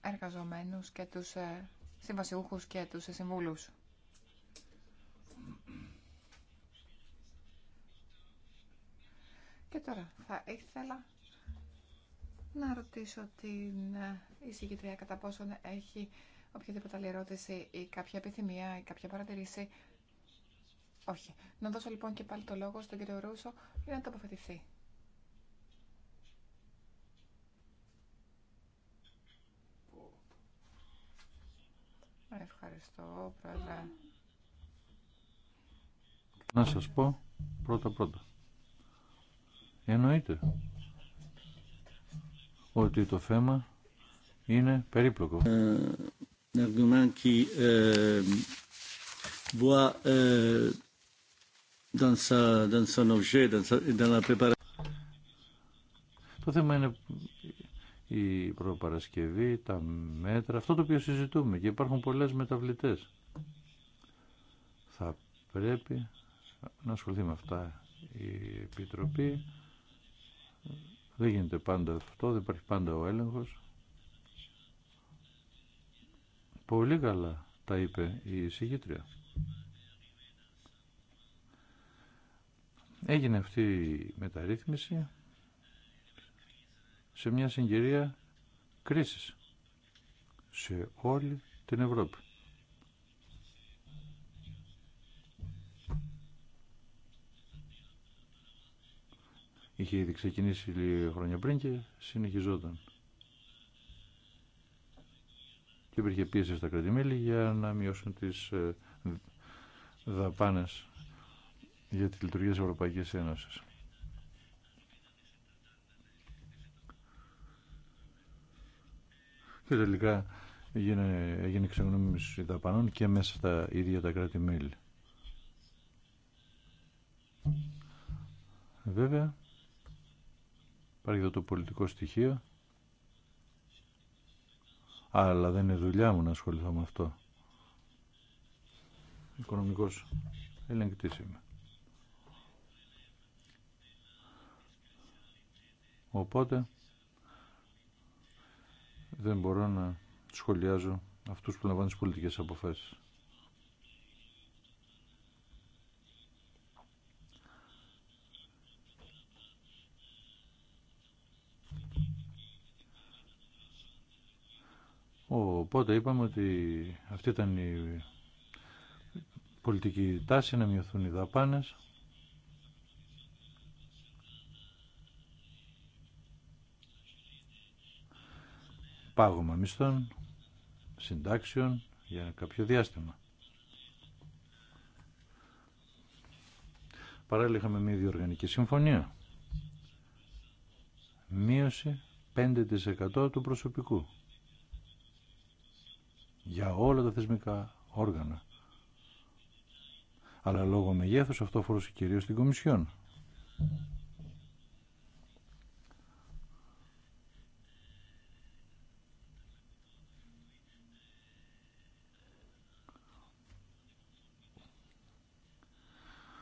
εργαζομένους και τους ε, συμβασιούχους και τους συμβούλους. Και τώρα θα ήθελα να ρωτήσω την εισηγητρία κατά πόσον έχει οποιαδήποτε άλλη ερώτηση ή κάποια επιθυμία ή κάποια παρατηρήση όχι. Να δώσω λοιπόν και πάλι το λόγο στον κύριο Ρούσο για να τοποθετηθεί. Ευχαριστώ, πρόεδρε. Να σας πω πρώτα-πρώτα. Εννοείται ότι το θέμα είναι περίπλοκο. Ε, το θέμα είναι η προπαρασκευή, τα μέτρα, αυτό το οποίο συζητούμε και υπάρχουν πολλές μεταβλητές. Θα πρέπει να ασχοληθεί με αυτά η Επιτροπή. Δεν γίνεται πάντα αυτό, δεν υπάρχει πάντα ο έλεγχος. Πολύ καλά τα είπε η εισηγήτρια. Έγινε αυτή η μεταρρύθμιση σε μια συγκυρία κρίσης σε όλη την Ευρώπη. Είχε ήδη ξεκινήσει λίγο χρόνια πριν και συνεχιζόταν. Και υπήρχε πίεση στα κρατημέλη για να μειώσουν τις ε, δαπάνες για τη λειτουργία της Ευρωπαϊκής Ένωσης. Και τελικά έγινε, έγινε ξεγνώμηση δαπανών και μέσα στα ίδια τα κράτη-μέλη. Βέβαια, υπάρχει εδώ το πολιτικό στοιχείο, αλλά δεν είναι δουλειά μου να ασχοληθώ με αυτό. Οικονομικός ελεγκτής είμαι. Οπότε δεν μπορώ να σχολιάζω αυτούς που λαμβάνουν τις πολιτικές αποφάσεις. Οπότε είπαμε ότι αυτή ήταν η πολιτική τάση να μειωθούν οι δαπάνες πάγωμα μισθών, συντάξεων για κάποιο διάστημα. Παράλληλα είχαμε μια διοργανική συμφωνία. Μείωση 5% του προσωπικού. Για όλα τα θεσμικά όργανα. Αλλά λόγω μεγέθους αυτό αφορούσε κυρίως την Κομισιόν.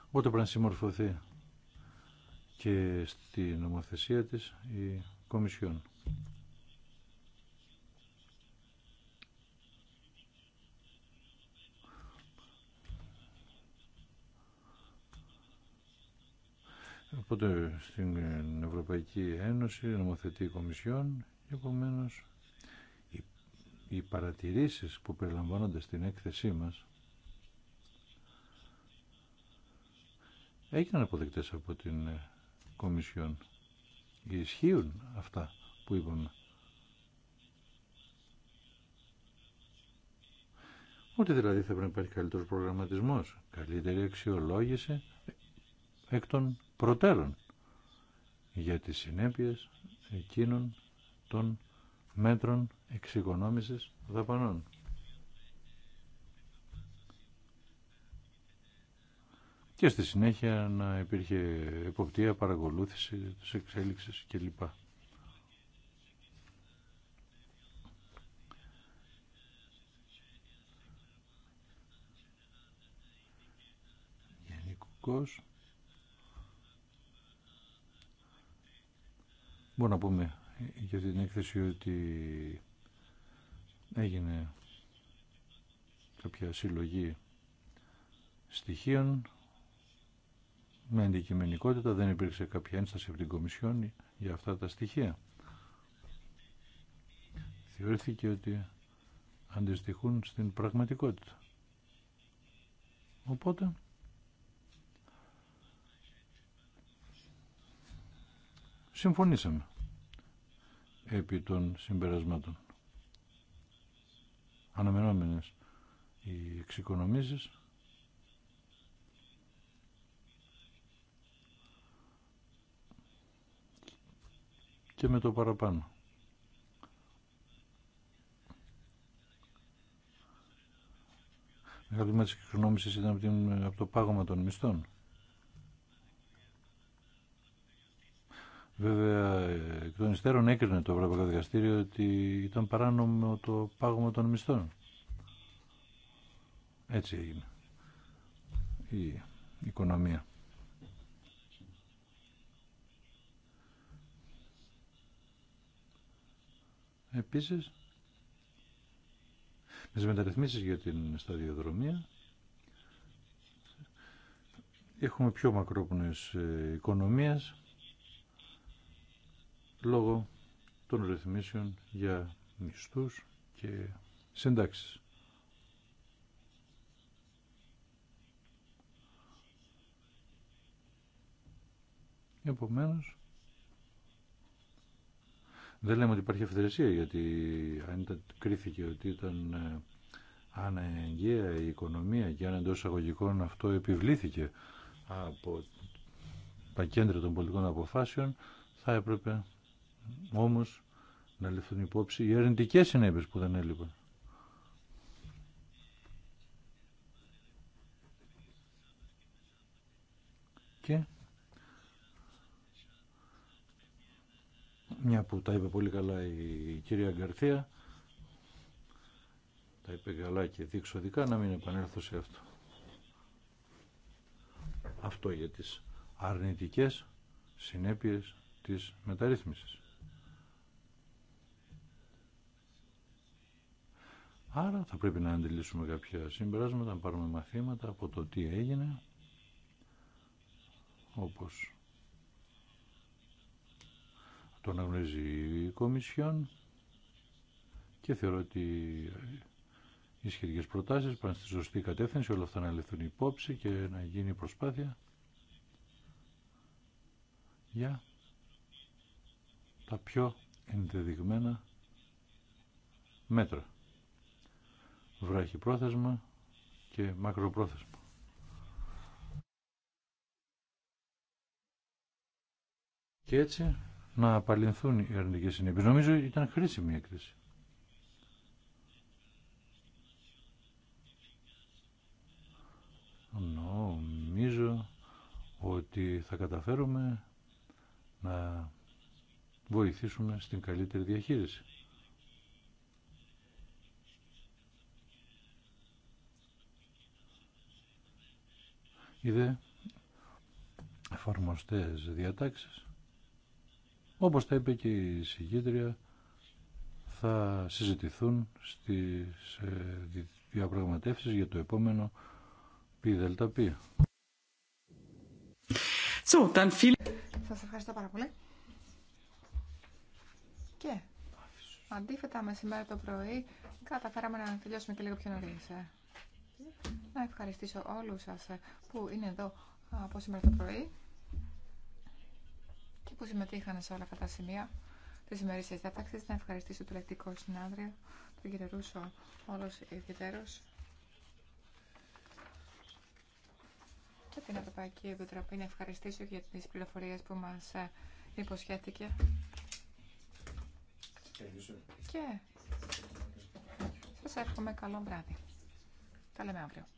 Οπότε πρέπει να συμμορφωθεί και στη νομοθεσία της η Κομισιόν. Οπότε στην Ευρωπαϊκή Ένωση νομοθετεί η Κομισιόν επομένως οι παρατηρήσεις που περιλαμβάνονται στην έκθεσή μας έγιναν αποδεκτές από την ε, Κομισιόν. Ισχύουν αυτά που είπαμε. Ότι δηλαδή θα πρέπει να υπάρχει καλύτερος προγραμματισμός, καλύτερη αξιολόγηση εκ των προτέρων για τις συνέπειες εκείνων των μέτρων εξοικονόμησης δαπανών. και στη συνέχεια να υπήρχε εποπτεία, παρακολούθηση της εξέλιξης κλπ. Μπορώ μπορούμε να πούμε για την έκθεση ότι έγινε κάποια συλλογή στοιχείων με αντικειμενικότητα δεν υπήρξε κάποια ένσταση από την Κομισιόν για αυτά τα στοιχεία. Θεωρήθηκε ότι αντιστοιχούν στην πραγματικότητα. Οπότε, συμφωνήσαμε επί των συμπερασμάτων. Αναμενόμενες οι εξοικονομήσεις και με το παραπάνω. Μεγάλο τμήμα της ήταν από, από το πάγωμα των μισθών. Βέβαια, εκ των υστέρων έκρινε το Ευρωπαϊκό Δικαστήριο ότι ήταν παράνομο το πάγωμα των μισθών. Έτσι έγινε η οικονομία. Επίσης, με τις μεταρρυθμίσεις για την σταδιοδρομία έχουμε πιο μακρόπνοες ε, οικονομίες λόγω των ρυθμίσεων για μισθούς και συντάξεις. Επομένως, δεν λέμε ότι υπάρχει αυθαιρεσία γιατί αν ήταν, κρίθηκε ότι ήταν ε, αναγκαία η οικονομία και αν εντό εισαγωγικών αυτό επιβλήθηκε από τα κέντρα των πολιτικών αποφάσεων θα έπρεπε όμως να ληφθούν υπόψη οι αρνητικέ συνέπειες που δεν έλειπαν. Και μια που τα είπε πολύ καλά η κυρία Γκαρθία, τα είπε καλά και διεξοδικά, να μην επανέλθω σε αυτό. Αυτό για τις αρνητικές συνέπειες της μεταρρύθμισης. Άρα θα πρέπει να αντιλήσουμε κάποια συμπεράσματα, να πάρουμε μαθήματα από το τι έγινε, όπως το αναγνωρίζει η Κομισιόν και θεωρώ ότι οι σχετικές προτάσεις πάνε στη σωστή κατεύθυνση, όλα αυτά να λεφθούν υπόψη και να γίνει προσπάθεια για τα πιο ενδεδειγμένα μέτρα. Βράχει πρόθεσμα και μακροπρόθεσμα. Και έτσι να απαλληλθούν οι αρνητικές συνέπειες. Νομίζω ήταν χρήσιμη η έκθεση. Νομίζω ότι θα καταφέρουμε να βοηθήσουμε στην καλύτερη διαχείριση. Είδε εφαρμοστές διατάξεις όπως τα είπε και η συγκίτρια, θα συζητηθούν στις ε, διαπραγματεύσεις για το επόμενο ΠΔΠ. Σας ευχαριστώ πάρα πολύ. Και αντίθετα σήμερα το πρωί καταφέραμε να τελειώσουμε και λίγο πιο νωρίς. Ε. Να ευχαριστήσω όλους σας ε, που είναι εδώ από σήμερα το πρωί που συμμετείχαν σε όλα αυτά τα σημεία τη ημερήσια διάταξη. Να ευχαριστήσω το λεκτικό συνάδριο, τον κύριο Ρούσο, όλο ιδιαίτερο. Και την Ευρωπαϊκή Επιτροπή να ευχαριστήσω για τι πληροφορίε που μα ε, υποσχέθηκε. Και σας εύχομαι καλό βράδυ. Τα λέμε αύριο.